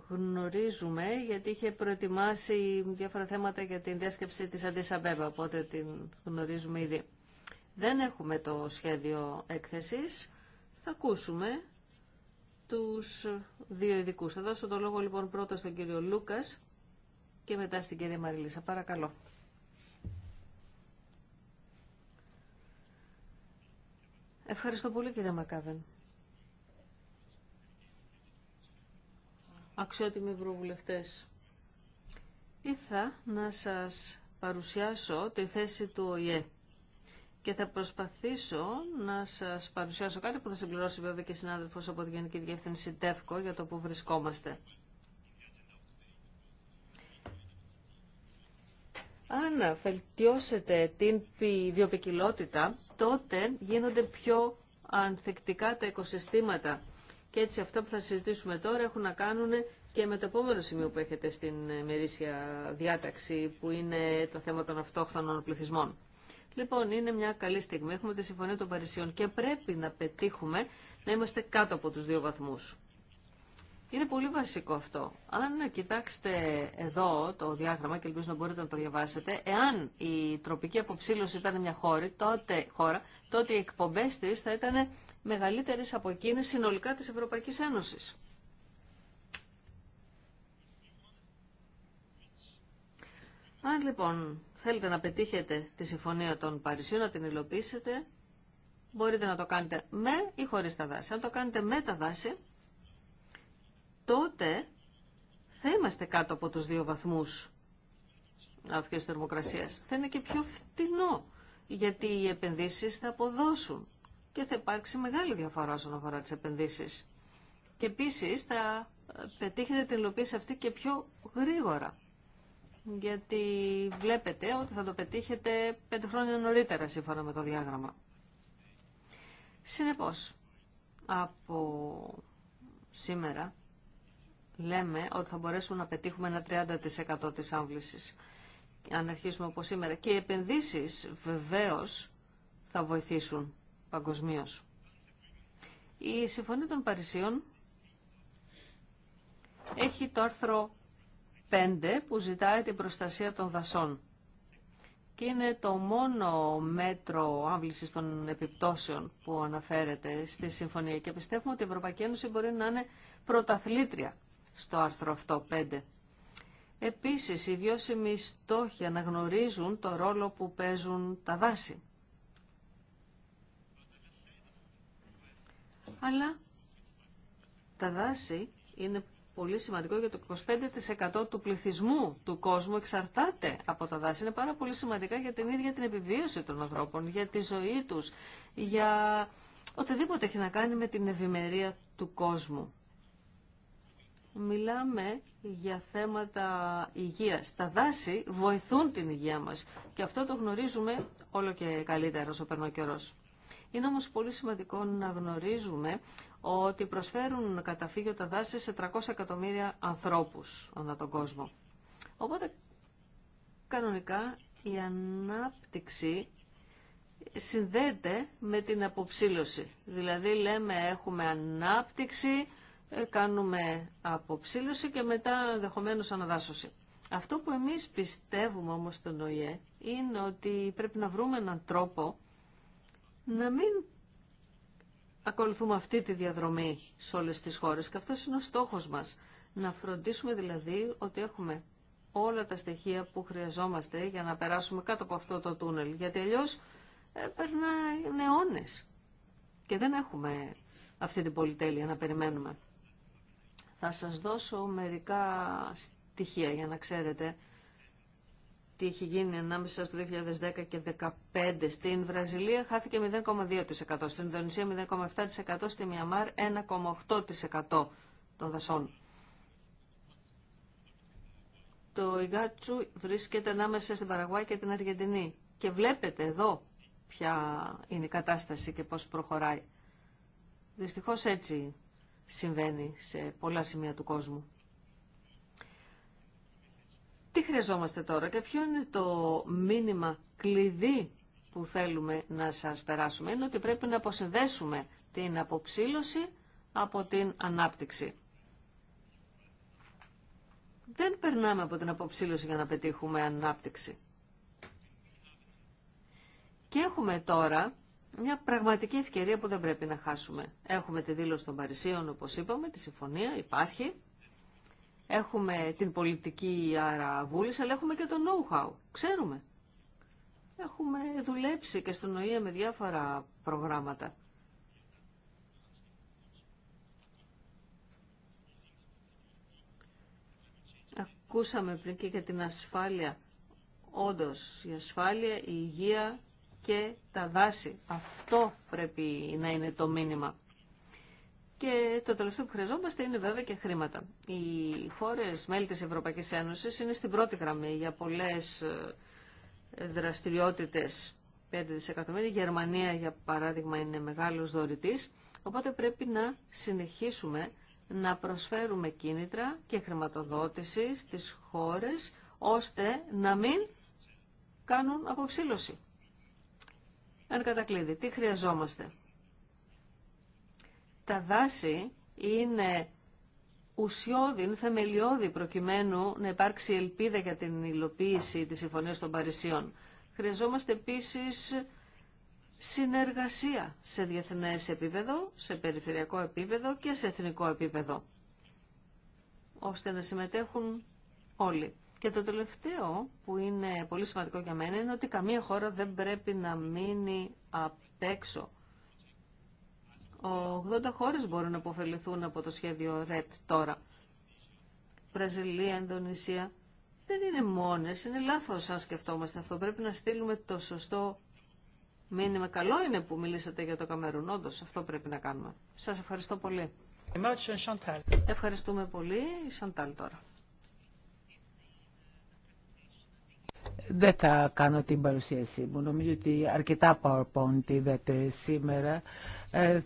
Speaker 1: γνωρίζουμε γιατί είχε προετοιμάσει διάφορα θέματα για την διάσκεψη της αντίσαμπεβα, οπότε την γνωρίζουμε ήδη. Δεν έχουμε το σχέδιο έκθεσης. Θα ακούσουμε τους δύο ειδικού. Θα δώσω το λόγο λοιπόν πρώτα στον κύριο Λούκας και μετά στην κυρία Μαριλίσα. Παρακαλώ. Ευχαριστώ πολύ κύριε Μακάβεν. Αξιότιμοι ευρωβουλευτές, ήρθα να σας παρουσιάσω τη θέση του ΟΗΕ και θα προσπαθήσω να σας παρουσιάσω κάτι που θα συμπληρώσει βέβαια και συνάδελφος από τη Γενική Διεύθυνση ΤΕΦΚΟ για το που βρισκόμαστε. Αν φελτιώσετε την βιοπικιλότητα, τότε γίνονται πιο ανθεκτικά τα οικοσυστήματα. Και έτσι αυτά που θα συζητήσουμε τώρα έχουν να κάνουν και με το επόμενο σημείο που έχετε στην μερίσια διάταξη, που είναι το θέμα των αυτόχθονων πληθυσμών. Λοιπόν, είναι μια καλή στιγμή. Έχουμε τη Συμφωνία των Παρισιών και πρέπει να πετύχουμε να είμαστε κάτω από τους δύο βαθμούς. Είναι πολύ βασικό αυτό. Αν κοιτάξετε εδώ το διάγραμμα και ελπίζω να μπορείτε να το διαβάσετε, εάν η τροπική αποψήλωση ήταν μια χώρα, τότε, χώρα, τότε οι εκπομπές της θα ήταν μεγαλύτερες από εκείνες συνολικά της Ευρωπαϊκής Ένωσης. Αν λοιπόν θέλετε να πετύχετε τη Συμφωνία των Παρισιών, να την υλοποιήσετε, μπορείτε να το κάνετε με ή χωρίς τα δάση. Αν το κάνετε με τα δάση, τότε θα είμαστε κάτω από τους δύο βαθμούς της θερμοκρασίας. Θα είναι και πιο φτηνό, γιατί οι επενδύσεις θα αποδώσουν και θα υπάρξει μεγάλη διαφορά όσον αφορά τις επενδύσεις. Και επίσης θα πετύχετε την υλοποίηση αυτή και πιο γρήγορα. Γιατί βλέπετε ότι θα το πετύχετε πέντε χρόνια νωρίτερα σύμφωνα με το διάγραμμα. Συνεπώς, από σήμερα λέμε ότι θα μπορέσουμε να πετύχουμε ένα 30% της άμβλησης. Αν αρχίσουμε όπως σήμερα. Και οι επενδύσεις βεβαίως θα βοηθήσουν παγκοσμίω. Η Συμφωνία των Παρισίων έχει το άρθρο 5 που ζητάει την προστασία των δασών. Και είναι το μόνο μέτρο άμβλησης των επιπτώσεων που αναφέρεται στη Συμφωνία. Και πιστεύουμε ότι η Ευρωπαϊκή Ένωση μπορεί να είναι πρωταθλήτρια στο άρθρο αυτό 5. Επίσης, οι βιώσιμοι στόχοι αναγνωρίζουν το ρόλο που παίζουν τα δάση. Αλλά τα δάση είναι πολύ σημαντικό για το 25% του πληθυσμού του κόσμου εξαρτάται από τα δάση. Είναι πάρα πολύ σημαντικά για την ίδια την επιβίωση των ανθρώπων, για τη ζωή τους, για οτιδήποτε έχει να κάνει με την ευημερία του κόσμου μιλάμε για θέματα υγείας. Τα δάση βοηθούν την υγεία μας και αυτό το γνωρίζουμε όλο και καλύτερα όσο ο καιρός. Είναι όμως πολύ σημαντικό να γνωρίζουμε ότι προσφέρουν καταφύγιο τα δάση σε 300 εκατομμύρια ανθρώπους ανά τον κόσμο. Οπότε κανονικά η ανάπτυξη συνδέεται με την αποψήλωση. Δηλαδή λέμε έχουμε ανάπτυξη ε, κάνουμε αποψήλωση και μετά ενδεχομένω αναδάσωση. Αυτό που εμείς πιστεύουμε όμως στον ΟΗΕ είναι ότι πρέπει να βρούμε έναν τρόπο να μην ακολουθούμε αυτή τη διαδρομή σε όλες τις χώρες και αυτός είναι ο στόχος μας. Να φροντίσουμε δηλαδή ότι έχουμε όλα τα στοιχεία που χρειαζόμαστε για να περάσουμε κάτω από αυτό το τούνελ. Γιατί αλλιώ ε, περνάει αιώνε. Και δεν έχουμε αυτή την πολυτέλεια να περιμένουμε. Θα σας δώσω μερικά στοιχεία για να ξέρετε τι έχει γίνει ανάμεσα στο 2010 και 2015. Στην Βραζιλία χάθηκε 0,2%, στην Ινδονησία 0,7%, στη Μιαμάρ 1,8% των δασών. Το Ιγκάτσου βρίσκεται ανάμεσα στην Παραγουάη και την Αργεντινή. Και βλέπετε εδώ ποια είναι η κατάσταση και πώς προχωράει. Δυστυχώς έτσι συμβαίνει σε πολλά σημεία του κόσμου. Τι χρειαζόμαστε τώρα και ποιο είναι το μήνυμα κλειδί που θέλουμε να σας περάσουμε. Είναι ότι πρέπει να αποσυνδέσουμε την αποψήλωση από την ανάπτυξη. Δεν περνάμε από την αποψήλωση για να πετύχουμε ανάπτυξη. Και έχουμε τώρα μια πραγματική ευκαιρία που δεν πρέπει να χάσουμε. Έχουμε τη δήλωση των Παρισίων, όπως είπαμε, τη συμφωνία υπάρχει. Έχουμε την πολιτική άρα βούληση, αλλά έχουμε και το know-how. Ξέρουμε. Έχουμε δουλέψει και στον ΟΗΕ με διάφορα προγράμματα. Ακούσαμε πριν και για την ασφάλεια. Όντως, η ασφάλεια, η υγεία και τα δάση. Αυτό πρέπει να είναι το μήνυμα. Και το τελευταίο που χρειαζόμαστε είναι βέβαια και χρήματα. Οι χώρες μέλη της Ευρωπαϊκής Ένωσης είναι στην πρώτη γραμμή για πολλές ε, δραστηριότητες. 5 δισεκατομμύρια. Η Γερμανία, για παράδειγμα, είναι μεγάλος δωρητής. Οπότε πρέπει να συνεχίσουμε να προσφέρουμε κίνητρα και χρηματοδότηση στις χώρες, ώστε να μην κάνουν αποψήλωση. Αν κατακλείδει, τι χρειαζόμαστε. Τα δάση είναι ουσιώδη, είναι θεμελιώδη προκειμένου να υπάρξει ελπίδα για την υλοποίηση της Συμφωνίας των Παρισιών. Χρειαζόμαστε επίσης συνεργασία σε διεθνές επίπεδο, σε περιφερειακό επίπεδο και σε εθνικό επίπεδο, ώστε να συμμετέχουν όλοι. Και το τελευταίο που είναι πολύ σημαντικό για μένα είναι ότι καμία χώρα δεν πρέπει να μείνει απ' έξω. 80 χώρες μπορούν να αποφεληθούν από το σχέδιο RED τώρα. Βραζιλία, Ινδονησία. Δεν είναι μόνες, είναι λάθος αν σκεφτόμαστε αυτό. Πρέπει να στείλουμε το σωστό μήνυμα. Καλό είναι που μιλήσατε για το Καμερούν. Όντω, αυτό πρέπει να κάνουμε. Σας ευχαριστώ πολύ. Ευχαριστούμε πολύ. Σαντάλ τώρα.
Speaker 3: Δεν θα κάνω την παρουσίασή μου. Νομίζω ότι αρκετά PowerPoint είδατε σήμερα. Ε,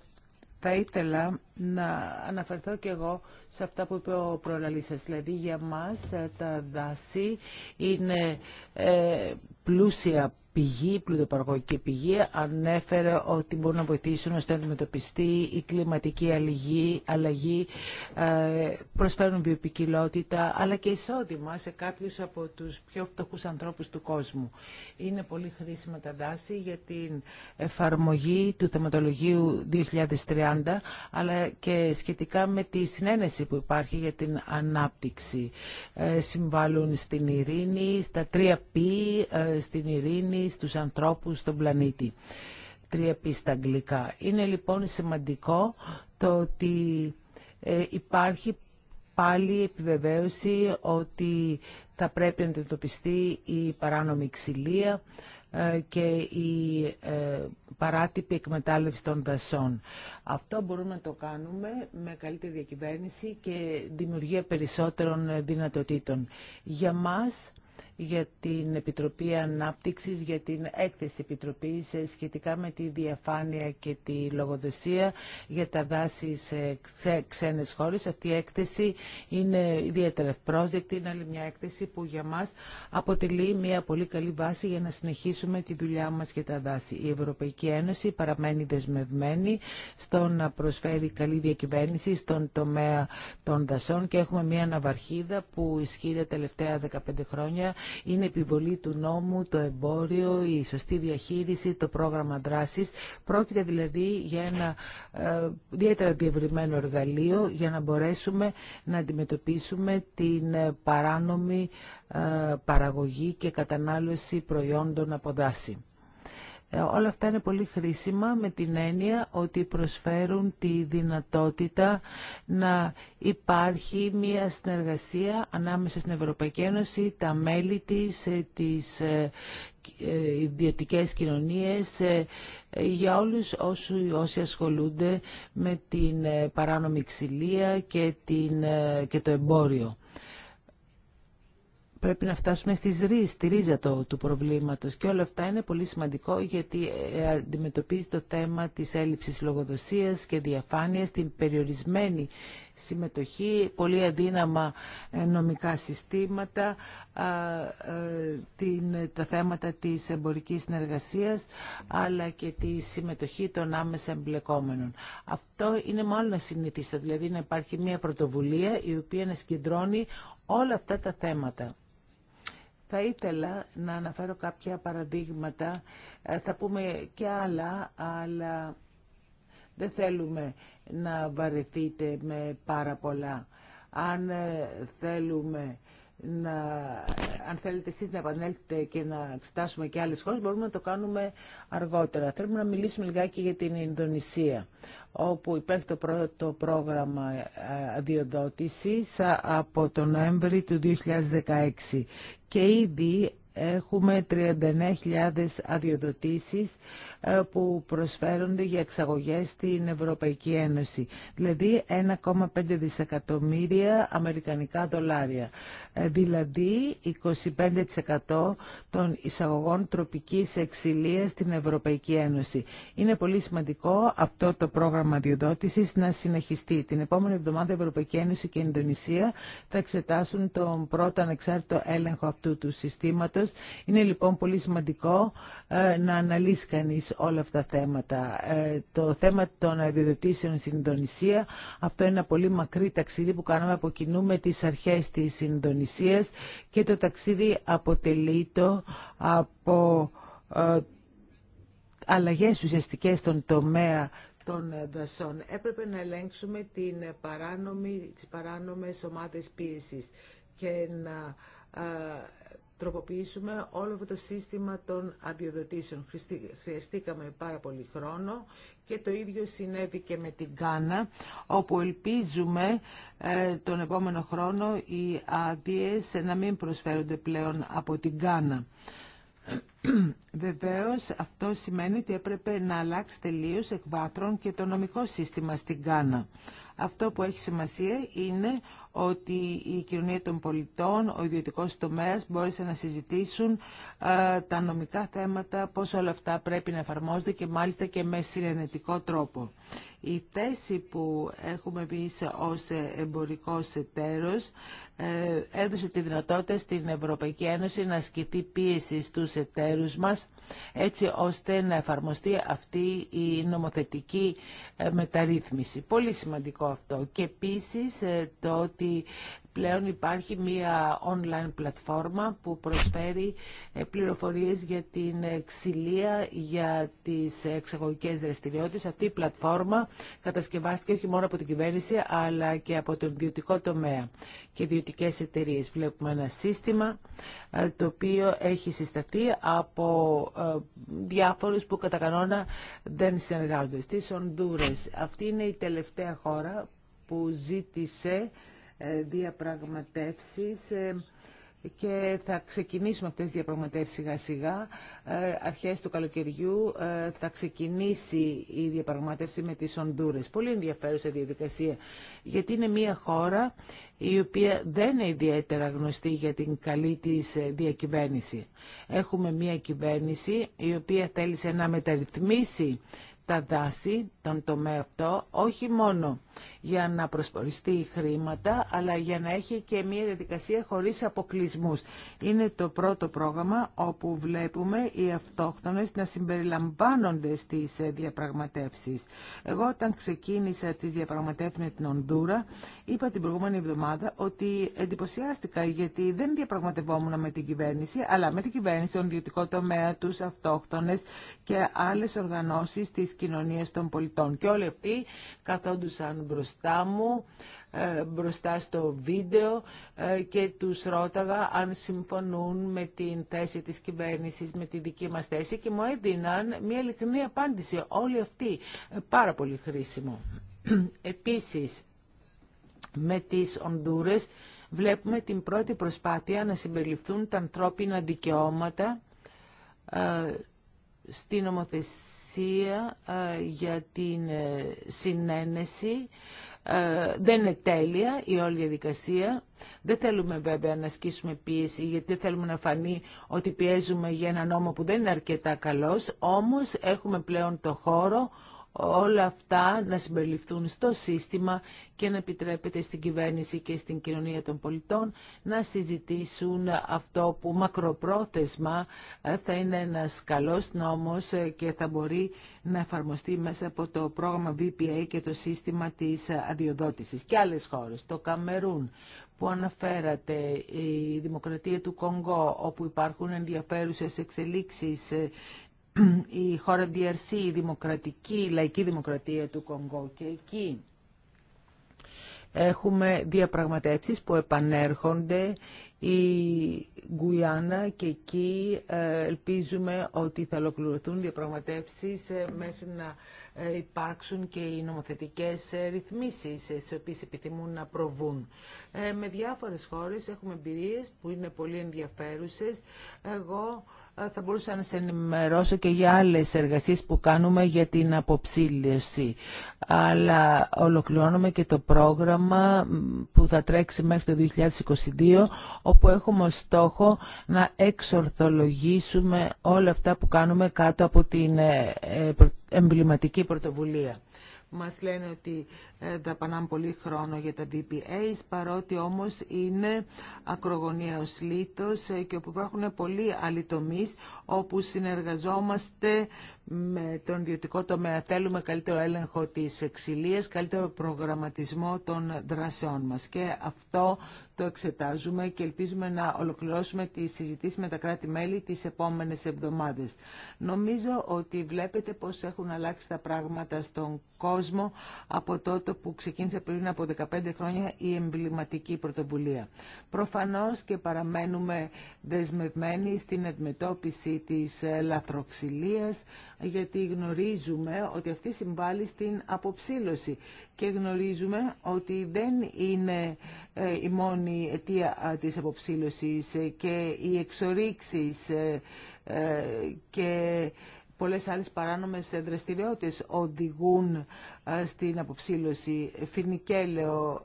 Speaker 3: θα ήθελα να αναφερθώ και εγώ σε αυτά που είπε ο προλαλήσας. Δηλαδή για μας ε, τα δάση είναι ε, πλούσια πηγή, πλουτοπαργωική πηγή, ανέφερε ότι μπορούν να βοηθήσουν ώστε να αντιμετωπιστεί η κλιματική αλλαγή, αλλαγή ε, προσφέρουν βιοπικιλότητα, αλλά και εισόδημα σε κάποιους από τους πιο φτωχούς ανθρώπους του κόσμου. Είναι πολύ χρήσιμα τα δάση για την εφαρμογή του θεματολογίου 2030, αλλά και σχετικά με τη συνένεση που υπάρχει για την ανάπτυξη. Ε, συμβάλλουν στην ειρήνη, στα τρία π, ε, στην ειρήνη, στους ανθρώπους, στον πλανήτη. Τρία π στα αγγλικά. Είναι λοιπόν σημαντικό το ότι ε, υπάρχει πάλι επιβεβαίωση ότι θα πρέπει να αντιμετωπιστεί η παράνομη ξυλία ε, και η ε, παράτυπη εκμετάλλευση των δασών. Αυτό μπορούμε να το κάνουμε με καλύτερη διακυβέρνηση και δημιουργία περισσότερων δυνατοτήτων. Για μας για την Επιτροπή Ανάπτυξης, για την έκθεση Επιτροπής ε, σχετικά με τη διαφάνεια και τη λογοδοσία για τα δάση σε ξένες χώρες. Αυτή η έκθεση είναι ιδιαίτερα ευπρόσδεκτη, είναι άλλη μια έκθεση που για μας αποτελεί μια πολύ καλή βάση για να συνεχίσουμε τη δουλειά μας για τα δάση. Η Ευρωπαϊκή Ένωση παραμένει δεσμευμένη στο να προσφέρει καλή διακυβέρνηση στον τομέα των δασών και έχουμε μια αναβαρχίδα που ισχύει τα τελευταία 15 χρόνια είναι επιβολή του νόμου, το εμπόριο, η σωστή διαχείριση, το πρόγραμμα δράση, Πρόκειται δηλαδή για ένα ε, ιδιαίτερα διευρυμένο εργαλείο για να μπορέσουμε να αντιμετωπίσουμε την ε, παράνομη ε, παραγωγή και κατανάλωση προϊόντων από δάση. Ε, όλα αυτά είναι πολύ χρήσιμα με την έννοια ότι προσφέρουν τη δυνατότητα να υπάρχει μια συνεργασία ανάμεσα στην Ευρωπαϊκή Ένωση, τα μέλη της, ε, τις ε, ιδιωτικές κοινωνίες, για όλους όσοι, ασχολούνται με την παράνομη ξυλία και το εμπόριο πρέπει να φτάσουμε στις ρίζες στη ρίζα του προβλήματος και όλα αυτά είναι πολύ σημαντικό γιατί ε, αντιμετωπίζει το θέμα της έλλειψης λογοδοσίας και διαφάνειας, την περιορισμένη συμμετοχή, πολύ αδύναμα ε, νομικά συστήματα, ε, την, τα θέματα της εμπορικής συνεργασίας, αλλά και τη συμμετοχή των άμεσα εμπλεκόμενων. Αυτό είναι μάλλον συνηθίστο, δηλαδή να υπάρχει μια πρωτοβουλία η οποία να συγκεντρώνει όλα αυτά τα θέματα. Θα ήθελα να αναφέρω κάποια παραδείγματα, ε, θα πούμε και άλλα, αλλά δεν θέλουμε να βαρεθείτε με πάρα πολλά. Αν ε, θέλουμε να, αν θέλετε εσείς να επανέλθετε και να εξετάσουμε και άλλες χώρες, μπορούμε να το κάνουμε αργότερα. Θέλουμε να μιλήσουμε λιγάκι για την Ινδονησία όπου υπάρχει το πρώτο πρόγραμμα ε, αδειοδότησης ε, από τον Νοέμβρη του 2016 και ήδη έχουμε 39.000 αδειοδοτήσεις ε, που προσφέρονται για εξαγωγές στην Ευρωπαϊκή Ένωση. Δηλαδή 1,5 δισεκατομμύρια αμερικανικά δολάρια. Ε, δηλαδή 25% των εισαγωγών τροπικής εξηλίας στην Ευρωπαϊκή Ένωση. Είναι πολύ σημαντικό αυτό το πρόγραμμα αδειοδότησης να συνεχιστεί. Την επόμενη εβδομάδα η Ευρωπαϊκή Ένωση και η Ινδονησία θα εξετάσουν τον πρώτο ανεξάρτητο έλεγχο αυτού του συστήματος είναι λοιπόν πολύ σημαντικό ε, να αναλύσει κανείς όλα αυτά τα θέματα. Ε, το θέμα των αδειοδοτήσεων στην Ινδονησία, αυτό είναι ένα πολύ μακρύ ταξίδι που κάναμε από κοινού με τις αρχές της Ινδονησίας και το ταξίδι αποτελεί το από ε, αλλαγές ουσιαστικές στον τομέα των δασών. Έπρεπε να ελέγξουμε την παράνομη, τις παράνομες ομάδες πίεσης και να τροποποιήσουμε όλο αυτό το σύστημα των αδειοδοτήσεων. Χρειαστήκαμε πάρα πολύ χρόνο και το ίδιο συνέβη και με την Κάνα, όπου ελπίζουμε ε, τον επόμενο χρόνο οι άδειε να μην προσφέρονται πλέον από την Κάνα. Βεβαίως αυτό σημαίνει ότι έπρεπε να αλλάξει τελείω εκ και το νομικό σύστημα στην Κάνα. Αυτό που έχει σημασία είναι ότι η κοινωνία των πολιτών, ο ιδιωτικό τομέα μπόρεσε να συζητήσουν τα νομικά θέματα, πώς όλα αυτά πρέπει να εφαρμόζονται και μάλιστα και με συνενετικό τρόπο. Η θέση που έχουμε εμεί ως εμπορικός εταίρος ε, έδωσε τη δυνατότητα στην Ευρωπαϊκή Ένωση να ασκηθεί πίεση στους εταίρους έτσι ώστε να εφαρμοστεί αυτή η νομοθετική ε, μεταρρύθμιση. Πολύ σημαντικό αυτό. Και επίσης ε, το ότι πλέον υπάρχει μία online πλατφόρμα που προσφέρει ε, πληροφορίες για την ξυλία, για τις εξαγωγικές δραστηριότητες. Αυτή η πλατφόρμα κατασκευάστηκε όχι μόνο από την κυβέρνηση, αλλά και από τον ιδιωτικό τομέα και ιδιωτικέ εταιρείε. Βλέπουμε ένα σύστημα ε, το οποίο έχει συσταθεί από ε, διάφορους που κατά κανόνα δεν συνεργάζονται. Στις Ονδούρες. Αυτή είναι η τελευταία χώρα που ζήτησε ε, διαπραγματεύσεις ε, και θα ξεκινήσουμε αυτές τις διαπραγματεύσεις σιγά σιγά. Ε, αρχές του καλοκαιριού θα ξεκινήσει η διαπραγματεύση με τις οντούρες. Πολύ ενδιαφέρουσα διαδικασία, γιατί είναι μια χώρα η οποία δεν είναι ιδιαίτερα γνωστή για την καλή της διακυβέρνηση. Έχουμε μια κυβέρνηση η οποία θέλησε να μεταρρυθμίσει τα δάση, τον τομέα αυτό, όχι μόνο για να προσποριστεί χρήματα, αλλά για να έχει και μια διαδικασία χωρίς αποκλεισμούς. Είναι το πρώτο πρόγραμμα όπου βλέπουμε οι αυτόχθονες να συμπεριλαμβάνονται στις ε, διαπραγματεύσεις. Εγώ όταν ξεκίνησα τις διαπραγματεύσεις με την Ονδούρα, είπα την προηγούμενη εβδομάδα ότι εντυπωσιάστηκα γιατί δεν διαπραγματευόμουν με την κυβέρνηση, αλλά με την κυβέρνηση, τον ιδιωτικό τομέα, τους αυτόχθονες και άλλες οργανώσεις της κοινωνία των πολιτών. Και όλοι αυτοί καθόντουσαν μπροστά μου, ε, μπροστά στο βίντεο ε, και τους ρώταγα αν συμφωνούν με την θέση της κυβέρνησης, με τη δική μας θέση και μου έδιναν μια ειλικρινή απάντηση. Όλοι αυτοί ε, πάρα πολύ χρήσιμο. Επίσης, με τις Ονδούρες βλέπουμε την πρώτη προσπάθεια να συμπεριληφθούν τα ανθρώπινα δικαιώματα στην ομοθεσία ε, για την ε, συνένεση ε, δεν είναι τέλεια η όλη διαδικασία. Δεν θέλουμε βέβαια να ασκήσουμε πίεση, γιατί δεν θέλουμε να φανεί ότι πιέζουμε για ένα νόμο που δεν είναι αρκετά καλός, όμως έχουμε πλέον το χώρο όλα αυτά να συμπεριληφθούν στο σύστημα και να επιτρέπεται στην κυβέρνηση και στην κοινωνία των πολιτών να συζητήσουν αυτό που μακροπρόθεσμα ε, θα είναι ένας καλός νόμος ε, και θα μπορεί να εφαρμοστεί μέσα από το πρόγραμμα VPA και το σύστημα της αδειοδότησης και άλλες χώρες, το Καμερούν που αναφέρατε, η Δημοκρατία του Κονγκό, όπου υπάρχουν ενδιαφέρουσες εξελίξεις ε, η χώρα DRC, η δημοκρατική, η λαϊκή δημοκρατία του Κονγκό και εκεί έχουμε διαπραγματεύσεις που επανέρχονται η Γκουιάννα και εκεί ε, ελπίζουμε ότι θα ολοκληρωθούν διαπραγματεύσεις ε, μέχρι να ε, υπάρξουν και οι νομοθετικές ρυθμίσεις σε οποίες επιθυμούν να προβούν. Με διάφορες χώρες έχουμε εμπειρίες που είναι πολύ ενδιαφέρουσες. Εγώ θα μπορούσα να σε ενημερώσω και για άλλες εργασίες που κάνουμε για την αποψήλωση. Αλλά ολοκληρώνουμε και το πρόγραμμα που θα τρέξει μέχρι το 2022, όπου έχουμε ως στόχο να εξορθολογήσουμε όλα αυτά που κάνουμε κάτω από την ε, ε, εμβληματική πρωτοβουλία. Μας λένε ότι ε, δαπανάμε πολύ χρόνο για τα DPA, παρότι όμως είναι ακρογωνιαίος λίτος ε, και όπου υπάρχουν πολλοί άλλοι όπου συνεργαζόμαστε με τον ιδιωτικό τομέα. Θέλουμε καλύτερο έλεγχο της εξηλίας, καλύτερο προγραμματισμό των δράσεών μας. Και αυτό το εξετάζουμε και ελπίζουμε να ολοκληρώσουμε τη συζητήση με τα κράτη-μέλη τις επόμενες εβδομάδες. Νομίζω ότι βλέπετε πώς έχουν αλλάξει τα πράγματα στον κόσμο από τότε που ξεκίνησε πριν από 15 χρόνια η εμβληματική πρωτοβουλία. Προφανώς και παραμένουμε δεσμευμένοι στην αντιμετώπιση της λαθροξυλίας, γιατί γνωρίζουμε ότι αυτή συμβάλλει στην αποψήλωση και γνωρίζουμε ότι δεν είναι ε, η μόνη αιτία της αποψήλωσης ε, και οι εξορίξεις ε, και πολλές άλλες παράνομες δραστηριότητες οδηγούν στην αποψήλωση. Φινικέλαιο,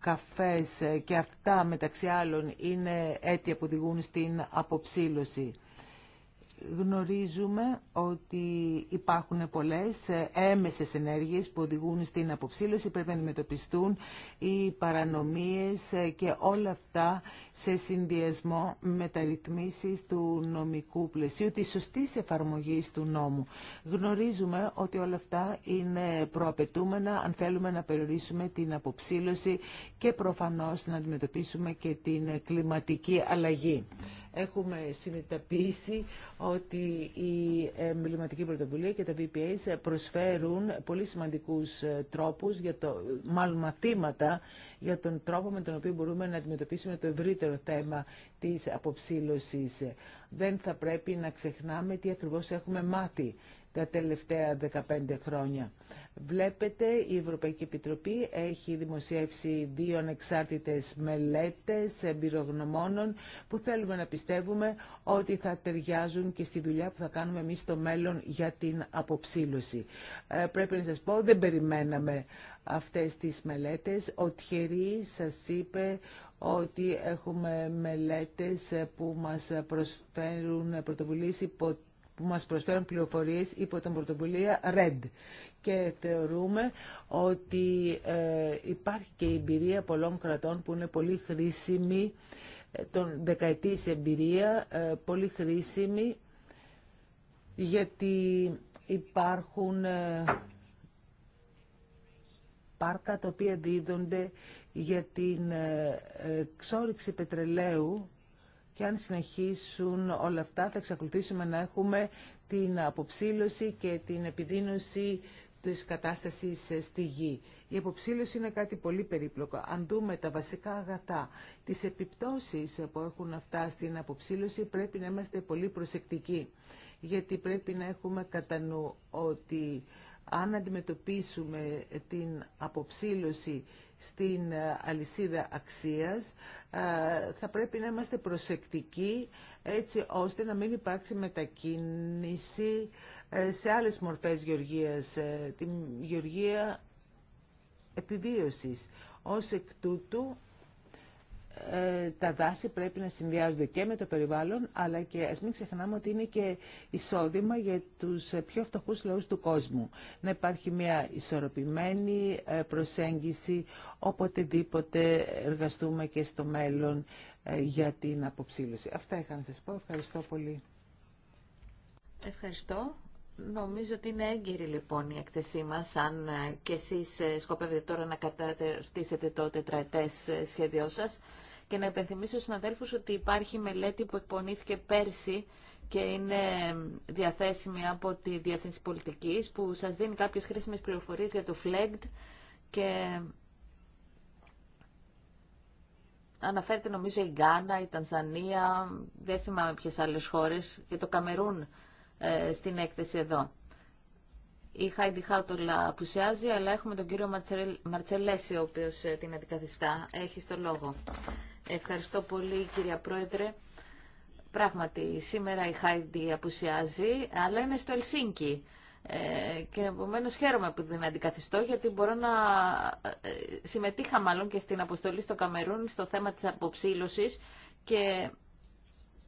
Speaker 3: καφές και αυτά μεταξύ άλλων είναι αίτια που οδηγούν στην αποψήλωση. Γνωρίζουμε ότι υπάρχουν πολλές έμεσες ενέργειες που οδηγούν στην αποψήλωση, πρέπει να αντιμετωπιστούν οι παρανομίες και όλα αυτά σε συνδυασμό με τα του νομικού πλαισίου, της σωστής εφαρμογής του νόμου. Γνωρίζουμε ότι όλα αυτά είναι προαπαιτούμενα αν θέλουμε να περιορίσουμε την αποψήλωση και προφανώς να αντιμετωπίσουμε και την κλιματική αλλαγή έχουμε συνειδητοποιήσει ότι η εμβληματική πρωτοβουλία και τα VPA προσφέρουν πολύ σημαντικούς ε, τρόπους, για το, μάλλον για τον τρόπο με τον οποίο μπορούμε να αντιμετωπίσουμε το ευρύτερο θέμα της αποψήλωσης. Δεν θα πρέπει να ξεχνάμε τι ακριβώς έχουμε μάθει τα τελευταία 15 χρόνια. Βλέπετε, η Ευρωπαϊκή Επιτροπή έχει δημοσιεύσει δύο ανεξάρτητες μελέτες εμπειρογνωμόνων που θέλουμε να πιστεύουμε ότι θα ταιριάζουν και στη δουλειά που θα κάνουμε εμείς στο μέλλον για την αποψήλωση. Ε, πρέπει να σας πω, δεν περιμέναμε αυτές τις μελέτες. Ο Τιερή σας είπε ότι έχουμε μελέτες που μας προσφέρουν πρωτοβουλίες υπό που μας προσφέρουν πληροφορίες υπό τον πρωτοβουλία RED. Και θεωρούμε ότι ε, υπάρχει και η εμπειρία πολλών κρατών που είναι πολύ χρήσιμη, ε, τον δεκαετής εμπειρία, ε, πολύ χρήσιμη, γιατί υπάρχουν πάρκα τα οποία δίδονται για την ξόριξη πετρελαίου και αν συνεχίσουν όλα αυτά θα εξακολουθήσουμε να έχουμε την αποψήλωση και την επιδείνωση της κατάστασης στη γη. Η αποψήλωση είναι κάτι πολύ περίπλοκο. Αν δούμε τα βασικά αγαθά, τις επιπτώσεις που έχουν αυτά στην αποψήλωση, πρέπει να είμαστε πολύ προσεκτικοί. Γιατί πρέπει να έχουμε κατά νου ότι αν αντιμετωπίσουμε την αποψήλωση στην ε, αλυσίδα αξίας ε, θα πρέπει να είμαστε προσεκτικοί έτσι ώστε να μην υπάρξει μετακίνηση ε, σε άλλες μορφές γεωργίας, την γεωργία επιβίωσης. Ως εκ τούτου ε, τα δάση πρέπει να συνδυάζονται και με το περιβάλλον, αλλά και ας μην ξεχνάμε ότι είναι και εισόδημα για τους ε, πιο φτωχούς λαούς του κόσμου. Να υπάρχει μια ισορροπημένη ε, προσέγγιση οποτεδήποτε εργαστούμε και στο μέλλον για την αποψήλωση. Αυτά είχα να σας πω. Ευχαριστώ πολύ.
Speaker 4: Ευχαριστώ. Νομίζω ότι είναι έγκυρη λοιπόν η έκθεσή μας, αν και εσείς σκοπεύετε τώρα να καταρτήσετε το τετραετές σχέδιό σας και να υπενθυμίσω στους συναδέλφους ότι υπάρχει μελέτη που εκπονήθηκε πέρσι και είναι διαθέσιμη από τη Διεύθυνση Πολιτικής που σας δίνει κάποιες χρήσιμες πληροφορίες για το FLEGD και αναφέρεται νομίζω η Γκάνα, η Τανζανία, δεν θυμάμαι ποιες άλλες χώρες και το Καμερούν ε, στην έκθεση εδώ. Η Χάιντι Χάουτολα απουσιάζει, αλλά έχουμε τον κύριο Μαρτσελέση, ο οποίος ε, την αντικαθιστά. Έχει το λόγο. Ευχαριστώ πολύ κυρία Πρόεδρε. Πράγματι, σήμερα η Χάιντι απουσιάζει, αλλά είναι στο Ελσίνκι. Ε, και επομένω χαίρομαι που την αντικαθιστώ γιατί μπορώ να ε, συμμετείχα μάλλον και στην αποστολή στο Καμερούν στο θέμα της αποψήλωσης και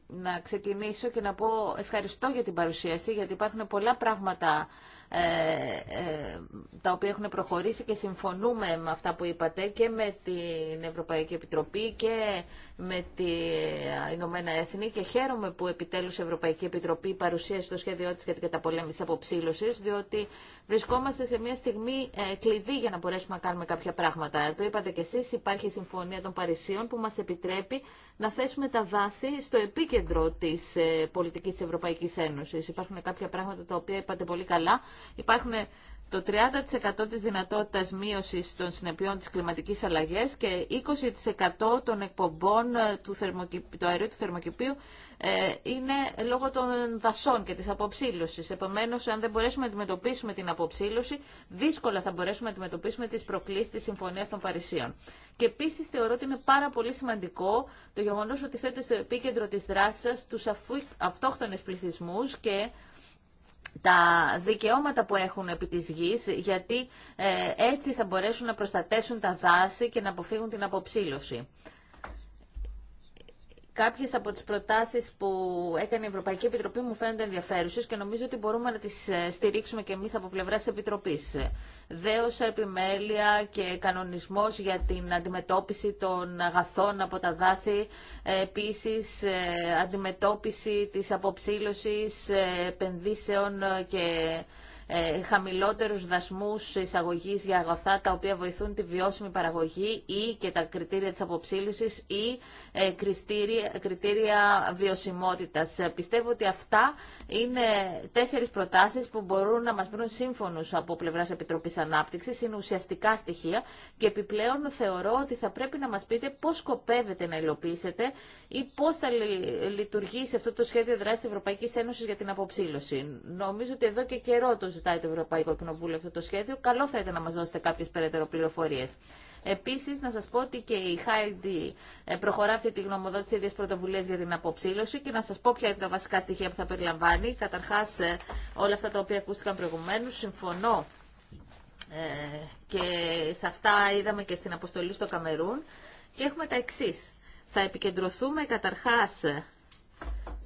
Speaker 4: να ξεκινήσω και να πω ευχαριστώ για την παρουσίαση γιατί υπάρχουν πολλά πράγματα ε, ε, τα οποία έχουν προχωρήσει και συμφωνούμε με αυτά που είπατε και με την Ευρωπαϊκή Επιτροπή και με τη Ηνωμένα Έθνη και χαίρομαι που επιτέλους η Ευρωπαϊκή Επιτροπή παρουσίασε το σχέδιό της για την καταπολέμηση αποψήλωσης, διότι βρισκόμαστε σε μια στιγμή ε, κλειδί για να μπορέσουμε να κάνουμε κάποια πράγματα. Το είπατε κι εσείς, υπάρχει η Συμφωνία των Παρισίων που μας επιτρέπει να θέσουμε τα βάση στο επίκεντρο της ε, πολιτικής της Ευρωπαϊκής Ένωσης. Υπάρχουν κάποια πράγματα τα οποία είπατε πολύ καλά. Υπάρχουν ε, το 30% της δυνατότητας μείωσης των συνεπειών της κλιματικής αλλαγής και 20% των εκπομπών ε, του, αερίου του θερμοκηπίου ε, είναι λόγω των δασών και της αποψήλωσης. Επομένως, αν δεν μπορέσουμε να αντιμετωπίσουμε την αποψήλωση, δύσκολα θα μπορέσουμε να αντιμετωπίσουμε τις προκλήσεις της Συμφωνίας των Παρισίων. Και επίση θεωρώ ότι είναι πάρα πολύ σημαντικό το γεγονός ότι θέτε στο επίκεντρο της δράσης τους αυτόχθονες πληθυσμούς και τα δικαιώματα που έχουν επί της γης, γιατί ε, έτσι θα μπορέσουν να προστατεύσουν τα δάση και να αποφύγουν την αποψήλωση. Κάποιε από τις προτάσεις που έκανε η Ευρωπαϊκή Επιτροπή μου φαίνονται ενδιαφέρουσε και νομίζω ότι μπορούμε να τις ε, στηρίξουμε και εμεί από πλευράς Επιτροπής. Δέωσα επιμέλεια και κανονισμός για την αντιμετώπιση των αγαθών από τα δάση, ε, επίσης ε, αντιμετώπιση τη αποψήλωση επενδύσεων και ε, χαμηλότερους δασμούς εισαγωγής για αγαθά τα οποία βοηθούν τη βιώσιμη παραγωγή ή και τα κριτήρια της αποψήλωσης ή ε, κριτήρια, κριτήρια βιωσιμότητας. Ε, πιστεύω ότι αυτά είναι τέσσερις προτάσεις που μπορούν να μας βρουν σύμφωνους από πλευράς Επιτροπής Ανάπτυξης. Είναι ουσιαστικά στοιχεία και επιπλέον θεωρώ ότι θα πρέπει να μας πείτε πώς σκοπεύετε να υλοποιήσετε ή πώς θα λειτουργήσει αυτό το σχέδιο δράσης Ευρωπαϊκής Ένωσης για την αποψήλωση. Νομίζω ότι εδώ και καιρό το ζητάει το Ευρωπαϊκό Κοινοβούλιο αυτό το σχέδιο. Καλό θα ήταν να μα δώσετε κάποιε περαιτέρω πληροφορίε. Επίση να σα πω ότι και η Χάιντι ε, προχωρά αυτή τη γνωμοδότηση ίδια πρωτοβουλία για την αποψήλωση και να σα πω ποια είναι τα βασικά στοιχεία που θα περιλαμβάνει. Καταρχά ε, όλα αυτά τα οποία ακούστηκαν προηγουμένω, συμφωνώ ε, και σε αυτά είδαμε και στην αποστολή στο Καμερούν και έχουμε τα εξή. Θα επικεντρωθούμε καταρχάς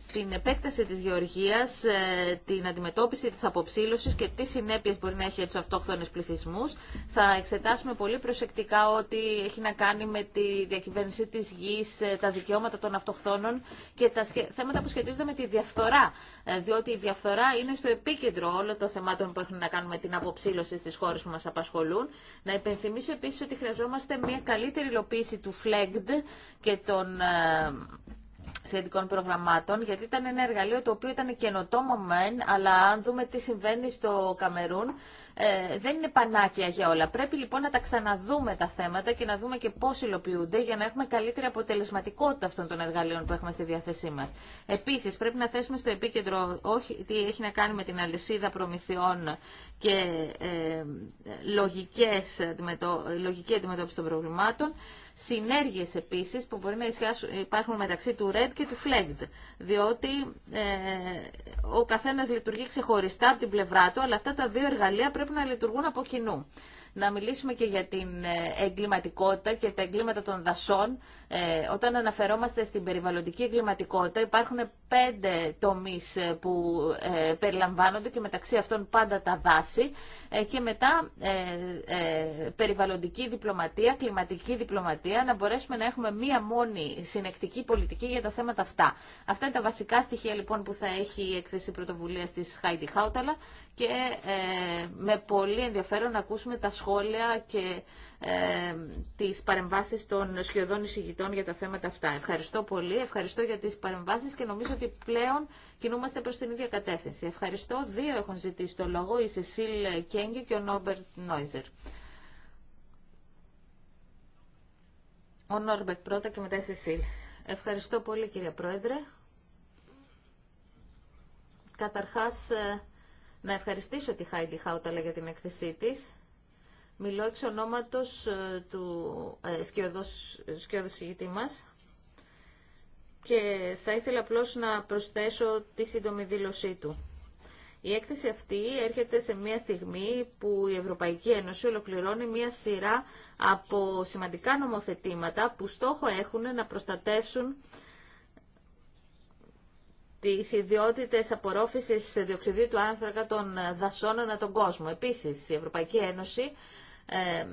Speaker 4: στην επέκταση της γεωργίας, ε, την αντιμετώπιση της αποψήλωσης και τι συνέπειες μπορεί να έχει για αυτόχθονες πληθυσμούς. Θα εξετάσουμε πολύ προσεκτικά ό,τι έχει να κάνει με τη διακυβέρνηση της γης, ε, τα δικαιώματα των αυτοχθόνων και τα θέματα που σχετίζονται με τη διαφθορά, ε, διότι η διαφθορά είναι στο επίκεντρο όλων των θεμάτων που έχουν να κάνουν με την αποψήλωση στις χώρες που μας απασχολούν. Να υπενθυμίσω επίσης ότι χρειαζόμαστε μια καλύτερη υλοποίηση του FLEGD και των σε ειδικών προγραμμάτων, γιατί ήταν ένα εργαλείο το οποίο ήταν καινοτόμο μεν, αλλά αν δούμε τι συμβαίνει στο Καμερούν, ε, δεν είναι πανάκια για όλα. Πρέπει λοιπόν να τα ξαναδούμε τα θέματα και να δούμε και πώ υλοποιούνται για να έχουμε καλύτερη αποτελεσματικότητα αυτών των εργαλείων που έχουμε στη διάθεσή μα. Επίση, πρέπει να θέσουμε στο επίκεντρο όχι τι έχει να κάνει με την αλυσίδα προμηθειών και ε, ε λογικές, λογική αντιμετώπιση των προβλημάτων, συνέργειες επίσης που μπορεί να υπάρχουν μεταξύ του RED και του FLEGD, διότι ε, ο καθένας λειτουργεί ξεχωριστά από την πλευρά του, αλλά αυτά τα δύο εργαλεία πρέπει να λειτουργούν από κοινού να μιλήσουμε και για την ε, εγκληματικότητα και τα εγκλήματα των δασών. Ε, όταν αναφερόμαστε στην περιβαλλοντική εγκληματικότητα υπάρχουν πέντε τομείς ε, που περιλαμβάνονται και μεταξύ αυτών πάντα τα δάση και μετά περιβαλλοντική διπλωματία, κλιματική διπλωματία να μπορέσουμε να έχουμε μία μόνη συνεκτική πολιτική για τα θέματα αυτά. Αυτά είναι τα βασικά στοιχεία λοιπόν που θα έχει η έκθεση πρωτοβουλία της Χάιντι Χάουταλα και ε, με πολύ ενδιαφέρον να ακούσουμε τα σχόλια και ε, τις παρεμβάσεις των σχεδόν εισηγητών για τα θέματα αυτά. Ευχαριστώ πολύ, ευχαριστώ για τις παρεμβάσεις και νομίζω ότι πλέον κινούμαστε προς την ίδια κατεύθυνση. Ευχαριστώ. Δύο έχουν ζητήσει το λόγο, η Σεσίλ Κέγγι και ο Νόμπερτ Νόιζερ. Ο Νόρμπερτ πρώτα και μετά η Σεσίλ. Ευχαριστώ πολύ κύριε Πρόεδρε. Καταρχάς, ε, να ευχαριστήσω τη Χάιντι Χάουταλα για την έκθεσή της. Μιλώ εξ ονόματος ε, του ε, ε σκιώδους μας και θα ήθελα απλώς να προσθέσω τη σύντομη δήλωσή του. Η έκθεση αυτή έρχεται σε μια στιγμή που η Ευρωπαϊκή Ένωση ολοκληρώνει μια σειρά από σημαντικά νομοθετήματα που στόχο έχουν να προστατεύσουν τις ιδιότητες απορρόφησης διοξιδίου του άνθρακα των δασών ανά τον κόσμο. Επίσης, η Ευρωπαϊκή Ένωση ε,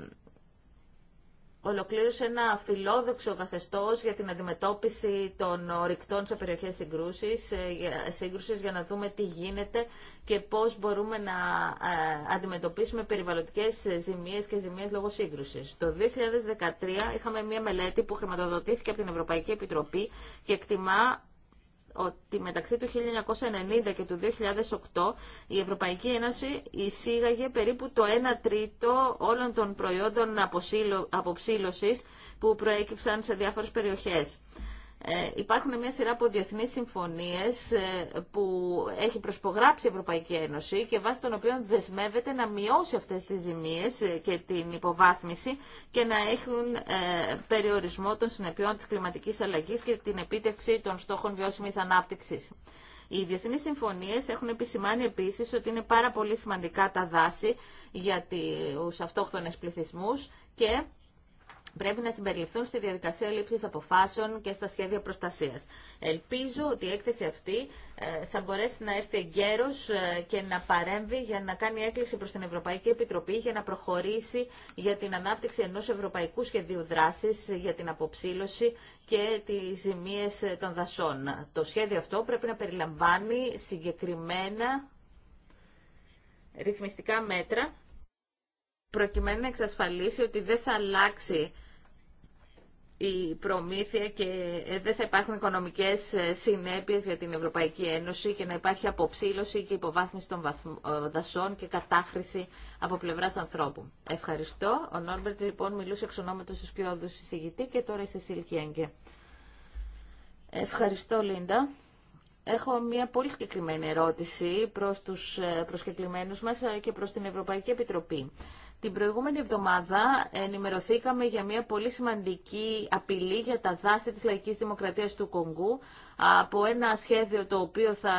Speaker 4: ολοκλήρωσε ένα φιλόδοξο καθεστώς για την αντιμετώπιση των ορυκτών σε περιοχές συγκρούσης, ε, για να δούμε τι γίνεται και πώς μπορούμε να ε, αντιμετωπίσουμε περιβαλλοντικές ζημίες και ζημίες λόγω σύγκρουσης. Το 2013 είχαμε μια μελέτη που χρηματοδοτήθηκε από την Ευρωπαϊκή Επιτροπή και εκτιμά ότι μεταξύ του 1990 και του 2008 η Ευρωπαϊκή Ένωση εισήγαγε περίπου το 1 τρίτο όλων των προϊόντων αποψήλωσης που προέκυψαν σε διάφορες περιοχές. Ε, υπάρχουν μια σειρά από διεθνεί συμφωνίε ε, που έχει προσπογράψει η Ευρωπαϊκή Ένωση και βάσει των οποίων δεσμεύεται να μειώσει αυτέ τι ζημίε ε, και την υποβάθμιση και να έχουν περιορισμό των συνεπειών τη κλιματική αλλαγή και την επίτευξη των στόχων βιώσιμη ανάπτυξη. Οι διεθνεί συμφωνίε έχουν επισημάνει επίση ότι είναι πάρα πολύ σημαντικά τα δάση για του αυτόχθονε πληθυσμού και πρέπει να συμπεριληφθούν στη διαδικασία λήψη αποφάσεων και στα σχέδια προστασίας. Ελπίζω ότι η έκθεση αυτή ε, θα μπορέσει να έρθει εγκαίρω ε, και να παρέμβει για να κάνει έκκληση προς την Ευρωπαϊκή Επιτροπή για να προχωρήσει για την ανάπτυξη ενό ευρωπαϊκού σχεδίου δράσης για την αποψήλωση και τις ζημίε των δασών. Το σχέδιο αυτό πρέπει να περιλαμβάνει συγκεκριμένα ρυθμιστικά μέτρα προκειμένου να εξασφαλίσει ότι δεν θα αλλάξει η προμήθεια και ε, δεν θα υπάρχουν οικονομικές ε, συνέπειες για την Ευρωπαϊκή Ένωση και να υπάρχει αποψήλωση και υποβάθμιση των ε, δασών και κατάχρηση από πλευράς ανθρώπου. Ευχαριστώ. Ο Νόρμπερτ λοιπόν μιλούσε εξ ονόματος πιο σκιώδου και τώρα η Σεσίλ Κιέγκε. Ευχαριστώ Λίντα. Έχω μια πολύ συγκεκριμένη ερώτηση προς τους προσκεκλημένους μας και προς την Ευρωπαϊκή Επιτροπή. Την προηγούμενη εβδομάδα ενημερωθήκαμε για μια πολύ σημαντική απειλή για τα δάση της λαϊκής δημοκρατίας του Κονγκού από ένα σχέδιο το οποίο θα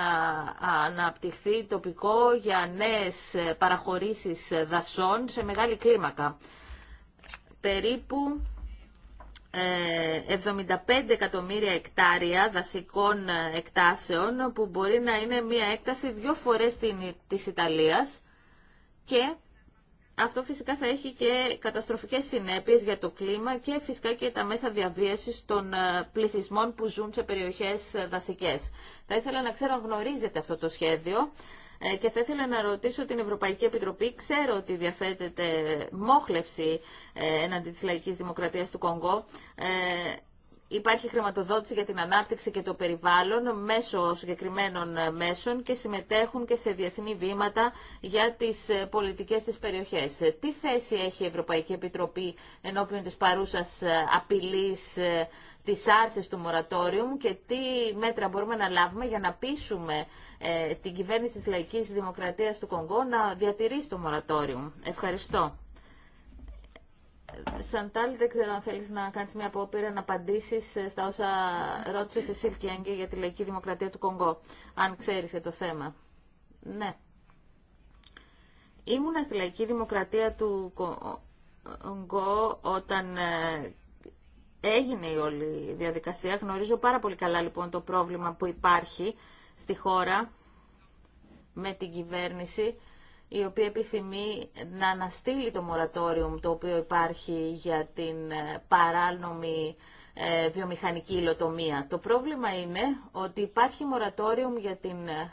Speaker 4: αναπτυχθεί τοπικό για νέες παραχωρήσεις δασών σε μεγάλη κλίμακα. Περίπου 75 ε, εκατομμύρια εκτάρια δασικών εκτάσεων που μπορεί να είναι μια έκταση δύο φορές της Ιταλίας και αυτό φυσικά θα έχει και καταστροφικές συνέπειες για το κλίμα και φυσικά και τα μέσα διαβίασης των ε, πληθυσμών που ζουν σε περιοχές ε, δασικές. Θα ήθελα να ξέρω αν γνωρίζετε αυτό το σχέδιο ε, και θα ήθελα να ρωτήσω την Ευρωπαϊκή Επιτροπή. Ξέρω ότι διαθέτεται μόχλευση εναντί της λαϊκής δημοκρατίας του Κονγκό υπάρχει χρηματοδότηση για την ανάπτυξη και το περιβάλλον μέσω συγκεκριμένων ε, μέσων και συμμετέχουν και σε διεθνή βήματα για τις ε, πολιτικές της περιοχές. Ε, τι θέση έχει η Ευρωπαϊκή Επιτροπή ενώπιον της παρούσας απειλής της άρσης του μορατόριου και τι μέτρα μπορούμε να λάβουμε για να πείσουμε την κυβέρνηση της Λαϊκής Δημοκρατίας του Κονγκό να διατηρήσει το μορατόριου. Ευχαριστώ. Σαντάλ, δεν ξέρω αν θέλεις να κάνεις μια απόπειρα να απαντήσεις ε, στα όσα ρώτησε η Σιλκιάνγκε για τη λαϊκή δημοκρατία του Κονγκό, αν ξέρεις το θέμα. Ναι. Ήμουνα στη λαϊκή δημοκρατία του Κονγκό όταν ε, έγινε η όλη διαδικασία. Γνωρίζω πάρα πολύ καλά λοιπόν το πρόβλημα που υπάρχει στη χώρα με την κυβέρνηση η οποία επιθυμεί να αναστείλει το μορατόριο το οποίο υπάρχει για την ε, παράνομη ε, βιομηχανική υλοτομία. Το πρόβλημα είναι ότι υπάρχει μορατόριο για την ε,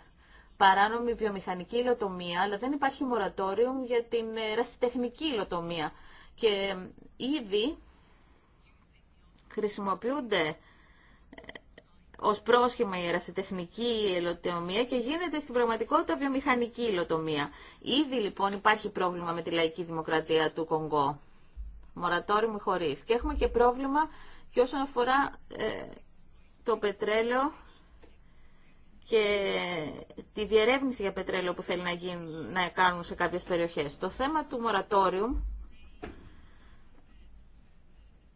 Speaker 4: παράνομη βιομηχανική υλοτομία, αλλά δεν υπάρχει μορατόριο για την ρασιτεχνική υλοτομία. Και ήδη χρησιμοποιούνται Ω πρόσχημα η ερασιτεχνική υλοτομία και γίνεται στην πραγματικότητα βιομηχανική υλοτομία. Ήδη λοιπόν υπάρχει πρόβλημα με τη λαϊκή δημοκρατία του Κονγκό. μου χωρί. Και έχουμε και πρόβλημα και όσον αφορά ε, το πετρέλαιο και τη διερεύνηση για πετρέλαιο που θέλει να, γίνει, να κάνουν σε κάποιες περιοχές. Το θέμα του μορατόριου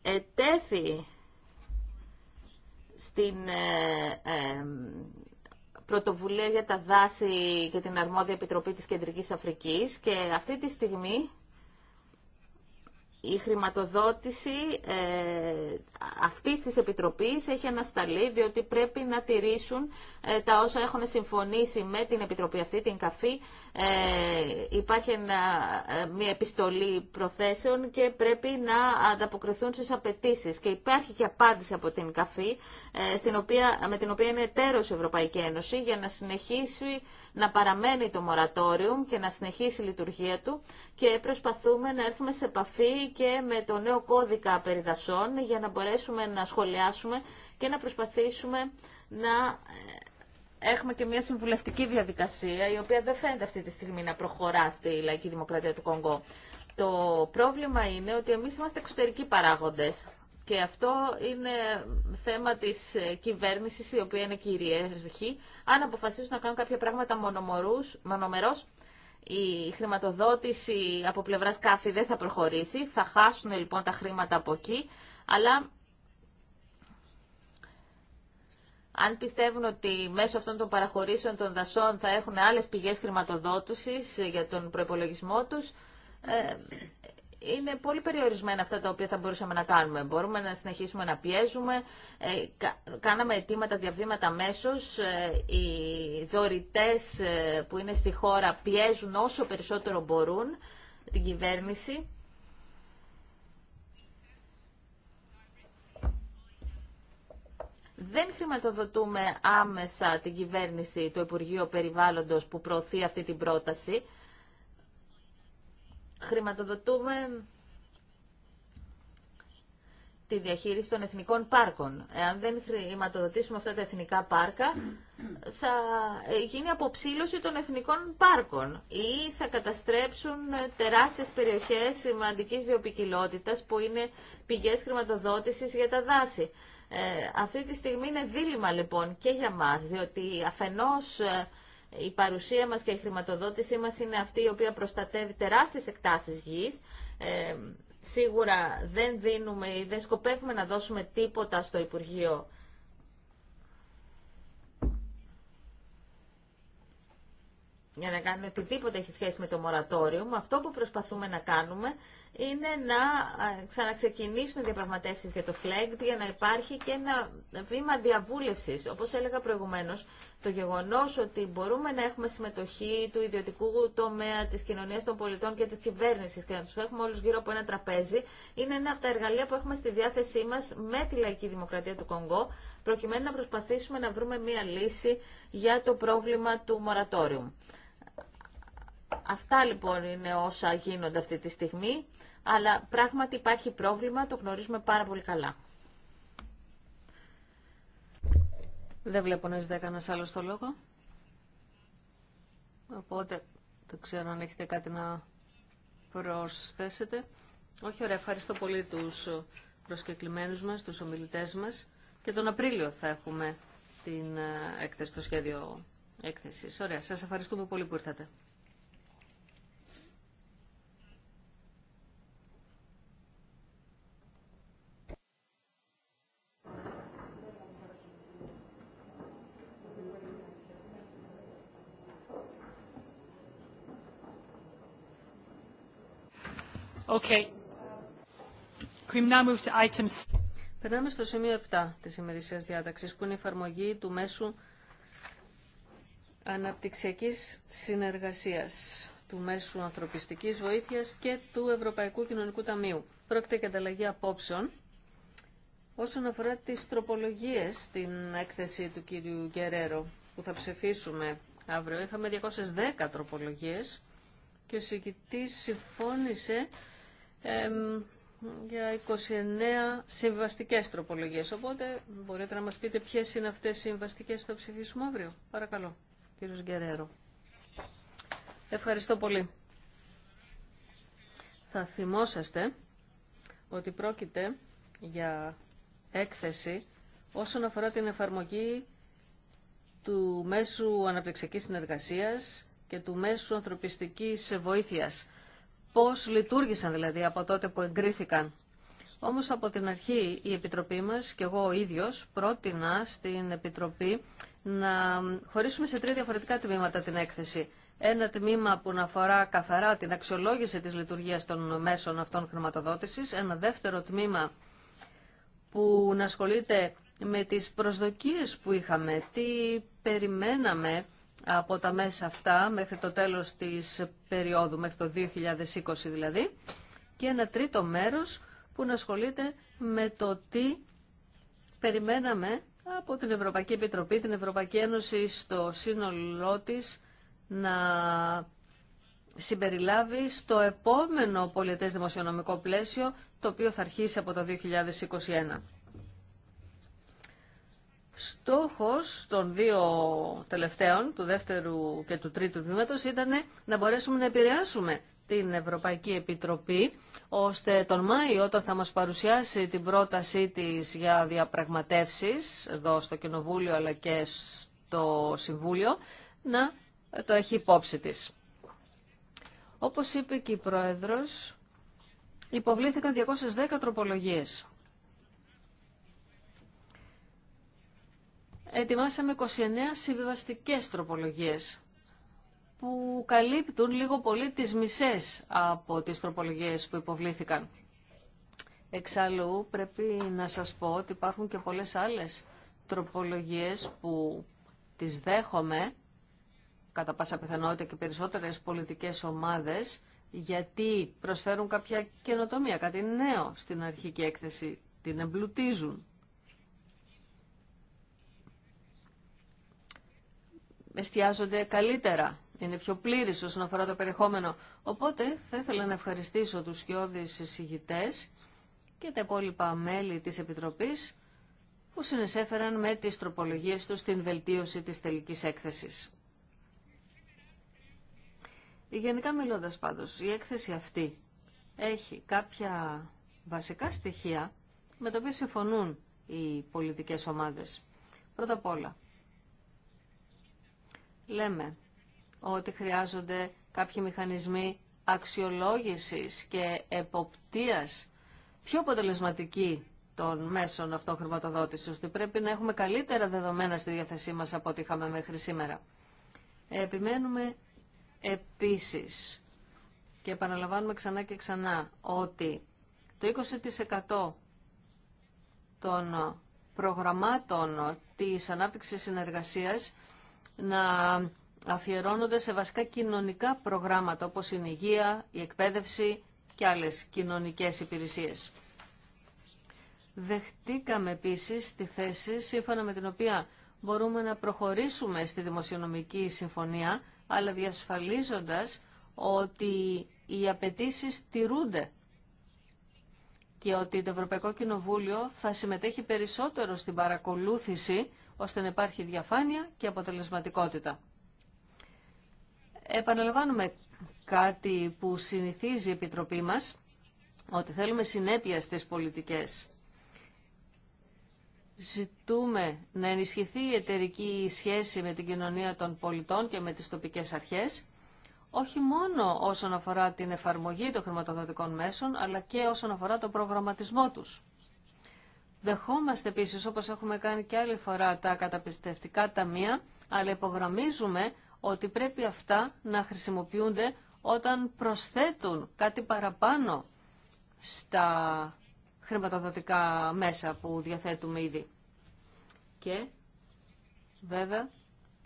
Speaker 4: ετέθη στην ε, πρωτοβουλία για τα δάση και την αρμόδια επιτροπή της Κεντρικής Αφρικής και αυτή τη στιγμή η χρηματοδότηση ε, αυτής της Επιτροπής έχει ανασταλεί διότι πρέπει να τηρήσουν ε, τα όσα έχουν συμφωνήσει με την Επιτροπή αυτή, την ΚΑΦΗ. Ε, υπάρχει ε, μια επιστολή προθέσεων και πρέπει να ανταποκριθούν στις απαιτήσεις. Και υπάρχει και απάντηση από την ΚΑΦΗ ε, στην οποία, με την οποία είναι εταίρος η Ευρωπαϊκή Ένωση για να συνεχίσει να παραμένει το μορατόριο και να συνεχίσει η λειτουργία του και προσπαθούμε να έρθουμε σε επαφή και με το νέο κώδικα περιδασών για να μπορέσουμε να σχολιάσουμε και να προσπαθήσουμε να ε, έχουμε και μια συμβουλευτική διαδικασία η οποία δεν φαίνεται αυτή τη στιγμή να προχωρά στη λαϊκή δημοκρατία του Κονγκό. Το πρόβλημα είναι ότι εμείς είμαστε εξωτερικοί παράγοντες και αυτό είναι θέμα της κυβέρνησης, η οποία είναι κυρίαρχη. Αν αποφασίσουν να κάνουν κάποια πράγματα μονομερός, η χρηματοδότηση από πλευράς κάφη δεν θα προχωρήσει. Θα χάσουν λοιπόν τα χρήματα από εκεί, αλλά αν πιστεύουν ότι μέσω αυτών των παραχωρήσεων των δασών θα έχουν άλλες πηγές χρηματοδότησης για τον προπολογισμό τους, ε, είναι πολύ περιορισμένα αυτά τα οποία θα μπορούσαμε να κάνουμε. Μπορούμε να συνεχίσουμε να πιέζουμε. Ε, κάναμε αιτήματα, διαβήματα αμέσω. Ε, οι δωρητέ ε, που είναι στη χώρα πιέζουν όσο περισσότερο μπορούν την κυβέρνηση. Δεν χρηματοδοτούμε άμεσα την κυβέρνηση, το Υπουργείο Περιβάλλοντος που προωθεί αυτή την πρόταση χρηματοδοτούμε τη διαχείριση των εθνικών πάρκων. Εάν δεν χρηματοδοτήσουμε αυτά τα εθνικά πάρκα, θα γίνει αποψήλωση των εθνικών πάρκων ή θα καταστρέψουν τεράστιες περιοχές σημαντικής βιοπικιλότητας που είναι πηγές χρηματοδότησης για τα δάση. Ε, αυτή τη στιγμή είναι δίλημα λοιπόν και για μας, διότι αφενός ε, η παρουσία μας και η χρηματοδότησή μας είναι αυτή η οποία προστατεύει τεράστιες εκτάσεις γης. Ε, σίγουρα δεν δίνουμε ή δεν σκοπεύουμε να δώσουμε τίποτα στο Υπουργείο για να κάνουμε οτιδήποτε έχει σχέση με το μορατόριο. Αυτό που προσπαθούμε να κάνουμε είναι να ε, ξαναξεκινήσουν οι διαπραγματεύσει για το FLEGT για να υπάρχει και ένα βήμα διαβούλευση, όπω έλεγα προηγουμένω, το γεγονό ότι μπορούμε να έχουμε συμμετοχή του ιδιωτικού τομέα, τη κοινωνία των πολιτών και τη κυβέρνηση και να του έχουμε όλου γύρω από ένα τραπέζι, είναι ένα από τα εργαλεία που έχουμε στη διάθεσή μα με τη λαϊκή δημοκρατία του Κονγκό, προκειμένου να προσπαθήσουμε να βρούμε μία λύση για το πρόβλημα του μορατόριου. Αυτά λοιπόν είναι όσα γίνονται αυτή τη στιγμή, αλλά πράγματι υπάρχει πρόβλημα, το γνωρίζουμε πάρα πολύ καλά. Δεν βλέπω να ζητάει κανένα άλλο το λόγο.
Speaker 1: Οπότε δεν ξέρω αν έχετε κάτι να προσθέσετε. Όχι, ωραία, ευχαριστώ πολύ τους προσκεκλημένους μας, τους ομιλητές μας. Και τον Απρίλιο θα έχουμε την ε, έκθεση, το σχέδιο έκθεσης. Ωραία, σας ευχαριστούμε πολύ που ήρθατε. Okay. Περνάμε στο σημείο 7 της ημερησίας διάταξης, που είναι η εφαρμογή του μέσου αναπτυξιακής συνεργασίας, του μέσου ανθρωπιστικής βοήθειας και του Ευρωπαϊκού Κοινωνικού Ταμείου. Πρόκειται για ανταλλαγή απόψεων όσον αφορά τις τροπολογίες στην έκθεση του κύριου Γκερέρο, που θα ψηφίσουμε αύριο. Είχαμε 210 τροπολογίες και ο συγκητής συμφώνησε για 29 συμβαστικές τροπολογίες. Οπότε μπορείτε να μας πείτε ποιες είναι αυτές οι συμβαστικές που θα ψηφίσουμε αύριο. Παρακαλώ, κύριος Γκερέρο. Ευχαριστώ πολύ. Θα θυμόσαστε ότι πρόκειται για έκθεση όσον αφορά την εφαρμογή του μέσου αναπτυξιακής συνεργασίας και του μέσου ανθρωπιστικής βοήθειας πώς λειτουργήσαν δηλαδή από τότε που εγκρίθηκαν. Όμως από την αρχή η Επιτροπή μας και εγώ ο ίδιος πρότεινα στην Επιτροπή να χωρίσουμε σε τρία διαφορετικά τμήματα την έκθεση. Ένα τμήμα που να αφορά καθαρά την αξιολόγηση της λειτουργίας των μέσων αυτών χρηματοδότησης. Ένα δεύτερο τμήμα που να ασχολείται με τις προσδοκίες που είχαμε, τι περιμέναμε από τα μέσα αυτά μέχρι το τέλος της περίοδου, μέχρι το 2020 δηλαδή, και ένα τρίτο μέρος που να ασχολείται με το τι περιμέναμε από την Ευρωπαϊκή Επιτροπή, την Ευρωπαϊκή Ένωση στο σύνολό της να συμπεριλάβει στο επόμενο πολιτές δημοσιονομικό πλαίσιο, το οποίο θα αρχίσει από το 2021. Στόχος των δύο τελευταίων, του δεύτερου και του τρίτου βήματος, ήταν να μπορέσουμε να επηρεάσουμε την Ευρωπαϊκή Επιτροπή, ώστε τον Μάιο όταν θα μας παρουσιάσει την πρότασή της για διαπραγματεύσεις, εδώ στο Κοινοβούλιο αλλά και στο Συμβούλιο, να το έχει υπόψη της. Όπως είπε και η Πρόεδρος, υποβλήθηκαν 210 τροπολογίες. ετοιμάσαμε 29 συμβιβαστικές τροπολογίες που καλύπτουν λίγο πολύ τις μισές από τις τροπολογίες που υποβλήθηκαν. Εξάλλου πρέπει να σας πω ότι υπάρχουν και πολλές άλλες τροπολογίες που τις δέχομαι, κατά πάσα πιθανότητα και περισσότερες πολιτικές ομάδες, γιατί προσφέρουν κάποια καινοτομία, κάτι νέο στην αρχική έκθεση, την εμπλουτίζουν. εστιάζονται καλύτερα, είναι πιο πλήρης όσον αφορά το περιεχόμενο. Οπότε θα ήθελα να ευχαριστήσω τους σκιώδεις εισηγητές και τα υπόλοιπα μέλη της Επιτροπής που συνεισέφεραν με τις τροπολογίες τους στην βελτίωση της τελικής έκθεσης. Γενικά μιλώντας πάντως, η έκθεση αυτή έχει κάποια βασικά στοιχεία με τα οποία συμφωνούν οι πολιτικές ομάδες. Πρώτα απ' όλα, λέμε ότι χρειάζονται κάποιοι μηχανισμοί αξιολόγησης και εποπτείας πιο αποτελεσματικοί των μέσων αυτοχρηματοδότησης, ότι πρέπει να έχουμε καλύτερα δεδομένα στη διάθεσή μας από ό,τι είχαμε μέχρι σήμερα. Επιμένουμε επίσης και επαναλαμβάνουμε ξανά και ξανά ότι το 20% των προγραμμάτων της ανάπτυξης συνεργασίας να αφιερώνονται σε βασικά κοινωνικά προγράμματα όπως είναι η υγεία, η εκπαίδευση και άλλες κοινωνικές υπηρεσίες. Δεχτήκαμε επίσης τη θέση σύμφωνα με την οποία μπορούμε να προχωρήσουμε στη Δημοσιονομική Συμφωνία, αλλά διασφαλίζοντας ότι οι απαιτήσει τηρούνται και ότι το Ευρωπαϊκό Κοινοβούλιο θα συμμετέχει περισσότερο στην παρακολούθηση ώστε να υπάρχει διαφάνεια και αποτελεσματικότητα. Επαναλαμβάνουμε κάτι που συνηθίζει η Επιτροπή μας, ότι θέλουμε συνέπεια στις πολιτικές. Ζητούμε να ενισχυθεί η εταιρική σχέση με την κοινωνία των πολιτών και με τις τοπικές αρχές, όχι μόνο όσον αφορά την εφαρμογή των χρηματοδοτικών μέσων, αλλά και όσον αφορά τον προγραμματισμό τους. Δεχόμαστε επίση όπως έχουμε κάνει και άλλη φορά, τα καταπιστευτικά ταμεία, αλλά υπογραμμίζουμε ότι πρέπει αυτά να χρησιμοποιούνται όταν προσθέτουν κάτι παραπάνω στα χρηματοδοτικά μέσα που διαθέτουμε ήδη. Και βέβαια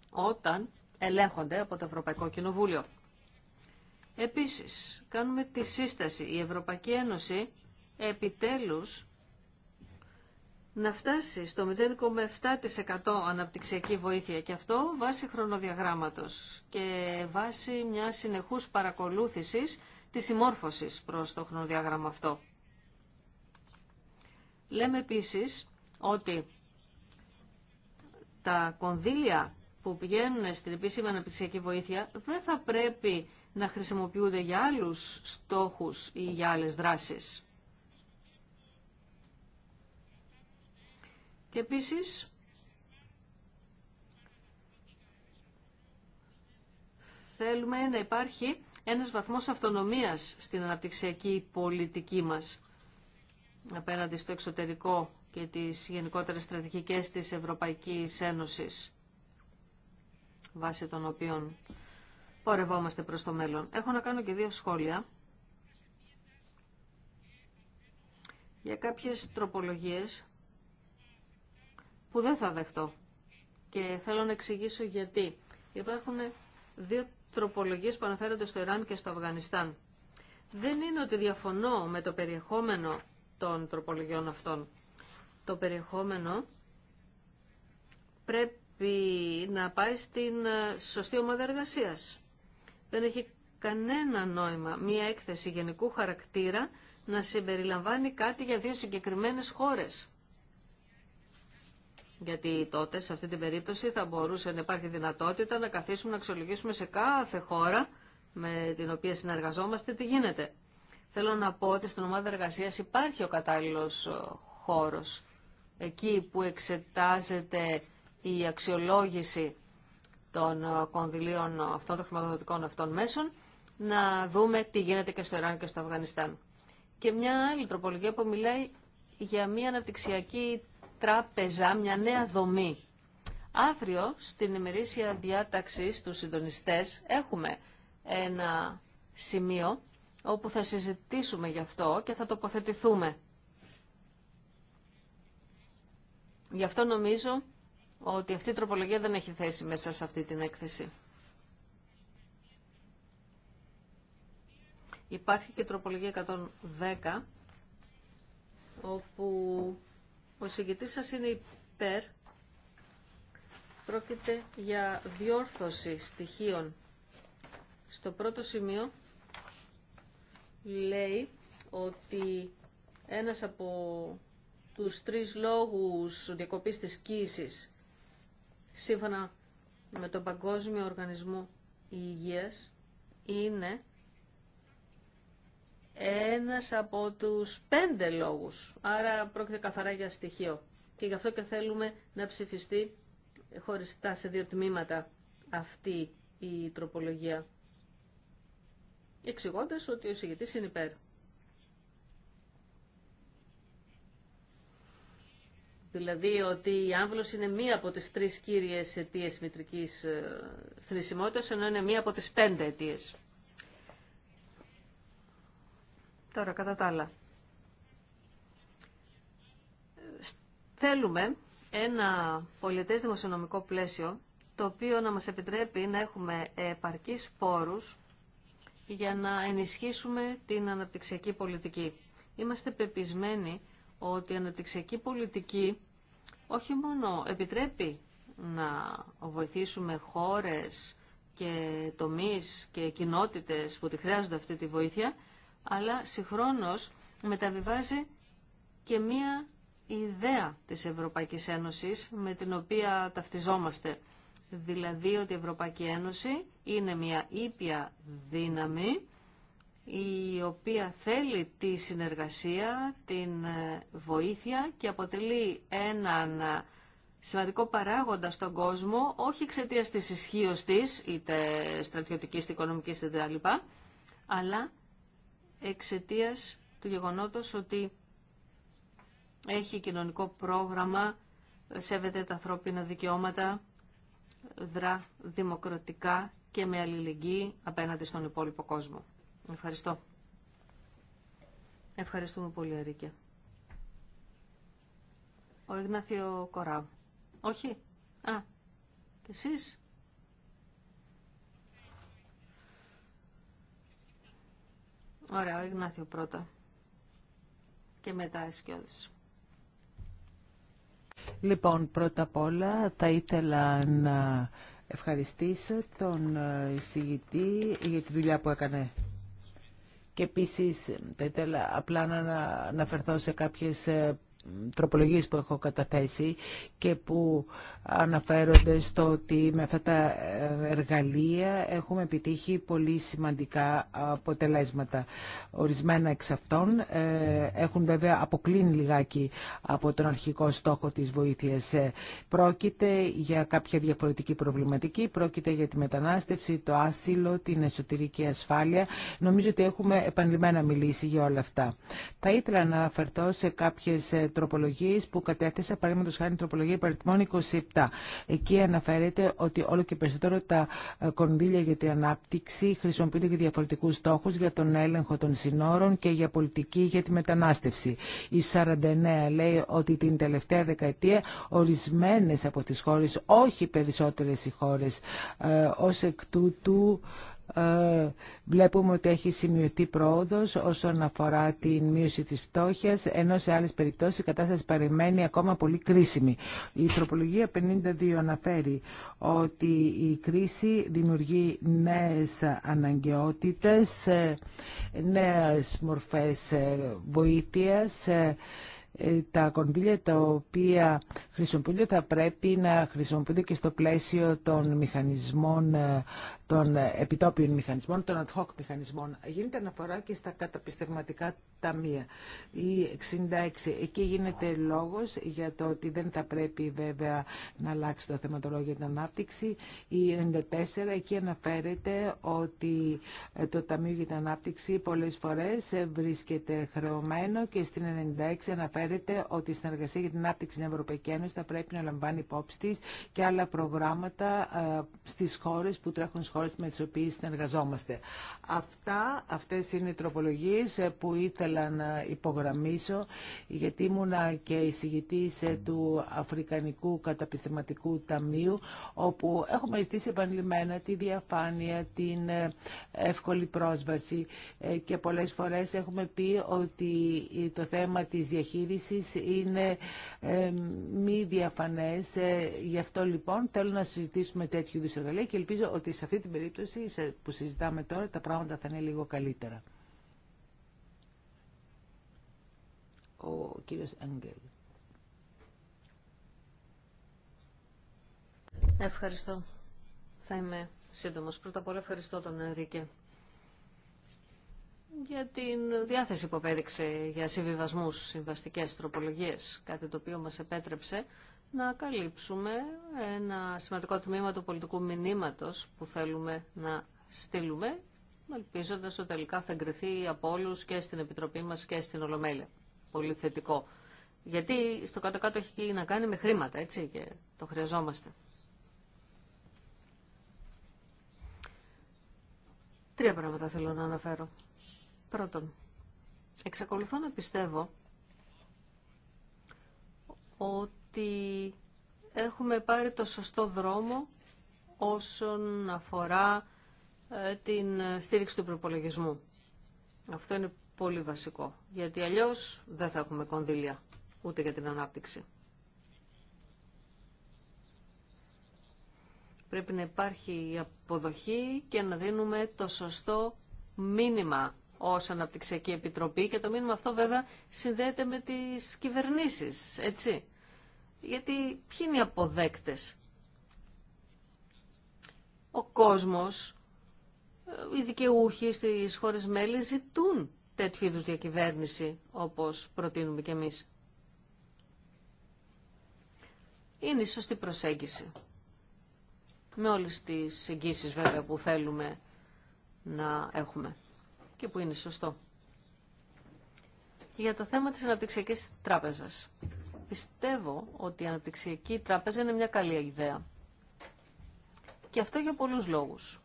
Speaker 1: όταν ελέγχονται από το Ευρωπαϊκό Κοινοβούλιο. Επίσης, κάνουμε τη σύσταση. Η Ευρωπαϊκή Ένωση επιτέλους να φτάσει στο 0,7% αναπτυξιακή βοήθεια και αυτό βάσει χρονοδιαγράμματος και βάσει μια συνεχούς παρακολούθησης της συμμόρφωσης προς το χρονοδιάγραμμα αυτό. Λέμε επίσης ότι τα κονδύλια που πηγαίνουν στην επίσημη αναπτυξιακή βοήθεια δεν θα πρέπει να χρησιμοποιούνται για άλλους στόχους ή για άλλες δράσεις. Και επίσης θέλουμε να υπάρχει ένας βαθμός αυτονομίας στην αναπτυξιακή πολιτική μας απέναντι στο εξωτερικό και τις γενικότερες στρατηγικές της Ευρωπαϊκής Ένωσης βάσει των οποίων πορευόμαστε προς το μέλλον. Έχω να κάνω και δύο σχόλια για κάποιες τροπολογίες που δεν θα δεχτώ. Και θέλω να εξηγήσω γιατί. Υπάρχουν δύο τροπολογίες που αναφέρονται στο Ιράν και στο Αφγανιστάν. Δεν είναι ότι διαφωνώ με το περιεχόμενο των τροπολογιών αυτών. Το περιεχόμενο πρέπει να πάει στην ε, σωστή ομάδα Δεν έχει κανένα νόημα μία έκθεση γενικού χαρακτήρα να συμπεριλαμβάνει κάτι για δύο συγκεκριμένες χώρες. Γιατί τότε σε αυτή την περίπτωση θα μπορούσε να υπάρχει δυνατότητα να καθίσουμε να αξιολογήσουμε σε κάθε χώρα με την οποία συνεργαζόμαστε τι γίνεται. Θέλω να πω ότι στην ομάδα εργασία υπάρχει ο κατάλληλο ε, χώρο Εκεί που εξετάζεται η αξιολόγηση των ε, κονδυλίων αυτών των χρηματοδοτικών αυτών μέσων, να δούμε τι γίνεται και στο Ιράν και στο Αφγανιστάν. Και μια άλλη τροπολογία που μιλάει για μια αναπτυξιακή τράπεζα, μια νέα δομή. Αύριο στην ημερήσια διάταξη στους συντονιστές έχουμε ένα σημείο όπου θα συζητήσουμε γι' αυτό και θα τοποθετηθούμε. Γι' αυτό νομίζω ότι αυτή η τροπολογία δεν έχει θέση μέσα σε αυτή την έκθεση. Υπάρχει και τροπολογία 110 όπου ο συγκητής σας είναι υπέρ. Πρόκειται για διόρθωση στοιχείων. Στο πρώτο σημείο λέει ότι ένας από τους τρεις λόγους διακοπής της κοίησης σύμφωνα με τον Παγκόσμιο Οργανισμό Υγείας είναι ένας από τους πέντε λόγους. Άρα πρόκειται καθαρά για στοιχείο. Και γι' αυτό και θέλουμε να ψηφιστεί χωριστά σε δύο τμήματα αυτή η τροπολογία. εξηγώντας ότι ο εισηγητής είναι υπέρ. Δηλαδή ότι η άμβλος είναι μία από τις τρεις κύριες αιτίες μητρικής ε, θνησιμότητας, ενώ είναι μία από τις πέντε αιτίες. Τώρα, κατά τα άλλα. Θέλουμε ένα πολιτές δημοσιονομικό πλαίσιο, το οποίο να μας επιτρέπει να έχουμε επαρκείς πόρους για να ενισχύσουμε την αναπτυξιακή πολιτική. Είμαστε πεπισμένοι ότι η αναπτυξιακή πολιτική όχι μόνο επιτρέπει να βοηθήσουμε χώρες και τομείς και κοινότητες που τη χρειάζονται αυτή τη βοήθεια, αλλά συγχρόνως μεταβιβάζει και μία ιδέα της Ευρωπαϊκής Ένωσης με την οποία ταυτιζόμαστε. Δηλαδή ότι η Ευρωπαϊκή Ένωση είναι μια ήπια δύναμη η οποία θέλει τη συνεργασία, την ε, βοήθεια και αποτελεί έναν ε, σημαντικό παράγοντα στον κόσμο, όχι εξαιτία της ισχύω τη, είτε στρατιωτική, είτε οικονομική, είτε αλλά εξαιτίας του γεγονότος ότι έχει κοινωνικό πρόγραμμα, σέβεται τα ανθρώπινα δικαιώματα, δρά δημοκρατικά και με αλληλεγγύη απέναντι στον υπόλοιπο κόσμο. Ευχαριστώ. Ευχαριστούμε πολύ, Αρίκε. Ο Ιγνάθιο Κοράου. Όχι. Α, και εσείς. Ωραία, ο Ιγνάθιο πρώτα. Και μετά Εσκιώδης.
Speaker 3: Λοιπόν, πρώτα απ' όλα θα ήθελα να ευχαριστήσω τον ε, εισηγητή για τη δουλειά που έκανε. Και επίσης θα ήθελα απλά να αναφερθώ σε κάποιες ε, τροπολογίες που έχω καταθέσει και που αναφέρονται στο ότι με αυτά τα εργαλεία έχουμε επιτύχει πολύ σημαντικά αποτελέσματα. Ορισμένα εξ αυτών ε, έχουν βέβαια αποκλίνει λιγάκι από τον αρχικό στόχο της βοήθειας. Ε, πρόκειται για κάποια διαφορετική προβληματική, πρόκειται για τη μετανάστευση, το άσυλο, την εσωτερική ασφάλεια. Νομίζω ότι έχουμε επανειλημμένα μιλήσει για όλα αυτά. Θα ήθελα να αναφερθώ σε κάποιες ε, που κατέθεσα, παραδείγματο χάρη τροπολογία υπαριθμών 27. Εκεί αναφέρεται ότι όλο και περισσότερο τα ε, κονδύλια για την ανάπτυξη χρησιμοποιούνται για διαφορετικού στόχου, για τον έλεγχο των συνόρων και για πολιτική για τη μετανάστευση. Η 49 λέει ότι την τελευταία δεκαετία ορισμένε από τι χώρε, όχι περισσότερε οι χώρε, ε, ω εκ τούτου ε, βλέπουμε ότι έχει σημειωθεί πρόοδος όσον αφορά την μείωση της φτώχειας, ενώ σε άλλες περιπτώσεις η κατάσταση παραμένει ακόμα πολύ κρίσιμη. Η τροπολογία 52 αναφέρει ότι η κρίση δημιουργεί νέες αναγκαιότητες, ε, νέες μορφές ε, βοήθειας, τα κονδύλια τα οποία χρησιμοποιούνται θα πρέπει να χρησιμοποιούνται και στο πλαίσιο των μηχανισμών των ε, επιτόπιων μηχανισμών, των ad hoc μηχανισμών. Γίνεται αναφορά και στα καταπιστευματικά ταμεία. Η 66, εκεί γίνεται λόγος για το ότι δεν θα πρέπει βέβαια να αλλάξει το θεματολόγιο για την ανάπτυξη. Η 94, εκεί αναφέρεται ότι ε, το Ταμείο για την Ανάπτυξη πολλές φορές ε, βρίσκεται χρεωμένο και στην 96 αναφέρεται ότι η συνεργασία για την ανάπτυξη στην Ευρωπαϊκή Ένωση θα πρέπει να λαμβάνει υπόψη και άλλα προγράμματα στις χώρες που τρέχουν σχόλια χώρες με τις οποίες συνεργαζόμαστε. Αυτά, αυτές είναι οι τροπολογίες που ήθελα να υπογραμμίσω γιατί ήμουνα και εισηγητής του Αφρικανικού Καταπιστηματικού Ταμείου όπου έχουμε ζητήσει επανειλημμένα τη διαφάνεια, την εύκολη πρόσβαση ε, και πολλές φορές έχουμε πει ότι το θέμα της διαχείρισης είναι ε, μη διαφανές. Ε, γι' αυτό λοιπόν θέλω να συζητήσουμε τέτοιου είδους και ελπίζω ότι σε αυτή την περίπτωση που συζητάμε τώρα τα πράγματα θα είναι λίγο καλύτερα. Ο κύριος
Speaker 1: Ευχαριστώ. Θα είμαι σύντομος. Πρώτα απ' όλα ευχαριστώ τον Ρίκε για την διάθεση που απέδειξε για συμβιβασμούς, συμβαστικές τροπολογίες, κάτι το οποίο μας επέτρεψε να καλύψουμε ένα σημαντικό τμήμα του πολιτικού μηνύματος που θέλουμε να στείλουμε, ελπίζοντα ότι τελικά θα εγκριθεί από όλου και στην Επιτροπή μας και στην Ολομέλεια. Πολύ θετικό. Γιατί στο κάτω-κάτω έχει να κάνει με χρήματα, έτσι, και το χρειαζόμαστε. Τρία πράγματα θέλω να αναφέρω. Πρώτον, εξακολουθώ να πιστεύω ότι ότι έχουμε πάρει το σωστό δρόμο όσον αφορά ε, την ε, στήριξη του προπολογισμού. Αυτό είναι πολύ βασικό, γιατί αλλιώς δεν θα έχουμε κονδύλια ούτε για την ανάπτυξη. Πρέπει να υπάρχει αποδοχή και να δίνουμε το σωστό μήνυμα ως Αναπτυξιακή Επιτροπή και το μήνυμα αυτό βέβαια συνδέεται με τις κυβερνήσεις, έτσι. Γιατί ποιοι είναι οι αποδέκτες. Ο κόσμος, οι δικαιούχοι στις χώρες μέλη ζητούν τέτοιου είδους διακυβέρνηση όπως προτείνουμε κι εμείς. Είναι η σωστή προσέγγιση. Με όλες τις εγγύσεις βέβαια που θέλουμε να έχουμε και που είναι σωστό. Για το θέμα της αναπτυξιακής τράπεζας πιστεύω ότι η Αναπτυξιακή Τράπεζα είναι μια καλή ιδέα. Και αυτό για πολλούς λόγους.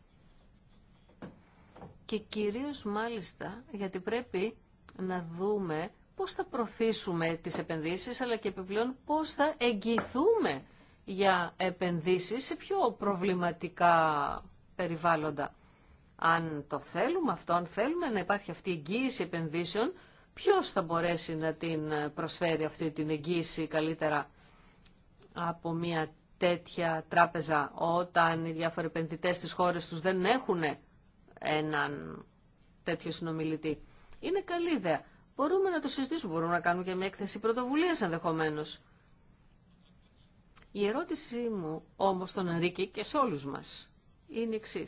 Speaker 1: Και κυρίως μάλιστα γιατί πρέπει να δούμε πώς θα προωθήσουμε τις επενδύσεις, αλλά και επιπλέον πώς θα εγγυηθούμε για επενδύσεις σε πιο προβληματικά περιβάλλοντα. Αν το θέλουμε αυτό, αν θέλουμε να υπάρχει αυτή η εγγύηση επενδύσεων, Ποιος θα μπορέσει να την προσφέρει αυτή την εγγύηση καλύτερα από μια τέτοια τράπεζα όταν οι διάφοροι επενδυτές της χώρας τους δεν έχουν έναν τέτοιο συνομιλητή. Είναι καλή ιδέα. Μπορούμε να το συζητήσουμε, μπορούμε να κάνουμε και μια έκθεση πρωτοβουλίας ενδεχομένω. Η ερώτησή μου όμως τον Ρίκη και σε όλους μας είναι εξή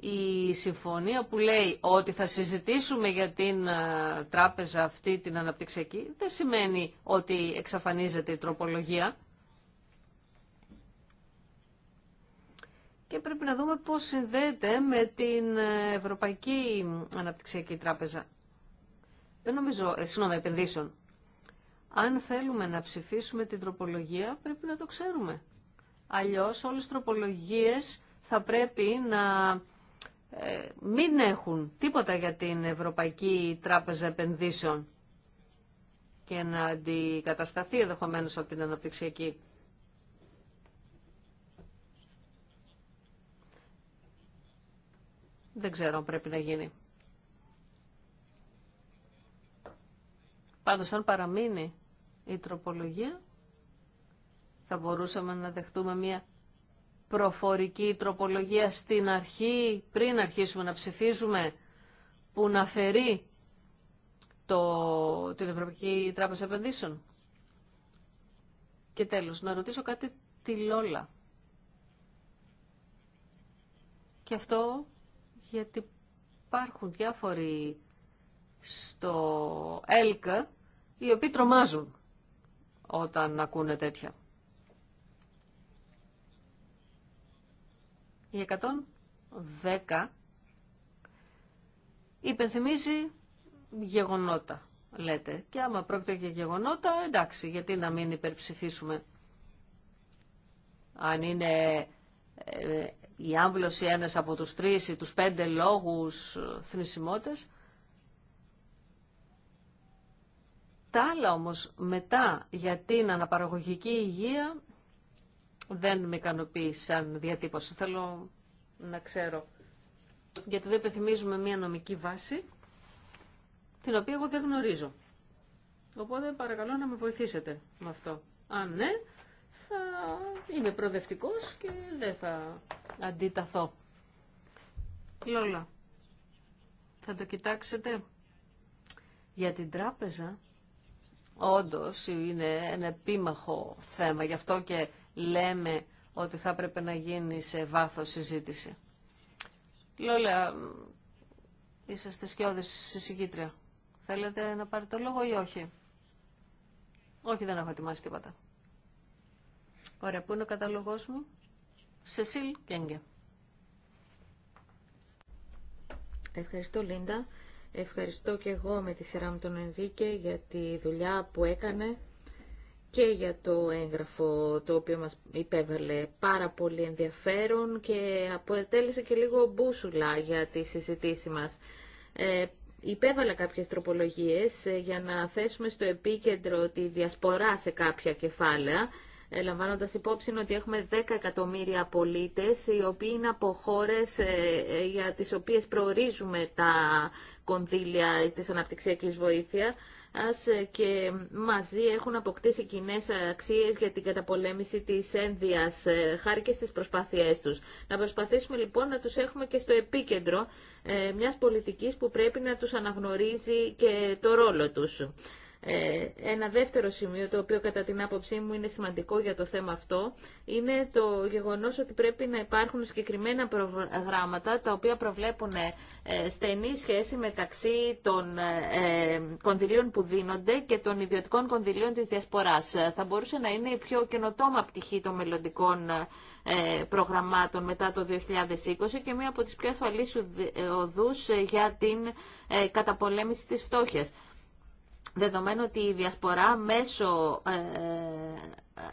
Speaker 1: η συμφωνία που λέει ότι θα συζητήσουμε για την ε, τράπεζα αυτή την αναπτυξιακή δεν σημαίνει ότι εξαφανίζεται η τροπολογία. Και πρέπει να δούμε πώς συνδέεται με την ε, Ευρωπαϊκή Αναπτυξιακή Τράπεζα. Δεν νομίζω, ε, συγγνώμη, επενδύσεων. Αν θέλουμε να ψηφίσουμε την τροπολογία, πρέπει να το ξέρουμε. Αλλιώς όλες οι τροπολογίες θα πρέπει να ε, μην έχουν τίποτα για την Ευρωπαϊκή Τράπεζα Επενδύσεων και να αντικατασταθεί ενδεχομένω από την αναπτυξιακή. Δεν ξέρω αν πρέπει να γίνει. Πάντως αν παραμείνει η τροπολογία θα μπορούσαμε να δεχτούμε μια προφορική τροπολογία στην αρχή, πριν αρχίσουμε να ψηφίζουμε, που να φερεί το, την Ευρωπαϊκή Τράπεζα Επενδύσεων. Και τέλος, να ρωτήσω κάτι τη Λόλα. Και αυτό γιατί υπάρχουν διάφοροι στο ΕΛΚ οι οποίοι τρομάζουν όταν ακούνε τέτοια. Η 110 υπενθυμίζει γεγονότα, λέτε. Και άμα πρόκειται για γεγονότα, εντάξει, γιατί να μην υπερψηφίσουμε. Αν είναι ε, η άμβλωση ένας από τους τρεις ή τους πέντε λόγους ε, θνησιμότητας. Τα άλλα όμως μετά για την αναπαραγωγική υγεία δεν με ικανοποιεί σαν διατύπωση. Θέλω να ξέρω. Γιατί δεν επιθυμίζουμε μια νομική βάση την οποία εγώ δεν γνωρίζω. Οπότε παρακαλώ να με βοηθήσετε με αυτό. Αν ναι, θα είμαι προοδευτικός και δεν θα αντιταθώ. Λόλα, θα το κοιτάξετε για την τράπεζα. Όντως είναι ένα επίμαχο θέμα, γι' αυτό και λέμε ότι θα έπρεπε να γίνει σε βάθος συζήτηση. Λόλα, είσαστε σκιώδης συζητήτρια. Θέλετε να πάρετε το λόγο ή όχι. Όχι, δεν έχω ετοιμάσει τίποτα. Ωραία, πού είναι ο καταλογός μου. Σεσίλ Κέγγε.
Speaker 4: Ευχαριστώ Λίντα. Ευχαριστώ και εγώ με τη σειρά μου τον Ενρίκε για τη δουλειά που έκανε και για το έγγραφο το οποίο μας υπέβαλε πάρα πολύ ενδιαφέρον και αποτέλεσε και λίγο μπούσουλα για τη συζητήση μας. Ε, υπέβαλα κάποιες τροπολογίες ε, για να θέσουμε στο επίκεντρο τη διασπορά σε κάποια κεφάλαια, ε, λαμβάνοντας υπόψη ότι έχουμε 10 εκατομμύρια πολίτες οι οποίοι είναι από χώρε ε, για τις οποίες προορίζουμε τα κονδύλια της αναπτυξιακής βοήθεια ε, και μαζί έχουν αποκτήσει κοινέ αξίε για την καταπολέμηση τη ένδυα, ε, χάρη και στι προσπάθειέ του. Να προσπαθήσουμε λοιπόν να του έχουμε και στο επίκεντρο ε, μια πολιτική που πρέπει να του αναγνωρίζει και το ρόλο του. Ε, ένα δεύτερο σημείο, το οποίο κατά την άποψή μου είναι σημαντικό για το θέμα αυτό, είναι το γεγονός ότι πρέπει να υπάρχουν συγκεκριμένα προγράμματα τα οποία προβλέπουν ε, στενή σχέση μεταξύ των ε, κονδυλίων που δίνονται και των ιδιωτικών κονδυλίων της Διασποράς. Θα μπορούσε να είναι η πιο καινοτόμα πτυχή των μελλοντικών προγραμμάτων μετά το 2020 και μία από τις πιο ασφαλείς οδούς για την καταπολέμηση της φτώχειας δεδομένου ότι η διασπορά μέσω ε,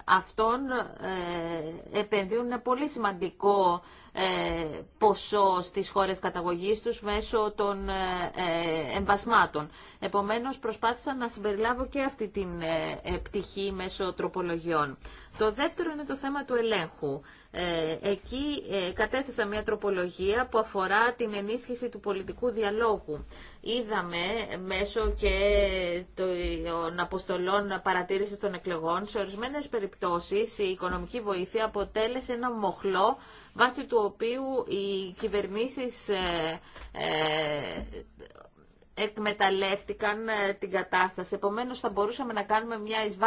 Speaker 4: αυτών ε, επενδύουν πολύ σημαντικό ε, ποσό στις χώρες καταγωγής τους μέσω των ε, ε, εμβασμάτων. Επομένως προσπάθησα να συμπεριλάβω και αυτή την πτυχή μέσω τροπολογιών. Το δεύτερο είναι το θέμα του ελέγχου. Εκεί κατέθεσα μια τροπολογία που αφορά την ενίσχυση του πολιτικού διαλόγου. Είδαμε μέσω και των αποστολών παρατήρησης των εκλογών σε ορισμένες περιπτώσεις η οικονομική βοήθεια αποτέλεσε ένα μοχλό βάσει του οποίου οι κυβερνήσεις ε, ε εκμεταλλεύτηκαν ε, την κατάσταση. Επομένως θα μπορούσαμε να κάνουμε μια εις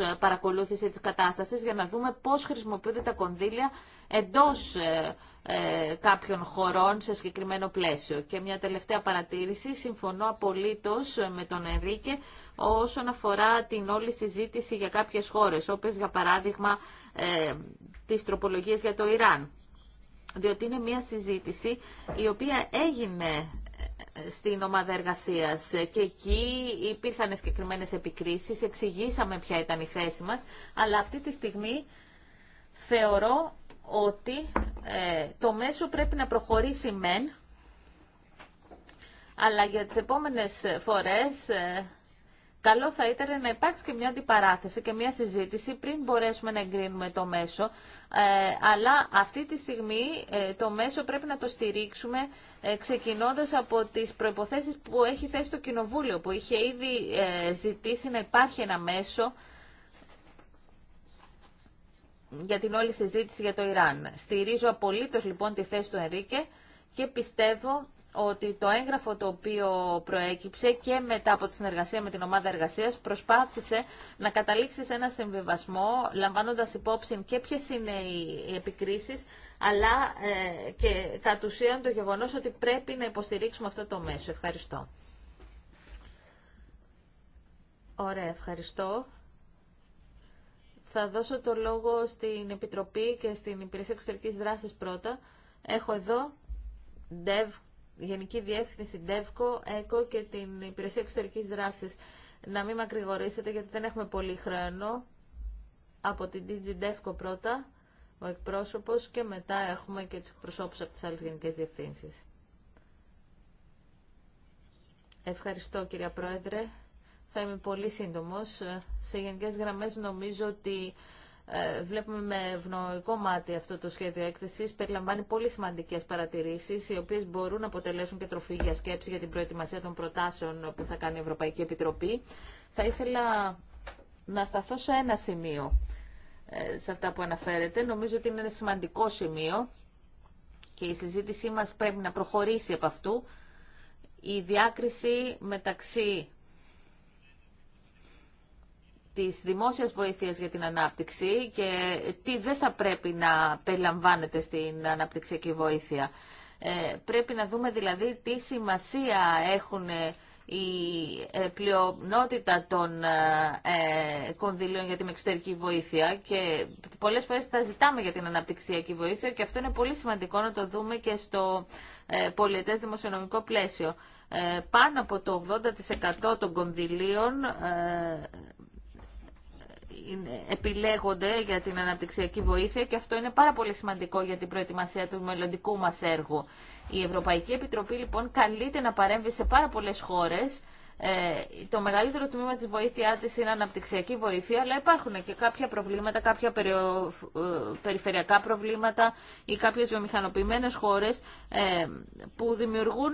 Speaker 4: ε, παρακολούθηση της κατάστασης για να δούμε πώς χρησιμοποιούνται τα κονδύλια εντός ε, κάποιων χωρών σε συγκεκριμένο πλαίσιο. Και μια τελευταία παρατήρηση, συμφωνώ απολύτως με τον Ερίκε όσον αφορά την όλη συζήτηση για κάποιες χώρες, όπως για παράδειγμα ε, τις για το Ιράν διότι είναι μια συζήτηση η οποία έγινε ε, στην ομάδα εργασία και εκεί υπήρχαν συγκεκριμένε επικρίσεις, εξηγήσαμε ποια ήταν η θέση μας, αλλά αυτή τη στιγμή θεωρώ ότι ε, το μέσο πρέπει να προχωρήσει μεν, αλλά για τις επόμενες φορές... Ε, Καλό θα ήταν να υπάρξει και μια αντιπαράθεση και μια συζήτηση πριν μπορέσουμε να εγκρίνουμε το μέσο. Ε, αλλά αυτή τη στιγμή ε, το μέσο πρέπει να το στηρίξουμε ε, ξεκινώντας από τις προϋποθέσεις που έχει θέσει το Κοινοβούλιο, που είχε ήδη ε, ζητήσει να υπάρχει ένα μέσο για την όλη συζήτηση για το Ιράν. Στηρίζω απολύτως λοιπόν τη θέση του Ερίκε και πιστεύω ότι το έγγραφο το οποίο προέκυψε και μετά από τη συνεργασία με την ομάδα εργασία προσπάθησε να καταλήξει σε ένα συμβιβασμό λαμβάνοντας υπόψη και ποιε είναι οι επικρίσεις αλλά ε, και κατ' ουσίαν το γεγονός ότι πρέπει να υποστηρίξουμε αυτό το μέσο. Ευχαριστώ. Ωραία, ευχαριστώ. Θα δώσω το λόγο στην Επιτροπή και στην Υπηρεσία Εξωτερικής Δράσης πρώτα. Έχω εδώ, Dev Γενική Διεύθυνση ΔΕΒΚΟ, ΕΚΟ και την Υπηρεσία Εξωτερικής Δράσης. Να μην μακρηγορήσετε γιατί δεν έχουμε πολύ χρόνο. Από την DG DEFCO πρώτα, ο εκπρόσωπος και μετά έχουμε και τους εκπροσώπους από τις άλλες γενικές διευθύνσεις. Ευχαριστώ κυρία Πρόεδρε. Θα είμαι πολύ σύντομος. Σε γενικές γραμμές νομίζω ότι ε, βλέπουμε με ευνοϊκό μάτι αυτό το σχέδιο έκθεση. Περιλαμβάνει πολύ σημαντικέ παρατηρήσει, οι οποίε μπορούν να αποτελέσουν και τροφή για σκέψη για την προετοιμασία των προτάσεων που θα κάνει η Ευρωπαϊκή Επιτροπή. Θα ήθελα να σταθώ σε ένα σημείο ε, σε αυτά που αναφέρετε. Νομίζω ότι είναι ένα σημαντικό σημείο και η συζήτησή μας πρέπει να προχωρήσει από αυτού. Η διάκριση μεταξύ της δημόσιας βοήθειας για την ανάπτυξη και τι δεν θα πρέπει να περιλαμβάνεται στην αναπτυξιακή βοήθεια. Ε, πρέπει να δούμε δηλαδή τι σημασία έχουν ε, η ε, πλειονότητα των ε, ε, κονδυλίων για την εξωτερική βοήθεια και πολλές φορές τα ζητάμε για την αναπτυξιακή βοήθεια και αυτό είναι πολύ σημαντικό να το δούμε και στο ε, δημοσιονομικό πλαίσιο. Ε, πάνω από το 80% των κονδυλίων επιλέγονται για την αναπτυξιακή βοήθεια και αυτό είναι πάρα πολύ σημαντικό για την προετοιμασία του μελλοντικού μας έργου. Η Ευρωπαϊκή Επιτροπή λοιπόν καλείται να παρέμβει σε πάρα πολλές χώρες. Ε, το μεγαλύτερο τμήμα της βοήθειά της είναι αναπτυξιακή βοήθεια, αλλά υπάρχουν και κάποια προβλήματα, κάποια ε, περιφερειακά προβλήματα ή κάποιες βιομηχανοποιημένες χώρες ε, που δημιουργούν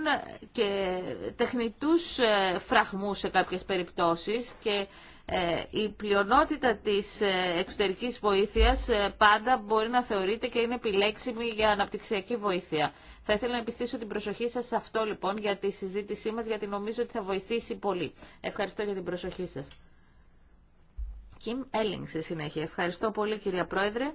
Speaker 4: και τεχνητούς φραγμούς σε κάποιες περιπτώσεις και ε, η πλειονότητα της ε, εξωτερικής βοήθειας ε, πάντα μπορεί να θεωρείται και είναι επιλέξιμη για αναπτυξιακή βοήθεια. Θα ήθελα να επιστήσω την προσοχή σας σε αυτό λοιπόν για τη συζήτησή μας γιατί νομίζω ότι θα βοηθήσει πολύ. Ευχαριστώ για την προσοχή σας. Kim Έλλινγκ στη συνέχεια. Ευχαριστώ πολύ κυρία Πρόεδρε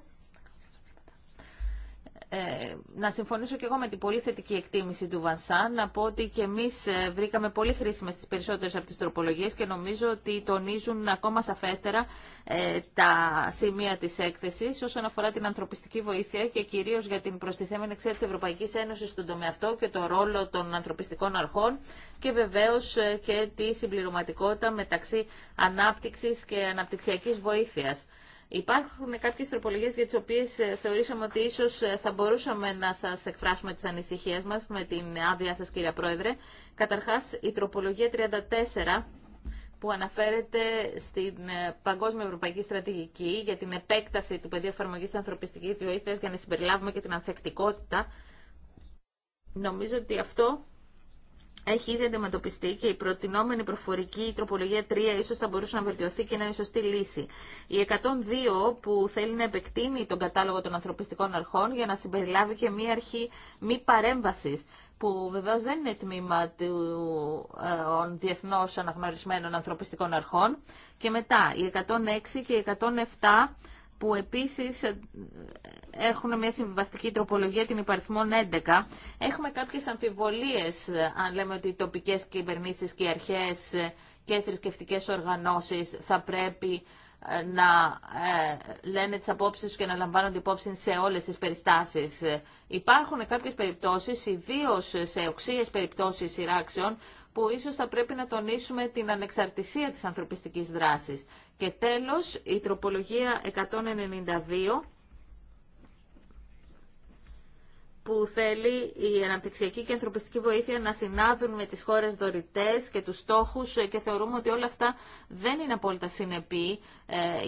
Speaker 4: ε, να συμφωνήσω και εγώ με την πολύ θετική εκτίμηση του Βανσάν, να πω ότι και εμείς ε, βρήκαμε πολύ χρήσιμε τις περισσότερες από τις τροπολογίες και νομίζω ότι τονίζουν ακόμα σαφέστερα ε, τα σημεία της έκθεσης όσον αφορά την ανθρωπιστική βοήθεια και κυρίως για την προστιθέμενη εξέλιξη της Ευρωπαϊκής Ένωσης στον τομέα αυτό και τον ρόλο των ανθρωπιστικών αρχών και βεβαίως ε, και τη συμπληρωματικότητα μεταξύ ανάπτυξης και αναπτυξιακής βοήθειας. Υπάρχουν κάποιες τροπολογίες για τις οποίες ε, θεωρήσαμε ότι ίσως ε, θα μπορούσαμε να σας εκφράσουμε τις ανησυχίες μας με την άδειά σας κυρία Πρόεδρε. Καταρχάς η τροπολογία 34 που αναφέρεται στην ε, Παγκόσμια Ευρωπαϊκή Στρατηγική για την επέκταση του πεδίου εφαρμογή ανθρωπιστικής βοήθειας για να συμπεριλάβουμε και την ανθεκτικότητα. Νομίζω ότι αυτό έχει ήδη αντιμετωπιστεί και η προτινόμενη προφορική τροπολογία 3 ίσως θα μπορούσε να βελτιωθεί και να είναι σωστή λύση. Η 102 που θέλει να επεκτείνει τον κατάλογο των ανθρωπιστικών αρχών για να συμπεριλάβει και μία αρχή μη παρέμβαση που βεβαίως δεν είναι τμήμα των ε, διεθνώς αναγνωρισμένων ανθρωπιστικών αρχών. Και μετά η 106 και η 107 που επίσης ε, έχουν μια συμβιβαστική τροπολογία την υπαριθμών 11. Έχουμε κάποιες αμφιβολίες ε, αν λέμε ότι οι τοπικές κυβερνήσεις και οι αρχές ε, και θρησκευτικέ οργανώσεις θα πρέπει να λένε τις απόψεις τους και να λαμβάνονται υπόψη σε όλες τις περιστάσεις. Υπάρχουν κάποιες περιπτώσεις, ιδίω σε οξύες περιπτώσεις σειράξεων, που ίσως θα πρέπει να τονίσουμε την ανεξαρτησία της ανθρωπιστικής δράσης. Και τέλος, η τροπολογία 192 που θέλει η αναπτυξιακή και ανθρωπιστική βοήθεια να συνάδουν με τις χώρες δωρητές και τους στόχους και θεωρούμε ότι όλα αυτά δεν είναι απόλυτα συνεπεί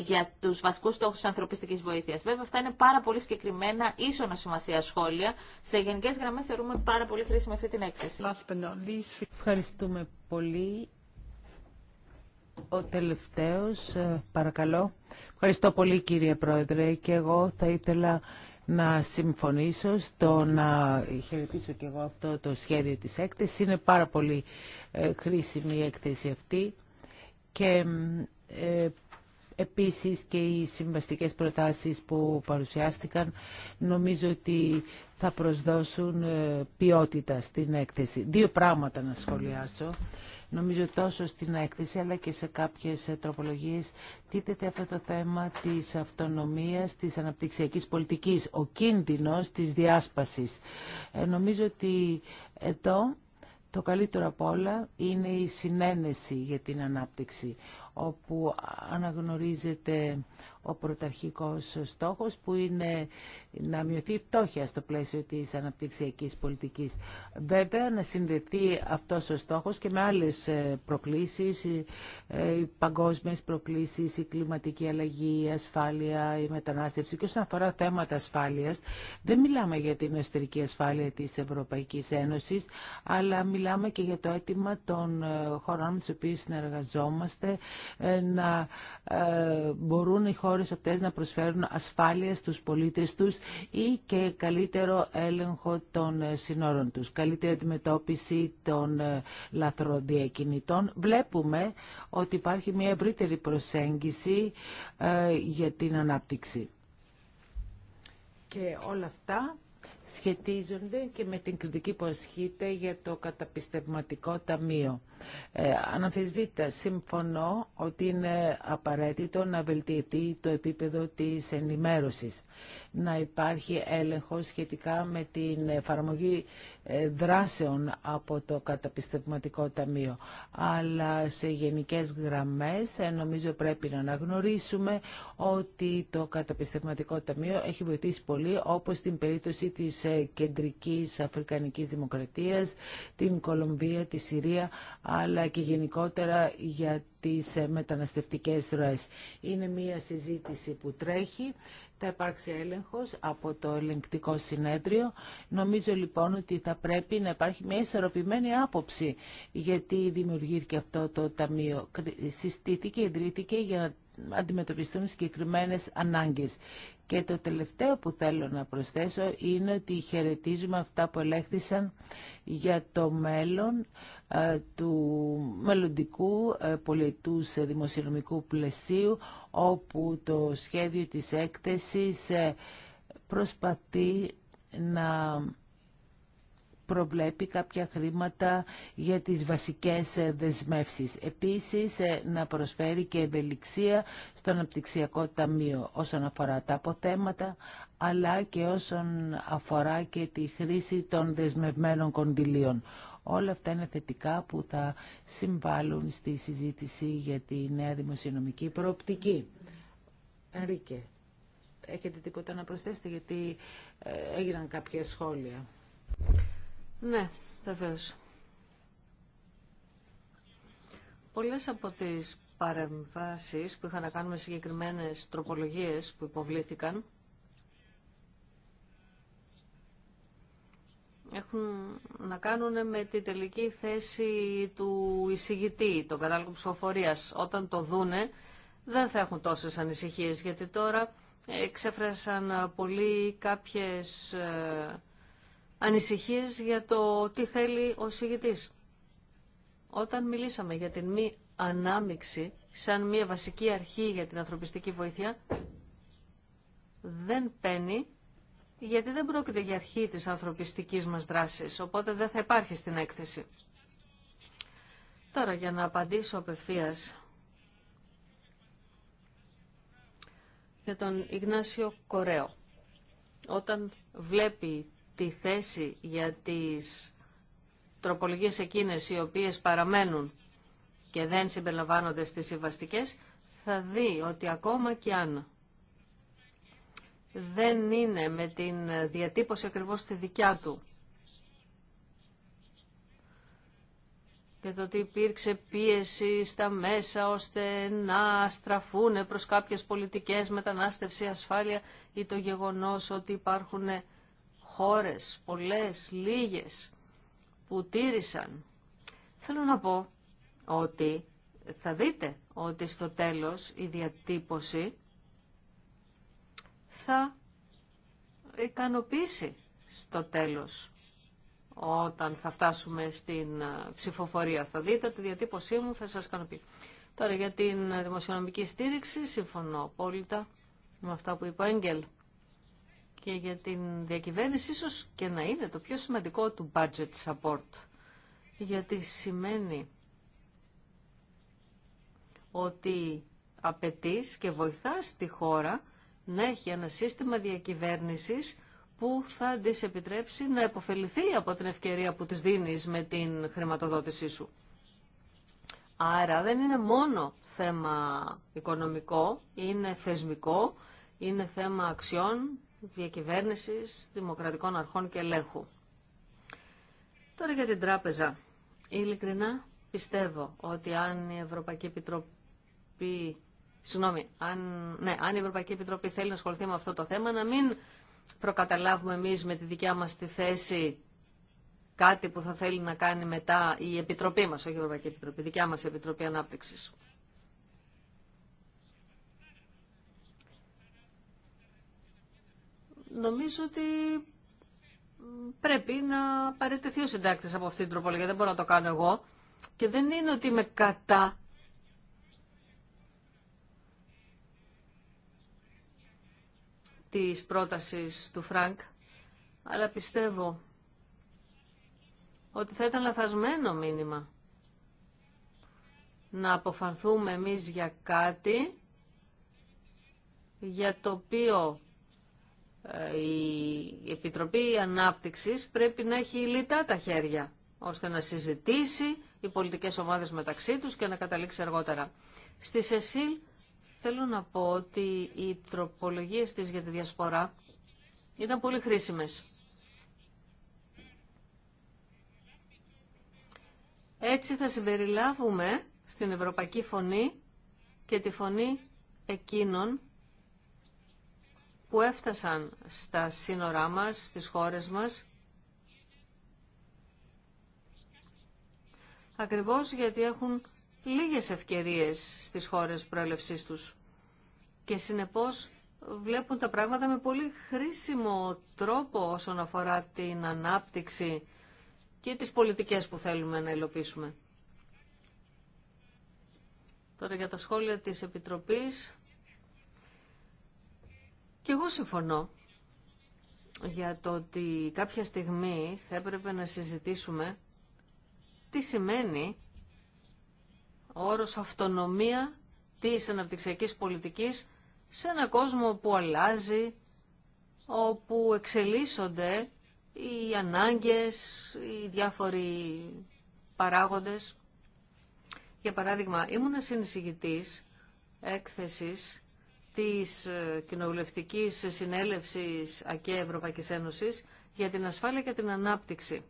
Speaker 4: για τους βασικούς στόχους της ανθρωπιστικής βοήθειας. Βέβαια αυτά είναι πάρα πολύ συγκεκριμένα ίσονα σημασία σχόλια. Σε γενικές γραμμές θεωρούμε πάρα πολύ χρήσιμη αυτή την έκθεση. Ευχαριστούμε πολύ.
Speaker 3: Ο τελευταίος, ε, παρακαλώ. Ευχαριστώ πολύ κύριε Πρόεδρε και εγώ θα ήθελα να συμφωνήσω στο να χαιρετήσω και εγώ αυτό το σχέδιο της έκθεσης. Είναι πάρα πολύ ε, χρήσιμη η έκθεση αυτή και ε, επίσης και οι συμβαστικές προτάσεις που παρουσιάστηκαν νομίζω ότι θα προσδώσουν ε, ποιότητα στην έκθεση. Δύο πράγματα να σχολιάσω. Νομίζω τόσο στην έκθεση αλλά και σε κάποιες ε, τροπολογίες τίθεται αυτό το θέμα της αυτονομίας, της αναπτυξιακής πολιτικής, ο κίνδυνος της διάσπασης. Ε, νομίζω ότι εδώ το καλύτερο απ' όλα είναι η συνένεση για την ανάπτυξη, όπου αναγνωρίζεται ο πρωταρχικός στόχος που είναι να μειωθεί η πτώχεια στο πλαίσιο της αναπτυξιακής πολιτικής. Βέβαια να συνδεθεί αυτός ο στόχος και με άλλες ε, προκλήσεις, ε, οι παγκόσμιες προκλήσεις, η κλιματική αλλαγή, η ασφάλεια, η μετανάστευση και όσον αφορά θέματα ασφάλειας δεν μιλάμε για την εσωτερική ασφάλεια της Ευρωπαϊκής Ένωσης αλλά μιλάμε και για το αίτημα των ε, χωρών με τις οποίες συνεργαζόμαστε να μπορούν οι χώρες χώρες αυτές να προσφέρουν ασφάλεια στους πολίτες τους ή και καλύτερο έλεγχο των ε, συνόρων τους, καλύτερη αντιμετώπιση των ε, λαθροδιακινητών. Βλέπουμε ότι υπάρχει μια ευρύτερη προσέγγιση ε, για την ανάπτυξη. Και όλα αυτά σχετίζονται και με την κριτική που ασχείται για το καταπιστευματικό ταμείο. Ε, αναμφισβήτητα, συμφωνώ ότι είναι απαραίτητο να βελτιωθεί το επίπεδο της ενημέρωσης, να υπάρχει έλεγχο σχετικά με την εφαρμογή ε, δράσεων από το καταπιστευματικό ταμείο. Αλλά σε γενικές γραμμές ε, νομίζω πρέπει να αναγνωρίσουμε ότι το καταπιστευματικό ταμείο έχει βοηθήσει πολύ όπως στην περίπτωση της ε, κεντρικής Αφρικανικής Δημοκρατίας, την Κολομβία, τη Συρία, αλλά και γενικότερα για τις μεταναστευτικές ροές. Είναι μια συζήτηση που τρέχει θα υπάρξει έλεγχος από το ελεγκτικό συνέδριο. Νομίζω λοιπόν ότι θα πρέπει να υπάρχει μια ισορροπημένη άποψη γιατί δημιουργήθηκε αυτό το ταμείο. Συστήθηκε, ιδρύθηκε για να αντιμετωπιστούν συγκεκριμένες ανάγκες. Και το τελευταίο που θέλω να προσθέσω είναι ότι χαιρετίζουμε αυτά που ελέγχθησαν για το μέλλον ε, του μελλοντικού ε, πολιτού δημοσιονομικού πλαισίου όπου το σχέδιο της έκθεσης ε, προσπαθεί να προβλέπει κάποια χρήματα για τις βασικές ε, δεσμεύσεις. Επίσης, ε, να προσφέρει και ευελιξία στον αναπτυξιακό ταμείο όσον αφορά τα αποθέματα, αλλά και όσον αφορά και τη χρήση των δεσμευμένων κονδυλίων. Όλα αυτά είναι θετικά που θα συμβάλλουν στη συζήτηση για τη νέα δημοσιονομική προοπτική. Ρίκε, έχετε τίποτα να προσθέσετε γιατί ε, έγιναν κάποια σχόλια. Ναι, βεβαίω.
Speaker 1: Πολλές από τις παρεμβάσεις που είχαν να κάνουν με συγκεκριμένες τροπολογίες που υποβλήθηκαν έχουν να κάνουν με τη τελική θέση του εισηγητή, τον κατάλογο ψηφοφορία. Όταν το δούνε δεν θα έχουν τόσες ανησυχίες γιατί τώρα εξέφρασαν πολύ κάποιες ε, ανησυχείς για το τι θέλει ο συγητής. Όταν μιλήσαμε για την μη ανάμιξη σαν μια βασική αρχή για την ανθρωπιστική βοήθεια, δεν παίρνει γιατί δεν πρόκειται για αρχή της ανθρωπιστικής μας δράσης, οπότε δεν θα υπάρχει στην έκθεση. Τώρα για να απαντήσω απευθείας για τον Ιγνάσιο Κορέο. Όταν βλέπει τη θέση για τις τροπολογίες εκείνες οι οποίες παραμένουν και δεν συμπεριλαμβάνονται στις συμβαστικέ, θα δει ότι ακόμα και αν δεν είναι με την διατύπωση ακριβώς τη δικιά του και το ότι υπήρξε πίεση στα μέσα ώστε να στραφούν προς κάποιες πολιτικές μετανάστευση, ασφάλεια ή το γεγονός ότι υπάρχουν χώρες, πολλές, λίγες, που τήρησαν. Θέλω να πω ότι θα δείτε ότι στο τέλος η διατύπωση θα ικανοποιήσει στο τέλος όταν θα φτάσουμε στην ε, ψηφοφορία. Θα δείτε ότι η διατύπωσή μου θα σας ικανοποιεί. Τώρα για την δημοσιονομική στήριξη συμφωνώ απόλυτα με αυτά που είπε ο Έγγελ και για την διακυβέρνηση ίσως και να είναι το πιο σημαντικό του budget support. Γιατί σημαίνει ότι απαιτεί και βοηθάς τη χώρα να έχει ένα σύστημα διακυβέρνησης που θα της επιτρέψει να επωφεληθεί από την ευκαιρία που της δίνεις με την χρηματοδότησή σου. Άρα δεν είναι μόνο θέμα οικονομικό, είναι θεσμικό, είναι θέμα αξιών, διακυβέρνησης, δημοκρατικών αρχών και ελέγχου. Τώρα για την τράπεζα. Ειλικρινά πιστεύω ότι αν η Ευρωπαϊκή Επιτροπή... αν, ναι, αν η Ευρωπαϊκή Επιτροπή θέλει να ασχοληθεί με αυτό το θέμα, να μην προκαταλάβουμε εμείς με τη δικιά μας τη θέση κάτι που θα θέλει να κάνει μετά η Επιτροπή μας, όχι η Ευρωπαϊκή Επιτροπή, η δικιά μας Επιτροπή Ανάπτυξης. νομίζω ότι πρέπει να παρετεθεί ο συντάκτης από αυτήν την τροπολογία. Δεν μπορώ να το κάνω εγώ. Και δεν είναι ότι είμαι κατά της πρότασης του Φρανκ, αλλά πιστεύω ότι θα ήταν λαθασμένο μήνυμα να αποφανθούμε εμείς για κάτι για το οποίο ε, η Επιτροπή Ανάπτυξης πρέπει να έχει λιτά τα χέρια, ώστε να συζητήσει οι πολιτικές ομάδες μεταξύ τους και να καταλήξει αργότερα. Στη ΣΕΣΥΛ θέλω να πω ότι οι τροπολογίες της για τη διασπορά ήταν πολύ χρήσιμες. Έτσι θα συμπεριλάβουμε στην Ευρωπαϊκή Φωνή και τη φωνή εκείνων που έφτασαν στα σύνορά μας, στις χώρες μας, ακριβώς γιατί έχουν λίγες ευκαιρίες στις χώρες προέλευσής τους και συνεπώς βλέπουν τα πράγματα με πολύ χρήσιμο τρόπο όσον αφορά την ανάπτυξη και τις πολιτικές που θέλουμε να υλοποιήσουμε. Τώρα για τα σχόλια της Επιτροπής και εγώ συμφωνώ για το ότι κάποια στιγμή θα έπρεπε να συζητήσουμε τι σημαίνει ο όρος αυτονομία της αναπτυξιακής πολιτικής σε ένα κόσμο που αλλάζει, όπου εξελίσσονται οι ανάγκες, οι διάφοροι παράγοντες. Για παράδειγμα, ήμουν συνεισηγητής έκθεσης της ε, Κοινοβουλευτικής Συνέλευσης ΑΚΕ Ευρωπαϊκής Ένωσης για την ασφάλεια και την ανάπτυξη.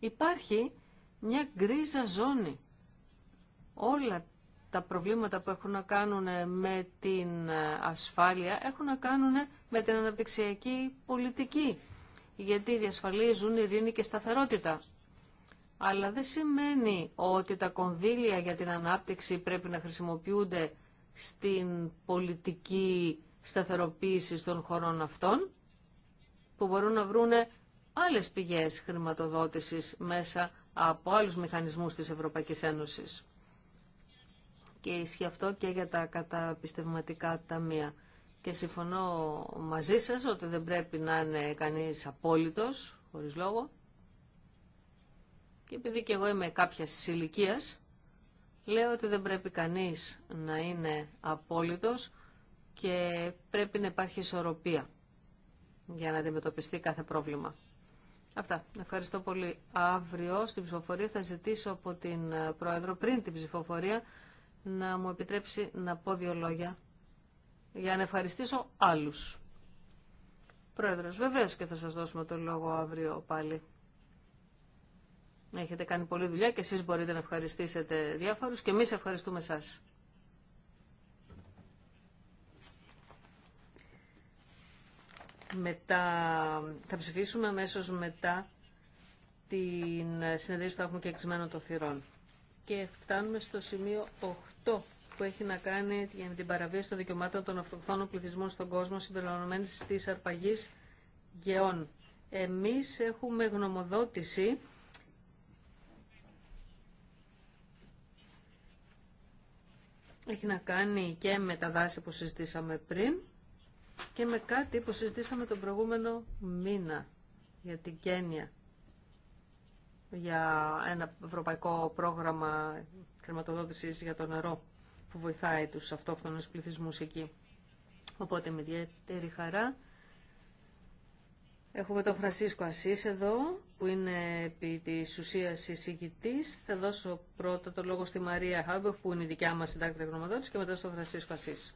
Speaker 1: Υπάρχει μια γκρίζα ζώνη. Όλα τα προβλήματα που έχουν να κάνουν με την ε, ασφάλεια έχουν να κάνουν με την αναπτυξιακή πολιτική, γιατί διασφαλίζουν ειρήνη και σταθερότητα. Αλλά δεν σημαίνει ότι τα κονδύλια για την ανάπτυξη πρέπει να χρησιμοποιούνται στην πολιτική σταθεροποίηση των χωρών αυτών που μπορούν να βρούνε άλλες πηγές χρηματοδότησης μέσα από άλλους μηχανισμούς της Ευρωπαϊκής Ένωσης. Και ισχύει αυτό και για τα καταπιστευματικά ταμεία. Και συμφωνώ μαζί σας ότι δεν πρέπει να είναι κανείς απόλυτος, χωρίς λόγο. Και επειδή και εγώ είμαι κάποια ηλικία, Λέω ότι δεν πρέπει κανείς να είναι απόλυτος και πρέπει να υπάρχει ισορροπία για να αντιμετωπιστεί κάθε πρόβλημα. Αυτά. Ευχαριστώ πολύ. Αύριο στην ψηφοφορία θα ζητήσω από την ε, Πρόεδρο πριν την ψηφοφορία να μου επιτρέψει να πω δύο λόγια για να ευχαριστήσω άλλους. Πρόεδρος, βεβαίως και θα σας δώσουμε το λόγο αύριο πάλι. Έχετε κάνει πολλή δουλειά και εσείς μπορείτε να ευχαριστήσετε διάφορους και εμείς ευχαριστούμε εσάς. Μετά, θα ψηφίσουμε αμέσως μετά την συνεδρίαση που έχουμε και εξημένο των θυρών. Και φτάνουμε στο σημείο 8 που έχει να κάνει για την παραβίαση των δικαιωμάτων των αυτοκτόνων πληθυσμών στον κόσμο συμπεριλαμβανομένης της αρπαγής γεών. Εμείς έχουμε γνωμοδότηση έχει να κάνει και με τα δάση που συζητήσαμε πριν και με κάτι που συζητήσαμε τον προηγούμενο μήνα για την Κένια για ένα ευρωπαϊκό πρόγραμμα χρηματοδότησης για το νερό που βοηθάει τους αυτόχθονες πληθυσμούς εκεί. Οπότε με ιδιαίτερη χαρά Έχουμε τον Φρασίσκο Ασής εδώ, που είναι επί τη ουσίας εισηγητής. Θα δώσω πρώτα το λόγο στη Μαρία Χάμπεχ, που είναι η δικιά μας συντάκτρια γνωματότητας, και μετά στον Φρασίσκο Ασής.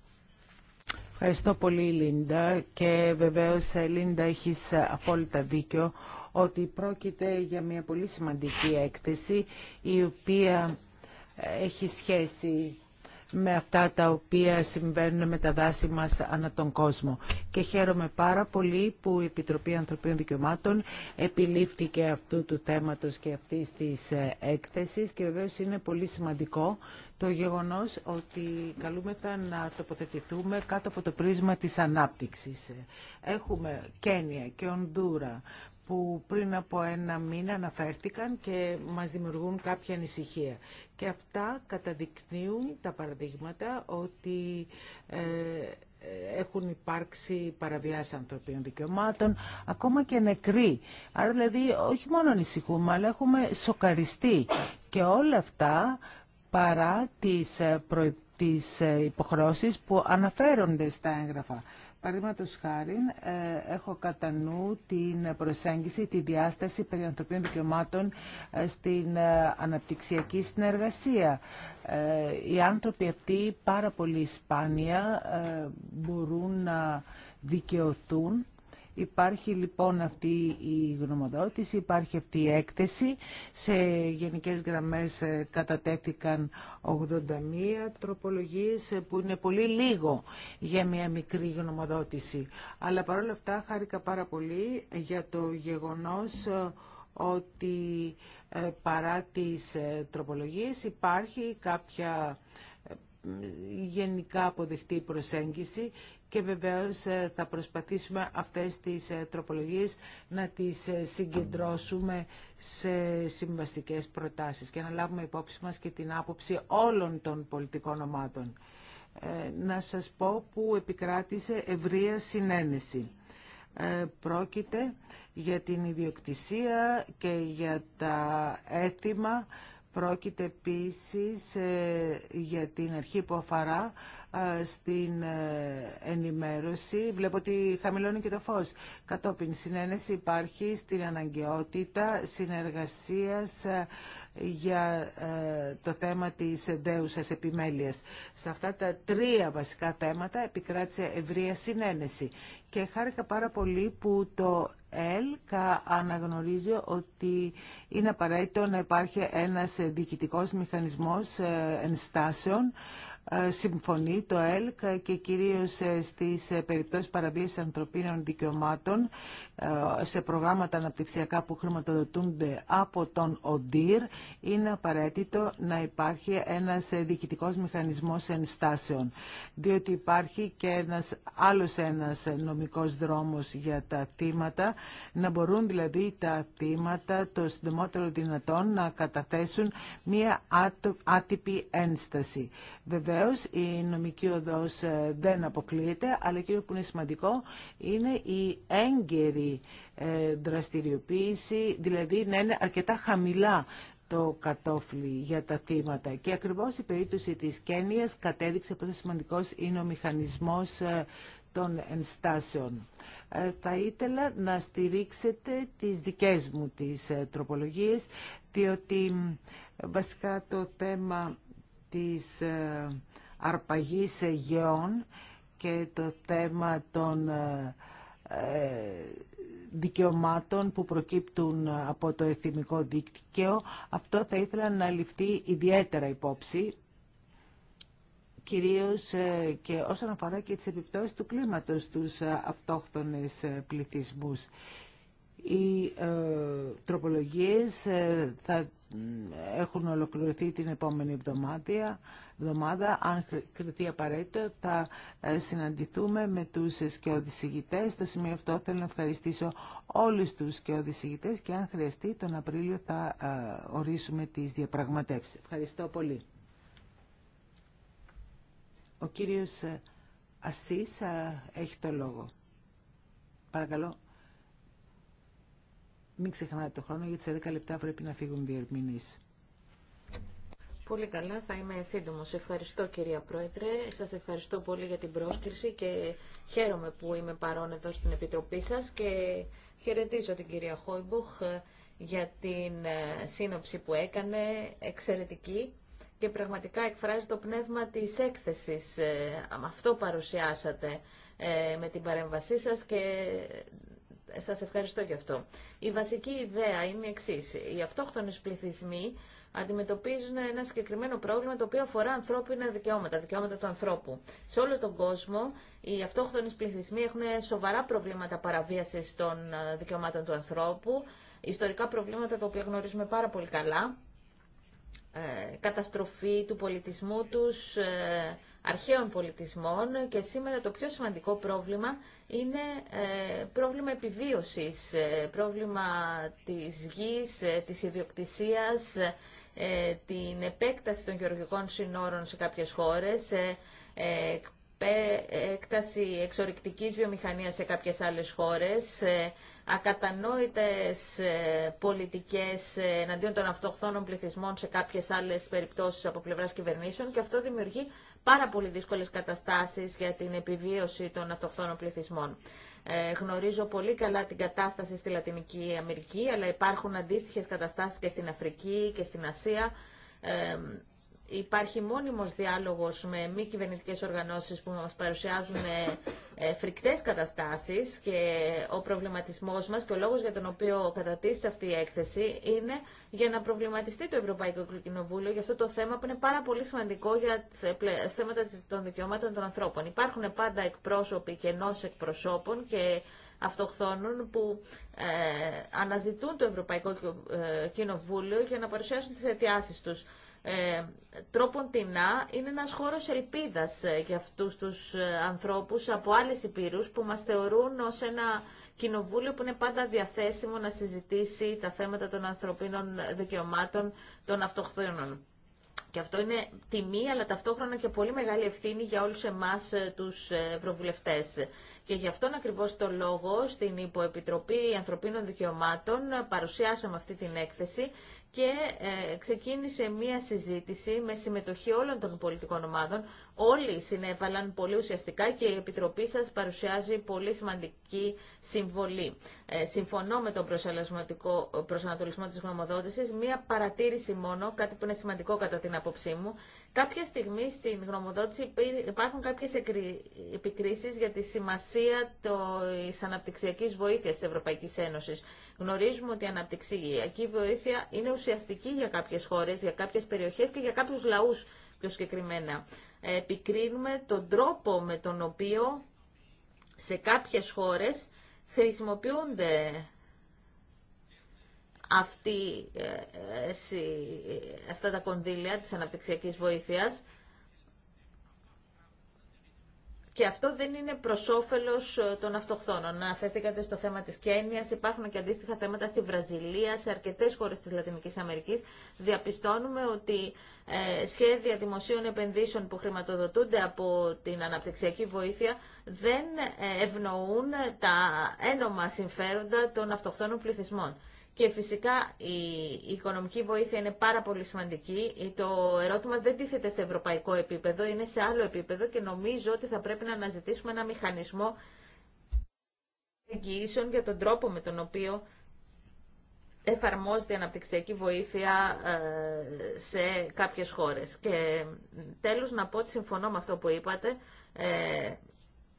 Speaker 3: Ευχαριστώ πολύ, Λίντα. Και βεβαίως, ε, Λίντα, έχεις ε, απόλυτα δίκιο ότι πρόκειται για μια πολύ σημαντική έκθεση, η οποία ε, έχει σχέση με αυτά τα οποία συμβαίνουν με τα δάση μας ανά τον κόσμο. Και χαίρομαι πάρα πολύ που η Επιτροπή Ανθρωπίνων Δικαιωμάτων επιλήφθηκε αυτού του θέματος και αυτής της ε, έκθεσης και βεβαίως είναι πολύ σημαντικό το γεγονός ότι καλούμεθα να τοποθετηθούμε κάτω από το πρίσμα της ανάπτυξης. Έχουμε Κένια και Ονδούρα που πριν από ένα μήνα αναφέρθηκαν και μας δημιουργούν κάποια ανησυχία. Και αυτά καταδεικνύουν τα παραδείγματα ότι ε, έχουν υπάρξει παραβιάσεις ανθρωπίνων δικαιωμάτων, ακόμα και νεκροί. Άρα δηλαδή όχι μόνο ανησυχούμε, αλλά έχουμε σοκαριστεί. Και όλα αυτά παρά τις, ε, προ... Ε, υποχρώσεις που αναφέρονται στα έγγραφα. Παραδείγματο χάρη, ε, έχω κατά νου την προσέγγιση, τη διάσταση περί ανθρωπίνων δικαιωμάτων ε, στην ε, αναπτυξιακή συνεργασία. Οι άνθρωποι αυτοί πάρα πολύ σπάνια μπορούν να δικαιωθούν Υπάρχει λοιπόν αυτή η γνωμοδότηση, υπάρχει αυτή η έκθεση. Σε γενικές γραμμές ε, κατατέθηκαν 81 τροπολογίες ε, που είναι πολύ λίγο για μια μικρή γνωμοδότηση. Αλλά παρόλα αυτά χάρηκα πάρα πολύ για το γεγονός ε, ότι παρά τις τροπολογίες υπάρχει κάποια γενικά η προσέγγιση και βεβαίως ε, θα προσπαθήσουμε αυτές τις ε, τροπολογίες να τις ε, συγκεντρώσουμε σε συμβαστικές προτάσεις και να λάβουμε υπόψη μας και την άποψη όλων των πολιτικών ομάδων. Να σας πω που επικράτησε ευρεία συνένεση. Πρόκειται για την ιδιοκτησία και για τα έθιμα Πρόκειται επίσης ε, για την αρχή που αφορά ε, στην ε, ενημέρωση. Βλέπω ότι χαμηλώνει και το φως. Κατόπιν συνένεση υπάρχει στην αναγκαιότητα συνεργασίας για ε, το θέμα της δέουσας επιμέλειας. Σε αυτά τα τρία βασικά θέματα επικράτησε ευρεία συνένεση και χάρηκα πάρα πολύ που το ΕΛΚΑ αναγνωρίζει ότι είναι απαραίτητο να υπάρχει ένας διοικητικός μηχανισμός ε, ενστάσεων ε, συμφωνεί το ΕΛΚ και κυρίως ε, στις ε, περιπτώσεις παραβίασης ανθρωπίνων δικαιωμάτων σε προγράμματα αναπτυξιακά που χρηματοδοτούνται από τον ΟΔΙΡ, είναι απαραίτητο να υπάρχει ένας διοικητικός μηχανισμός ενστάσεων διότι υπάρχει και ένας άλλος ένας νομικός δρόμος για τα θύματα να μπορούν δηλαδή τα θύματα το συντομότερο δυνατόν να καταθέσουν μία άτυπη ένσταση. Βεβαίω, η νομική οδό ε, δεν αποκλείεται, αλλά εκείνο που είναι σημαντικό είναι η έγκαιρη ε, δραστηριοποίηση, δηλαδή να είναι αρκετά χαμηλά το κατόφλι για τα θύματα. Και ακριβώς η περίπτωση της Κένιας κατέδειξε πόσο σημαντικός είναι ο μηχανισμός ε, των ενστάσεων. Θα ήθελα να στηρίξετε τις δικές μου τις τροπολογίες, διότι βασικά το θέμα της ε, αρπαγής γεών και το θέμα των ε, ε, δικαιωμάτων που προκύπτουν από το εθνικό δίκτυο. Αυτό θα ήθελα να ληφθεί ιδιαίτερα υπόψη, κυρίως και όσον αφορά και τις επιπτώσεις του κλίματος στους αυτόχθονες πληθυσμούς. Οι τροπολογίες θα έχουν ολοκληρωθεί την επόμενη εβδομάδα. εβδομάδα αν κριθεί απαραίτητο θα ε, συναντηθούμε με τους σκιώδησηγητές. Στο σημείο αυτό θέλω να ευχαριστήσω όλους τους σκιώδησηγητές και αν χρειαστεί τον Απρίλιο θα ε, ορίσουμε τις διαπραγματεύσεις. Ευχαριστώ πολύ. Ο κύριος ε, Ασής έχει το λόγο. Παρακαλώ. Μην ξεχνάτε το χρόνο, γιατί σε 10 λεπτά πρέπει να φύγουν διερμηνείς.
Speaker 4: Πολύ καλά, θα είμαι σύντομο. Ευχαριστώ κυρία Πρόεδρε. Σας ευχαριστώ πολύ για την πρόσκληση και χαίρομαι που είμαι παρόν εδώ στην Επιτροπή σας και χαιρετίζω την κυρία Χόιμπουχ για την ε, σύνοψη που έκανε, εξαιρετική και πραγματικά εκφράζει το πνεύμα της έκθεσης. Ε, αυτό παρουσιάσατε ε, με την παρέμβασή σας και σας ευχαριστώ γι' αυτό. Η βασική ιδέα είναι η εξή. Οι αυτόχθονες πληθυσμοί αντιμετωπίζουν ένα συγκεκριμένο πρόβλημα το οποίο αφορά ανθρώπινα δικαιώματα, δικαιώματα του ανθρώπου. Σε όλο τον κόσμο οι αυτόχθονες πληθυσμοί έχουν σοβαρά προβλήματα παραβίασης των ε, δικαιωμάτων του ανθρώπου, ιστορικά προβλήματα τα οποία γνωρίζουμε πάρα πολύ καλά, ε, καταστροφή του πολιτισμού τους, ε, αρχαίων πολιτισμών και σήμερα το πιο σημαντικό πρόβλημα είναι ε, πρόβλημα επιβίωσης, ε, πρόβλημα της γης, ε, της ιδιοκτησίας, την επέκταση των γεωργικών συνόρων σε κάποιες χώρες, έκταση εξορρυκτικής βιομηχανίας σε κάποιες άλλες χώρες, ακατανόητες πολιτικές εναντίον των αυτοχθόνων πληθυσμών σε κάποιες άλλες περιπτώσεις από πλευράς κυβερνήσεων και αυτό δημιουργεί πάρα πολύ δύσκολες καταστάσεις για την επιβίωση των αυτοχθόνων πληθυσμών. Ε, γνωρίζω πολύ καλά την κατάσταση στη Λατινική Αμερική, αλλά υπάρχουν αντίστοιχες καταστάσεις και στην Αφρική και στην Ασία. Ε, Υπάρχει μόνιμος διάλογος με μη κυβερνητικές οργανώσεις που μας παρουσιάζουν ε, ε, φρικτές καταστάσεις και ο προβληματισμός μας και ο λόγος για τον οποίο κατατίθεται αυτή η έκθεση είναι για να προβληματιστεί το Ευρωπαϊκό Κοινοβούλιο για αυτό το θέμα που είναι πάρα πολύ σημαντικό για θέματα των δικαιωμάτων των ανθρώπων. Υπάρχουν πάντα εκπρόσωποι και ενός εκπροσώπων και αυτοχθόνων που ε, αναζητούν το Ευρωπαϊκό Κοινοβούλιο για να παρουσιάσουν τις αιτιάσεις τους ε, τρόπον τεινά είναι ένας χώρος ελπίδας ε, για αυτούς τους ε, ανθρώπους από άλλες υπήρους που μας θεωρούν ως ένα κοινοβούλιο που είναι πάντα διαθέσιμο να συζητήσει τα θέματα των ανθρωπίνων δικαιωμάτων των αυτοχθόνων. Και αυτό είναι τιμή, αλλά ταυτόχρονα και πολύ μεγάλη ευθύνη για όλους εμάς ε, τους ευρωβουλευτές. Και γι' αυτόν ακριβώς το λόγο στην Υποεπιτροπή Ανθρωπίνων Δικαιωμάτων παρουσιάσαμε αυτή την έκθεση και ε, ξεκίνησε μία συζήτηση με συμμετοχή όλων των πολιτικών ομάδων. Όλοι συνέβαλαν πολύ ουσιαστικά και η Επιτροπή σας παρουσιάζει πολύ σημαντική συμβολή. Ε, συμφωνώ με τον προσανατολισμό της γνωμοδότησης. Μία παρατήρηση μόνο, κάτι που είναι σημαντικό κατά την άποψή μου. Κάποια στιγμή στην γνωμοδότηση υπάρχουν κάποιες επικρίσεις για τη σημασία της αναπτυξιακής βοήθειας της Ευρωπαϊκής Ένωσης. Γνωρίζουμε ότι η αναπτυξιακή βοήθεια είναι ουσιαστική για κάποιε χώρε, για κάποιε περιοχέ και για κάποιου λαού πιο συγκεκριμένα. Επικρίνουμε τον τρόπο με τον οποίο σε κάποιες χώρες χρησιμοποιούνται αυτοί, ε, ε, ε, αυτά τα κονδύλια της αναπτυξιακής βοήθειας και αυτό δεν είναι προ όφελο ε, των αυτοχθόνων. Αφέθηκατε στο θέμα τη Κένια, υπάρχουν και αντίστοιχα θέματα στη Βραζιλία, σε αρκετέ χώρε τη Λατινική Αμερική. Διαπιστώνουμε ότι ε, σχέδια δημοσίων επενδύσεων που χρηματοδοτούνται από την αναπτυξιακή βοήθεια δεν ε, ευνοούν τα ένομα συμφέροντα των αυτοχθόνων πληθυσμών. Και φυσικά η οικονομική βοήθεια είναι πάρα πολύ σημαντική. Το ερώτημα δεν τίθεται σε ευρωπαϊκό επίπεδο, είναι σε άλλο επίπεδο και νομίζω ότι θα πρέπει να αναζητήσουμε ένα μηχανισμό εγγυήσεων για τον τρόπο με τον οποίο εφαρμόζεται η αναπτυξιακή βοήθεια ε, σε κάποιες χώρες. Και τέλος να πω ότι συμφωνώ με αυτό που είπατε. Ε,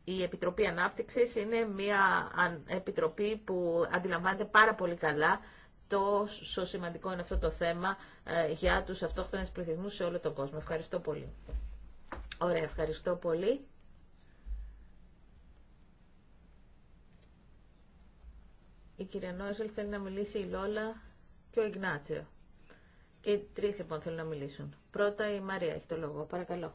Speaker 4: η Επιτροπή Ανάπτυξης είναι μια επιτροπή που αντιλαμβάνεται πάρα πολύ καλά τόσο σημαντικό είναι αυτό το θέμα ε, για τους αυτόχθονες πληθυσμούς σε όλο τον κόσμο. Ευχαριστώ πολύ. Ωραία, ευχαριστώ πολύ. Η κυρία Νόησελ θέλει να μιλήσει η Λόλα και ο Ιγνάτσιο. Και οι τρεις λοιπόν θέλουν να μιλήσουν. Πρώτα η Μαρία έχει το λόγο. Παρακαλώ.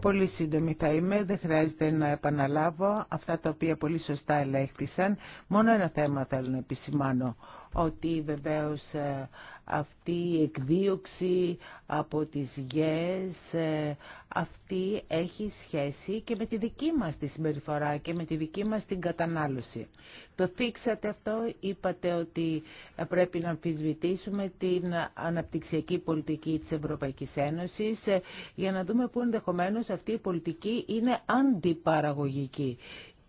Speaker 3: Πολύ σύντομη θα είμαι, δεν χρειάζεται να επαναλάβω αυτά τα οποία πολύ σωστά ελέγχθησαν. Μόνο ένα θέμα θέλω να επισημάνω ότι βεβαίως ε, αυτή η εκδίωξη από τις ΓΕΣ, ε, αυτή έχει σχέση και με τη δική μας τη συμπεριφορά και με τη δική μας την κατανάλωση. Το θίξατε αυτό, είπατε ότι πρέπει να αμφισβητήσουμε την αναπτυξιακή πολιτική της Ευρωπαϊκής Ένωσης ε, για να δούμε που ενδεχομένως αυτή η πολιτική είναι αντιπαραγωγική.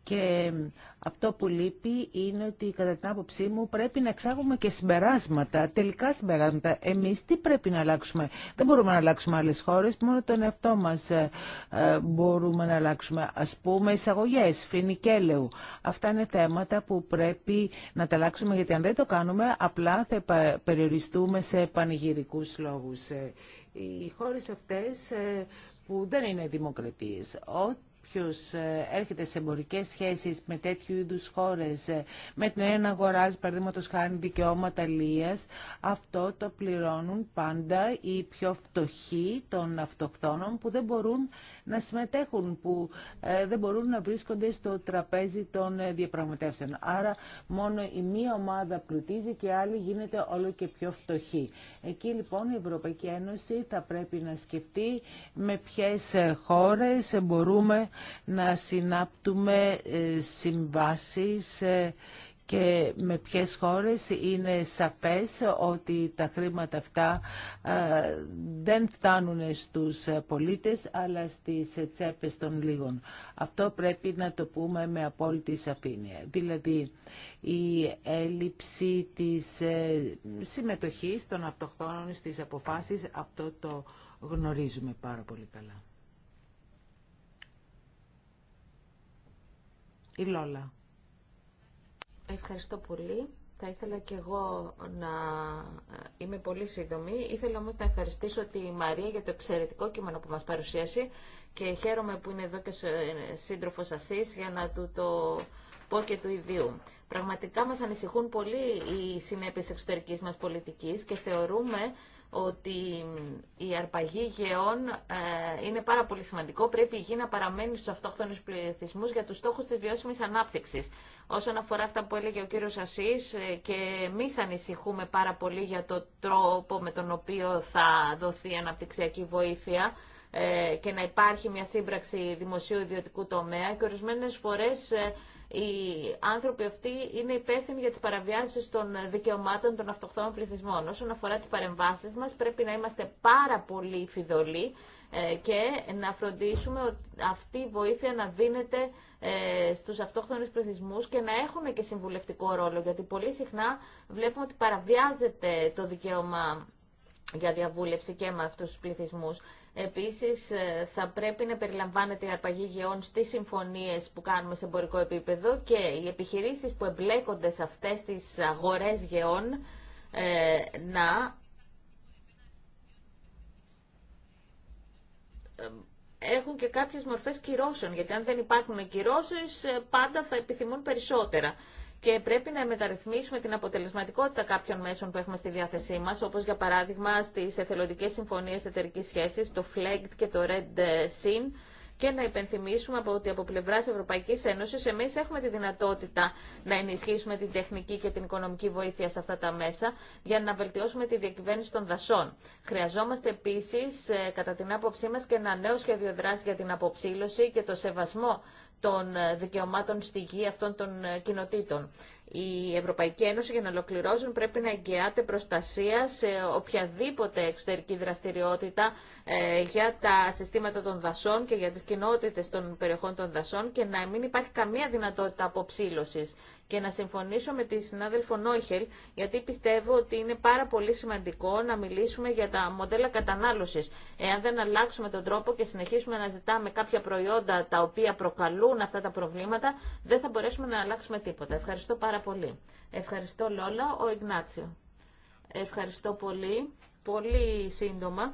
Speaker 3: Και αυτό που λείπει είναι ότι κατά την άποψή μου πρέπει να εξάγουμε και συμπεράσματα, τελικά συμπεράσματα. Εμείς τι πρέπει να αλλάξουμε. Δεν μπορούμε να αλλάξουμε άλλες χώρες, μόνο τον εαυτό μας ε, ε, μπορούμε να αλλάξουμε. Ας πούμε εισαγωγέ, φινικέλεου. Αυτά είναι θέματα που πρέπει να τα αλλάξουμε γιατί αν δεν το κάνουμε απλά θα περιοριστούμε σε πανηγυρικούς λόγους. Ε, οι χώρες αυτές που δεν είναι δημοκρατίες όποιο ε, έρχεται σε εμπορικέ σχέσει με τέτοιου είδους χώρες, ε, με την έννοια να αγοράζει παραδείγματο χάνει δικαιώματα λίας, αυτό το πληρώνουν πάντα οι πιο φτωχοί των αυτοκτόνων που δεν μπορούν να συμμετέχουν, που ε, δεν μπορούν να βρίσκονται στο τραπέζι των ε, διαπραγματεύσεων. Άρα μόνο η μία ομάδα πλουτίζει και η άλλη γίνεται όλο και πιο φτωχή. Εκεί λοιπόν η Ευρωπαϊκή Ένωση θα πρέπει να σκεφτεί με ποιες ε, χώρες μπορούμε να συνάπτουμε συμβάσεις και με ποιες χώρες είναι σαπές ότι τα χρήματα αυτά ε, δεν φτάνουν στους πολίτες αλλά στις τσέπες των λίγων. Αυτό πρέπει να το πούμε με απόλυτη σαφήνεια. Δηλαδή η έλλειψη της ε, συμμετοχής των αυτοχθόνων στις αποφάσεις αυτό το γνωρίζουμε πάρα πολύ καλά.
Speaker 4: Η Λόλα. Ευχαριστώ πολύ. Θα ήθελα και εγώ να ε, είμαι πολύ σύντομη. Ήθελα όμως να ευχαριστήσω τη Μαρία για το εξαιρετικό κείμενο που μας παρουσίασε και χαίρομαι που είναι εδώ και ε, σύντροφος Ασής για να του το πω και του ιδίου. Πραγματικά μας ανησυχούν πολύ οι συνέπειες εξωτερικής μας πολιτικής και θεωρούμε ότι ε, η αρπαγή γεών είναι πάρα πολύ σημαντικό. Πρέπει η γη να παραμένει στους αυτόχθονους πληθυσμούς για τους στόχους της βιώσιμης ανάπτυξης. Όσον αφορά αυτά που έλεγε ο κύριος Ασής ε, και εμεί ανησυχούμε πάρα πολύ για το τρόπο με τον οποίο θα δοθεί αναπτυξιακή βοήθεια ε, και να υπάρχει μια σύμπραξη δημοσίου ιδιωτικού τομέα και ορισμένες φορές ε, οι άνθρωποι αυτοί είναι υπεύθυνοι για τις παραβιάσεις των δικαιωμάτων των αυτοχθών πληθυσμών. Όσον αφορά τις παρεμβάσεις μας πρέπει να είμαστε πάρα πολύ φιδωλοί ε, και να φροντίσουμε ότι αυτή η βοήθεια να δίνεται ε, στους αυτόχθονες πληθυσμούς και να έχουν και συμβουλευτικό ρόλο, γιατί πολύ συχνά βλέπουμε ότι παραβιάζεται το δικαίωμα για διαβούλευση και με αυτούς τους πληθυσμούς. Επίσης, ε, θα πρέπει να περιλαμβάνεται η αρπαγή γεών στις συμφωνίες που κάνουμε σε εμπορικό επίπεδο και οι επιχειρήσεις που εμπλέκονται σε αυτές τις αγορές γεών να έχουν και κάποιες μορφές κυρώσεων, γιατί αν δεν υπάρχουν κυρώσεις ε, πάντα θα επιθυμούν περισσότερα. Και πρέπει να μεταρρυθμίσουμε την αποτελεσματικότητα κάποιων μέσων που έχουμε στη διάθεσή μα, όπω για παράδειγμα στι εθελοντικέ συμφωνίε εταιρική σχέση, το FLEGT και το RED SIN, και να υπενθυμίσουμε ότι από πλευρά Ευρωπαϊκή Ένωση εμεί έχουμε τη δυνατότητα να ενισχύσουμε την τεχνική και την οικονομική βοήθεια σε αυτά τα μέσα για να βελτιώσουμε τη διακυβέρνηση των δασών. Χρειαζόμαστε επίση, ε, κατά την άποψή μα, και ένα νέο σχέδιο δράση για την αποψήλωση και το σεβασμό των ε, δικαιωμάτων στη γη αυτών των ε, κοινοτήτων η Ευρωπαϊκή Ένωση για να ολοκληρώσουν πρέπει να εγκαιάται προστασία σε οποιαδήποτε εξωτερική δραστηριότητα ε, για τα συστήματα των δασών και για τις κοινότητες των περιοχών των δασών και να μην υπάρχει καμία δυνατότητα αποψήλωσης και να συμφωνήσω με τη συνάδελφο Νόιχελ, γιατί πιστεύω ότι είναι πάρα πολύ σημαντικό να μιλήσουμε για τα μοντέλα κατανάλωσης. Εάν δεν αλλάξουμε τον τρόπο και συνεχίσουμε να ζητάμε κάποια προϊόντα τα οποία προκαλούν αυτά τα προβλήματα, δεν θα μπορέσουμε να αλλάξουμε τίποτα. Ευχαριστώ πάρα πολύ. Ευχαριστώ Λόλα, ο Ιγνάτσιο. Ευχαριστώ πολύ. Πολύ σύντομα.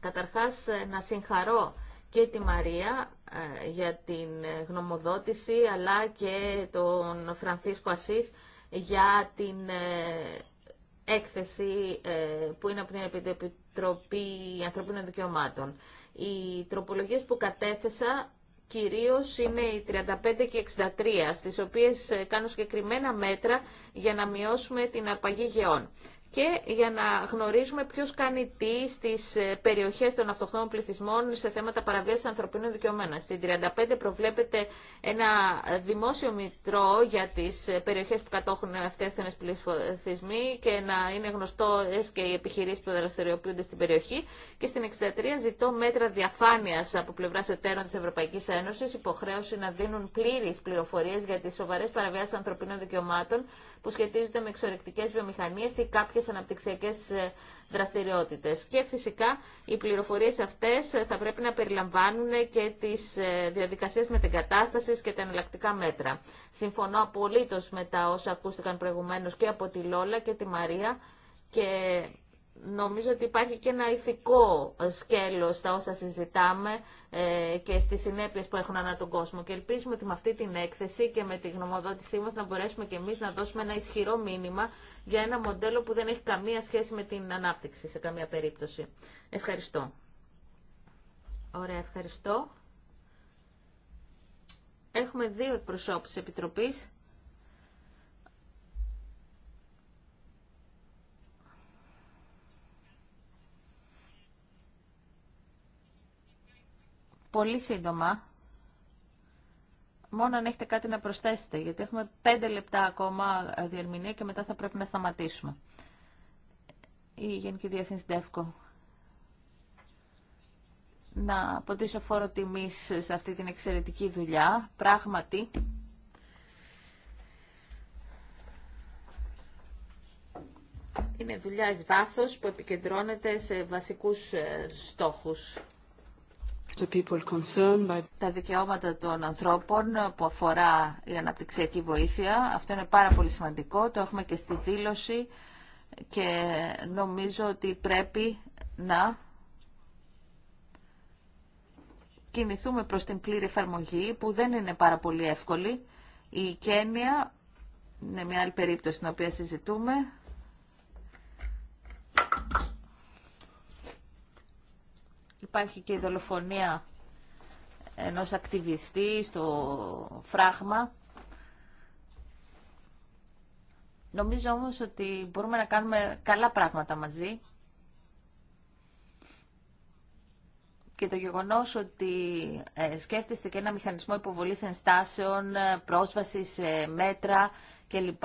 Speaker 4: Καταρχάς να συγχαρώ και τη Μαρία ε, για την γνωμοδότηση, αλλά και τον Φρανθίσκο Ασής για την ε, έκθεση ε, που είναι από την Επιτροπή Ανθρωπίνων Δικαιωμάτων. Οι τροπολογίες που κατέθεσα κυρίως είναι οι 35 και 63, στις οποίες κάνω συγκεκριμένα μέτρα για να μειώσουμε την αρπαγή γεών και για να γνωρίζουμε ποιος κάνει τι στις ε, περιοχές των αυτοχθόνων πληθυσμών σε θέματα παραβίασης ανθρωπίνων δικαιωμένων. Στην 35 προβλέπεται ένα δημόσιο μητρό για τις ε, περιοχές που κατόχουν αυτέχθονες πληθυσμοί και να είναι γνωστό και οι επιχειρήσεις που δραστηριοποιούνται στην περιοχή. Και στην 63 ζητώ μέτρα διαφάνειας από πλευράς εταίρων της Ευρωπαϊκής Ένωσης, υποχρέωση να δίνουν πλήρεις πληροφορίες για τις σοβαρές παραβιάσεις ανθρωπίνων δικαιωμάτων που σχετίζονται με εξορρεκτικές βιομηχανίες ή κάποιε τις αναπτυξιακές ε, δραστηριότητες. Και φυσικά οι πληροφορίες αυτές ε, θα πρέπει να περιλαμβάνουν και τις ε, διαδικασίες με την κατάσταση και τα εναλλακτικά μέτρα. Συμφωνώ απολύτως με τα όσα ακούστηκαν προηγουμένως και από τη Λόλα και τη Μαρία και Νομίζω ότι υπάρχει και ένα ηθικό σκέλος στα όσα συζητάμε ε, και στις συνέπειες που έχουν ανά τον κόσμο. Και ελπίζουμε ότι με αυτή την έκθεση και με τη γνωμοδότησή μας να μπορέσουμε και εμείς να δώσουμε ένα ισχυρό μήνυμα για ένα μοντέλο που δεν έχει καμία σχέση με την ανάπτυξη σε καμία περίπτωση. Ευχαριστώ. Ωραία, ευχαριστώ. Έχουμε δύο εκπροσώπους της Επιτροπής. πολύ σύντομα, μόνο αν έχετε κάτι να προσθέσετε, γιατί έχουμε πέντε λεπτά ακόμα ε, διερμηνία και μετά θα πρέπει να σταματήσουμε. Η Γενική Διεύθυνση Να αποτύσω φόρο τιμής σε αυτή την εξαιρετική δουλειά. Πράγματι, είναι δουλειά εις βάθος που επικεντρώνεται σε βασικούς ε, στόχους τα δικαιώματα των ανθρώπων που αφορά η αναπτυξιακή βοήθεια. Αυτό είναι πάρα πολύ σημαντικό. Το έχουμε και στη δήλωση και νομίζω ότι πρέπει να κινηθούμε προς την πλήρη εφαρμογή που δεν είναι πάρα πολύ εύκολη. Η Κένια είναι μια άλλη περίπτωση στην οποία συζητούμε. Υπάρχει και η δολοφονία ενός ακτιβιστή στο φράγμα. Νομίζω όμως ότι μπορούμε να κάνουμε καλά πράγματα μαζί. Και το γεγονός ότι ε, σκέφτεστε και ένα μηχανισμό υποβολής ενστάσεων, ε, πρόσβαση σε μέτρα κλπ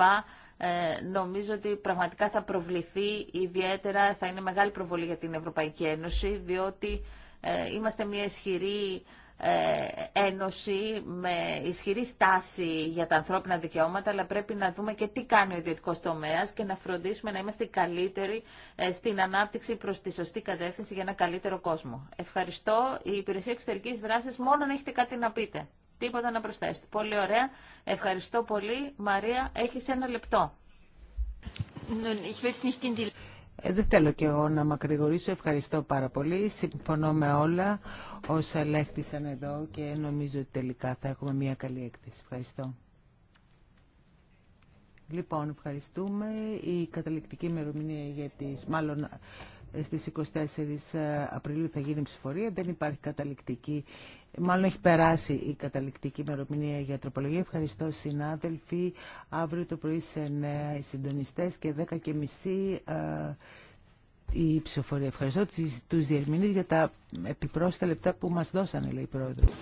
Speaker 4: ε, νομίζω ότι πραγματικά θα προβληθεί, ιδιαίτερα θα είναι μεγάλη προβολή για την Ευρωπαϊκή Ένωση, διότι ε, είμαστε μια ισχυρή ε, ένωση με ισχυρή στάση για τα ανθρώπινα δικαιώματα, αλλά πρέπει να δούμε και τι κάνει ο ιδιωτικό τομέα και να φροντίσουμε να είμαστε καλύτεροι ε, στην ανάπτυξη προ τη σωστή κατεύθυνση για ένα καλύτερο κόσμο. Ευχαριστώ. Η Υπηρεσία Εξωτερική Δράση, μόνο αν έχετε κάτι να πείτε τίποτα να προσθέσετε. Πολύ ωραία. Ευχαριστώ πολύ. Μαρία, έχεις ένα λεπτό.
Speaker 3: Ε, δεν θέλω και εγώ να μακρηγορήσω. Ευχαριστώ πάρα πολύ. Συμφωνώ με όλα όσα λέχτησαν εδώ και νομίζω ότι τελικά θα έχουμε μια καλή έκθεση. Ευχαριστώ. Λοιπόν, ευχαριστούμε. Η καταληκτική ημερομηνία για τις, μάλλον ε, στις 24 Απριλίου θα γίνει ψηφορία. Δεν υπάρχει καταληκτική Μάλλον έχει περάσει η καταληκτική ημερομηνία για τροπολογία. Ευχαριστώ συνάδελφοι. Αύριο το πρωί σε νέα οι συντονιστές και 10 και μισή ε, η ψηφοφορία. Ευχαριστώ τους διερμηνείς για τα επιπρόσθετα λεπτά που μας δώσανε, λέει η Πρόεδρος.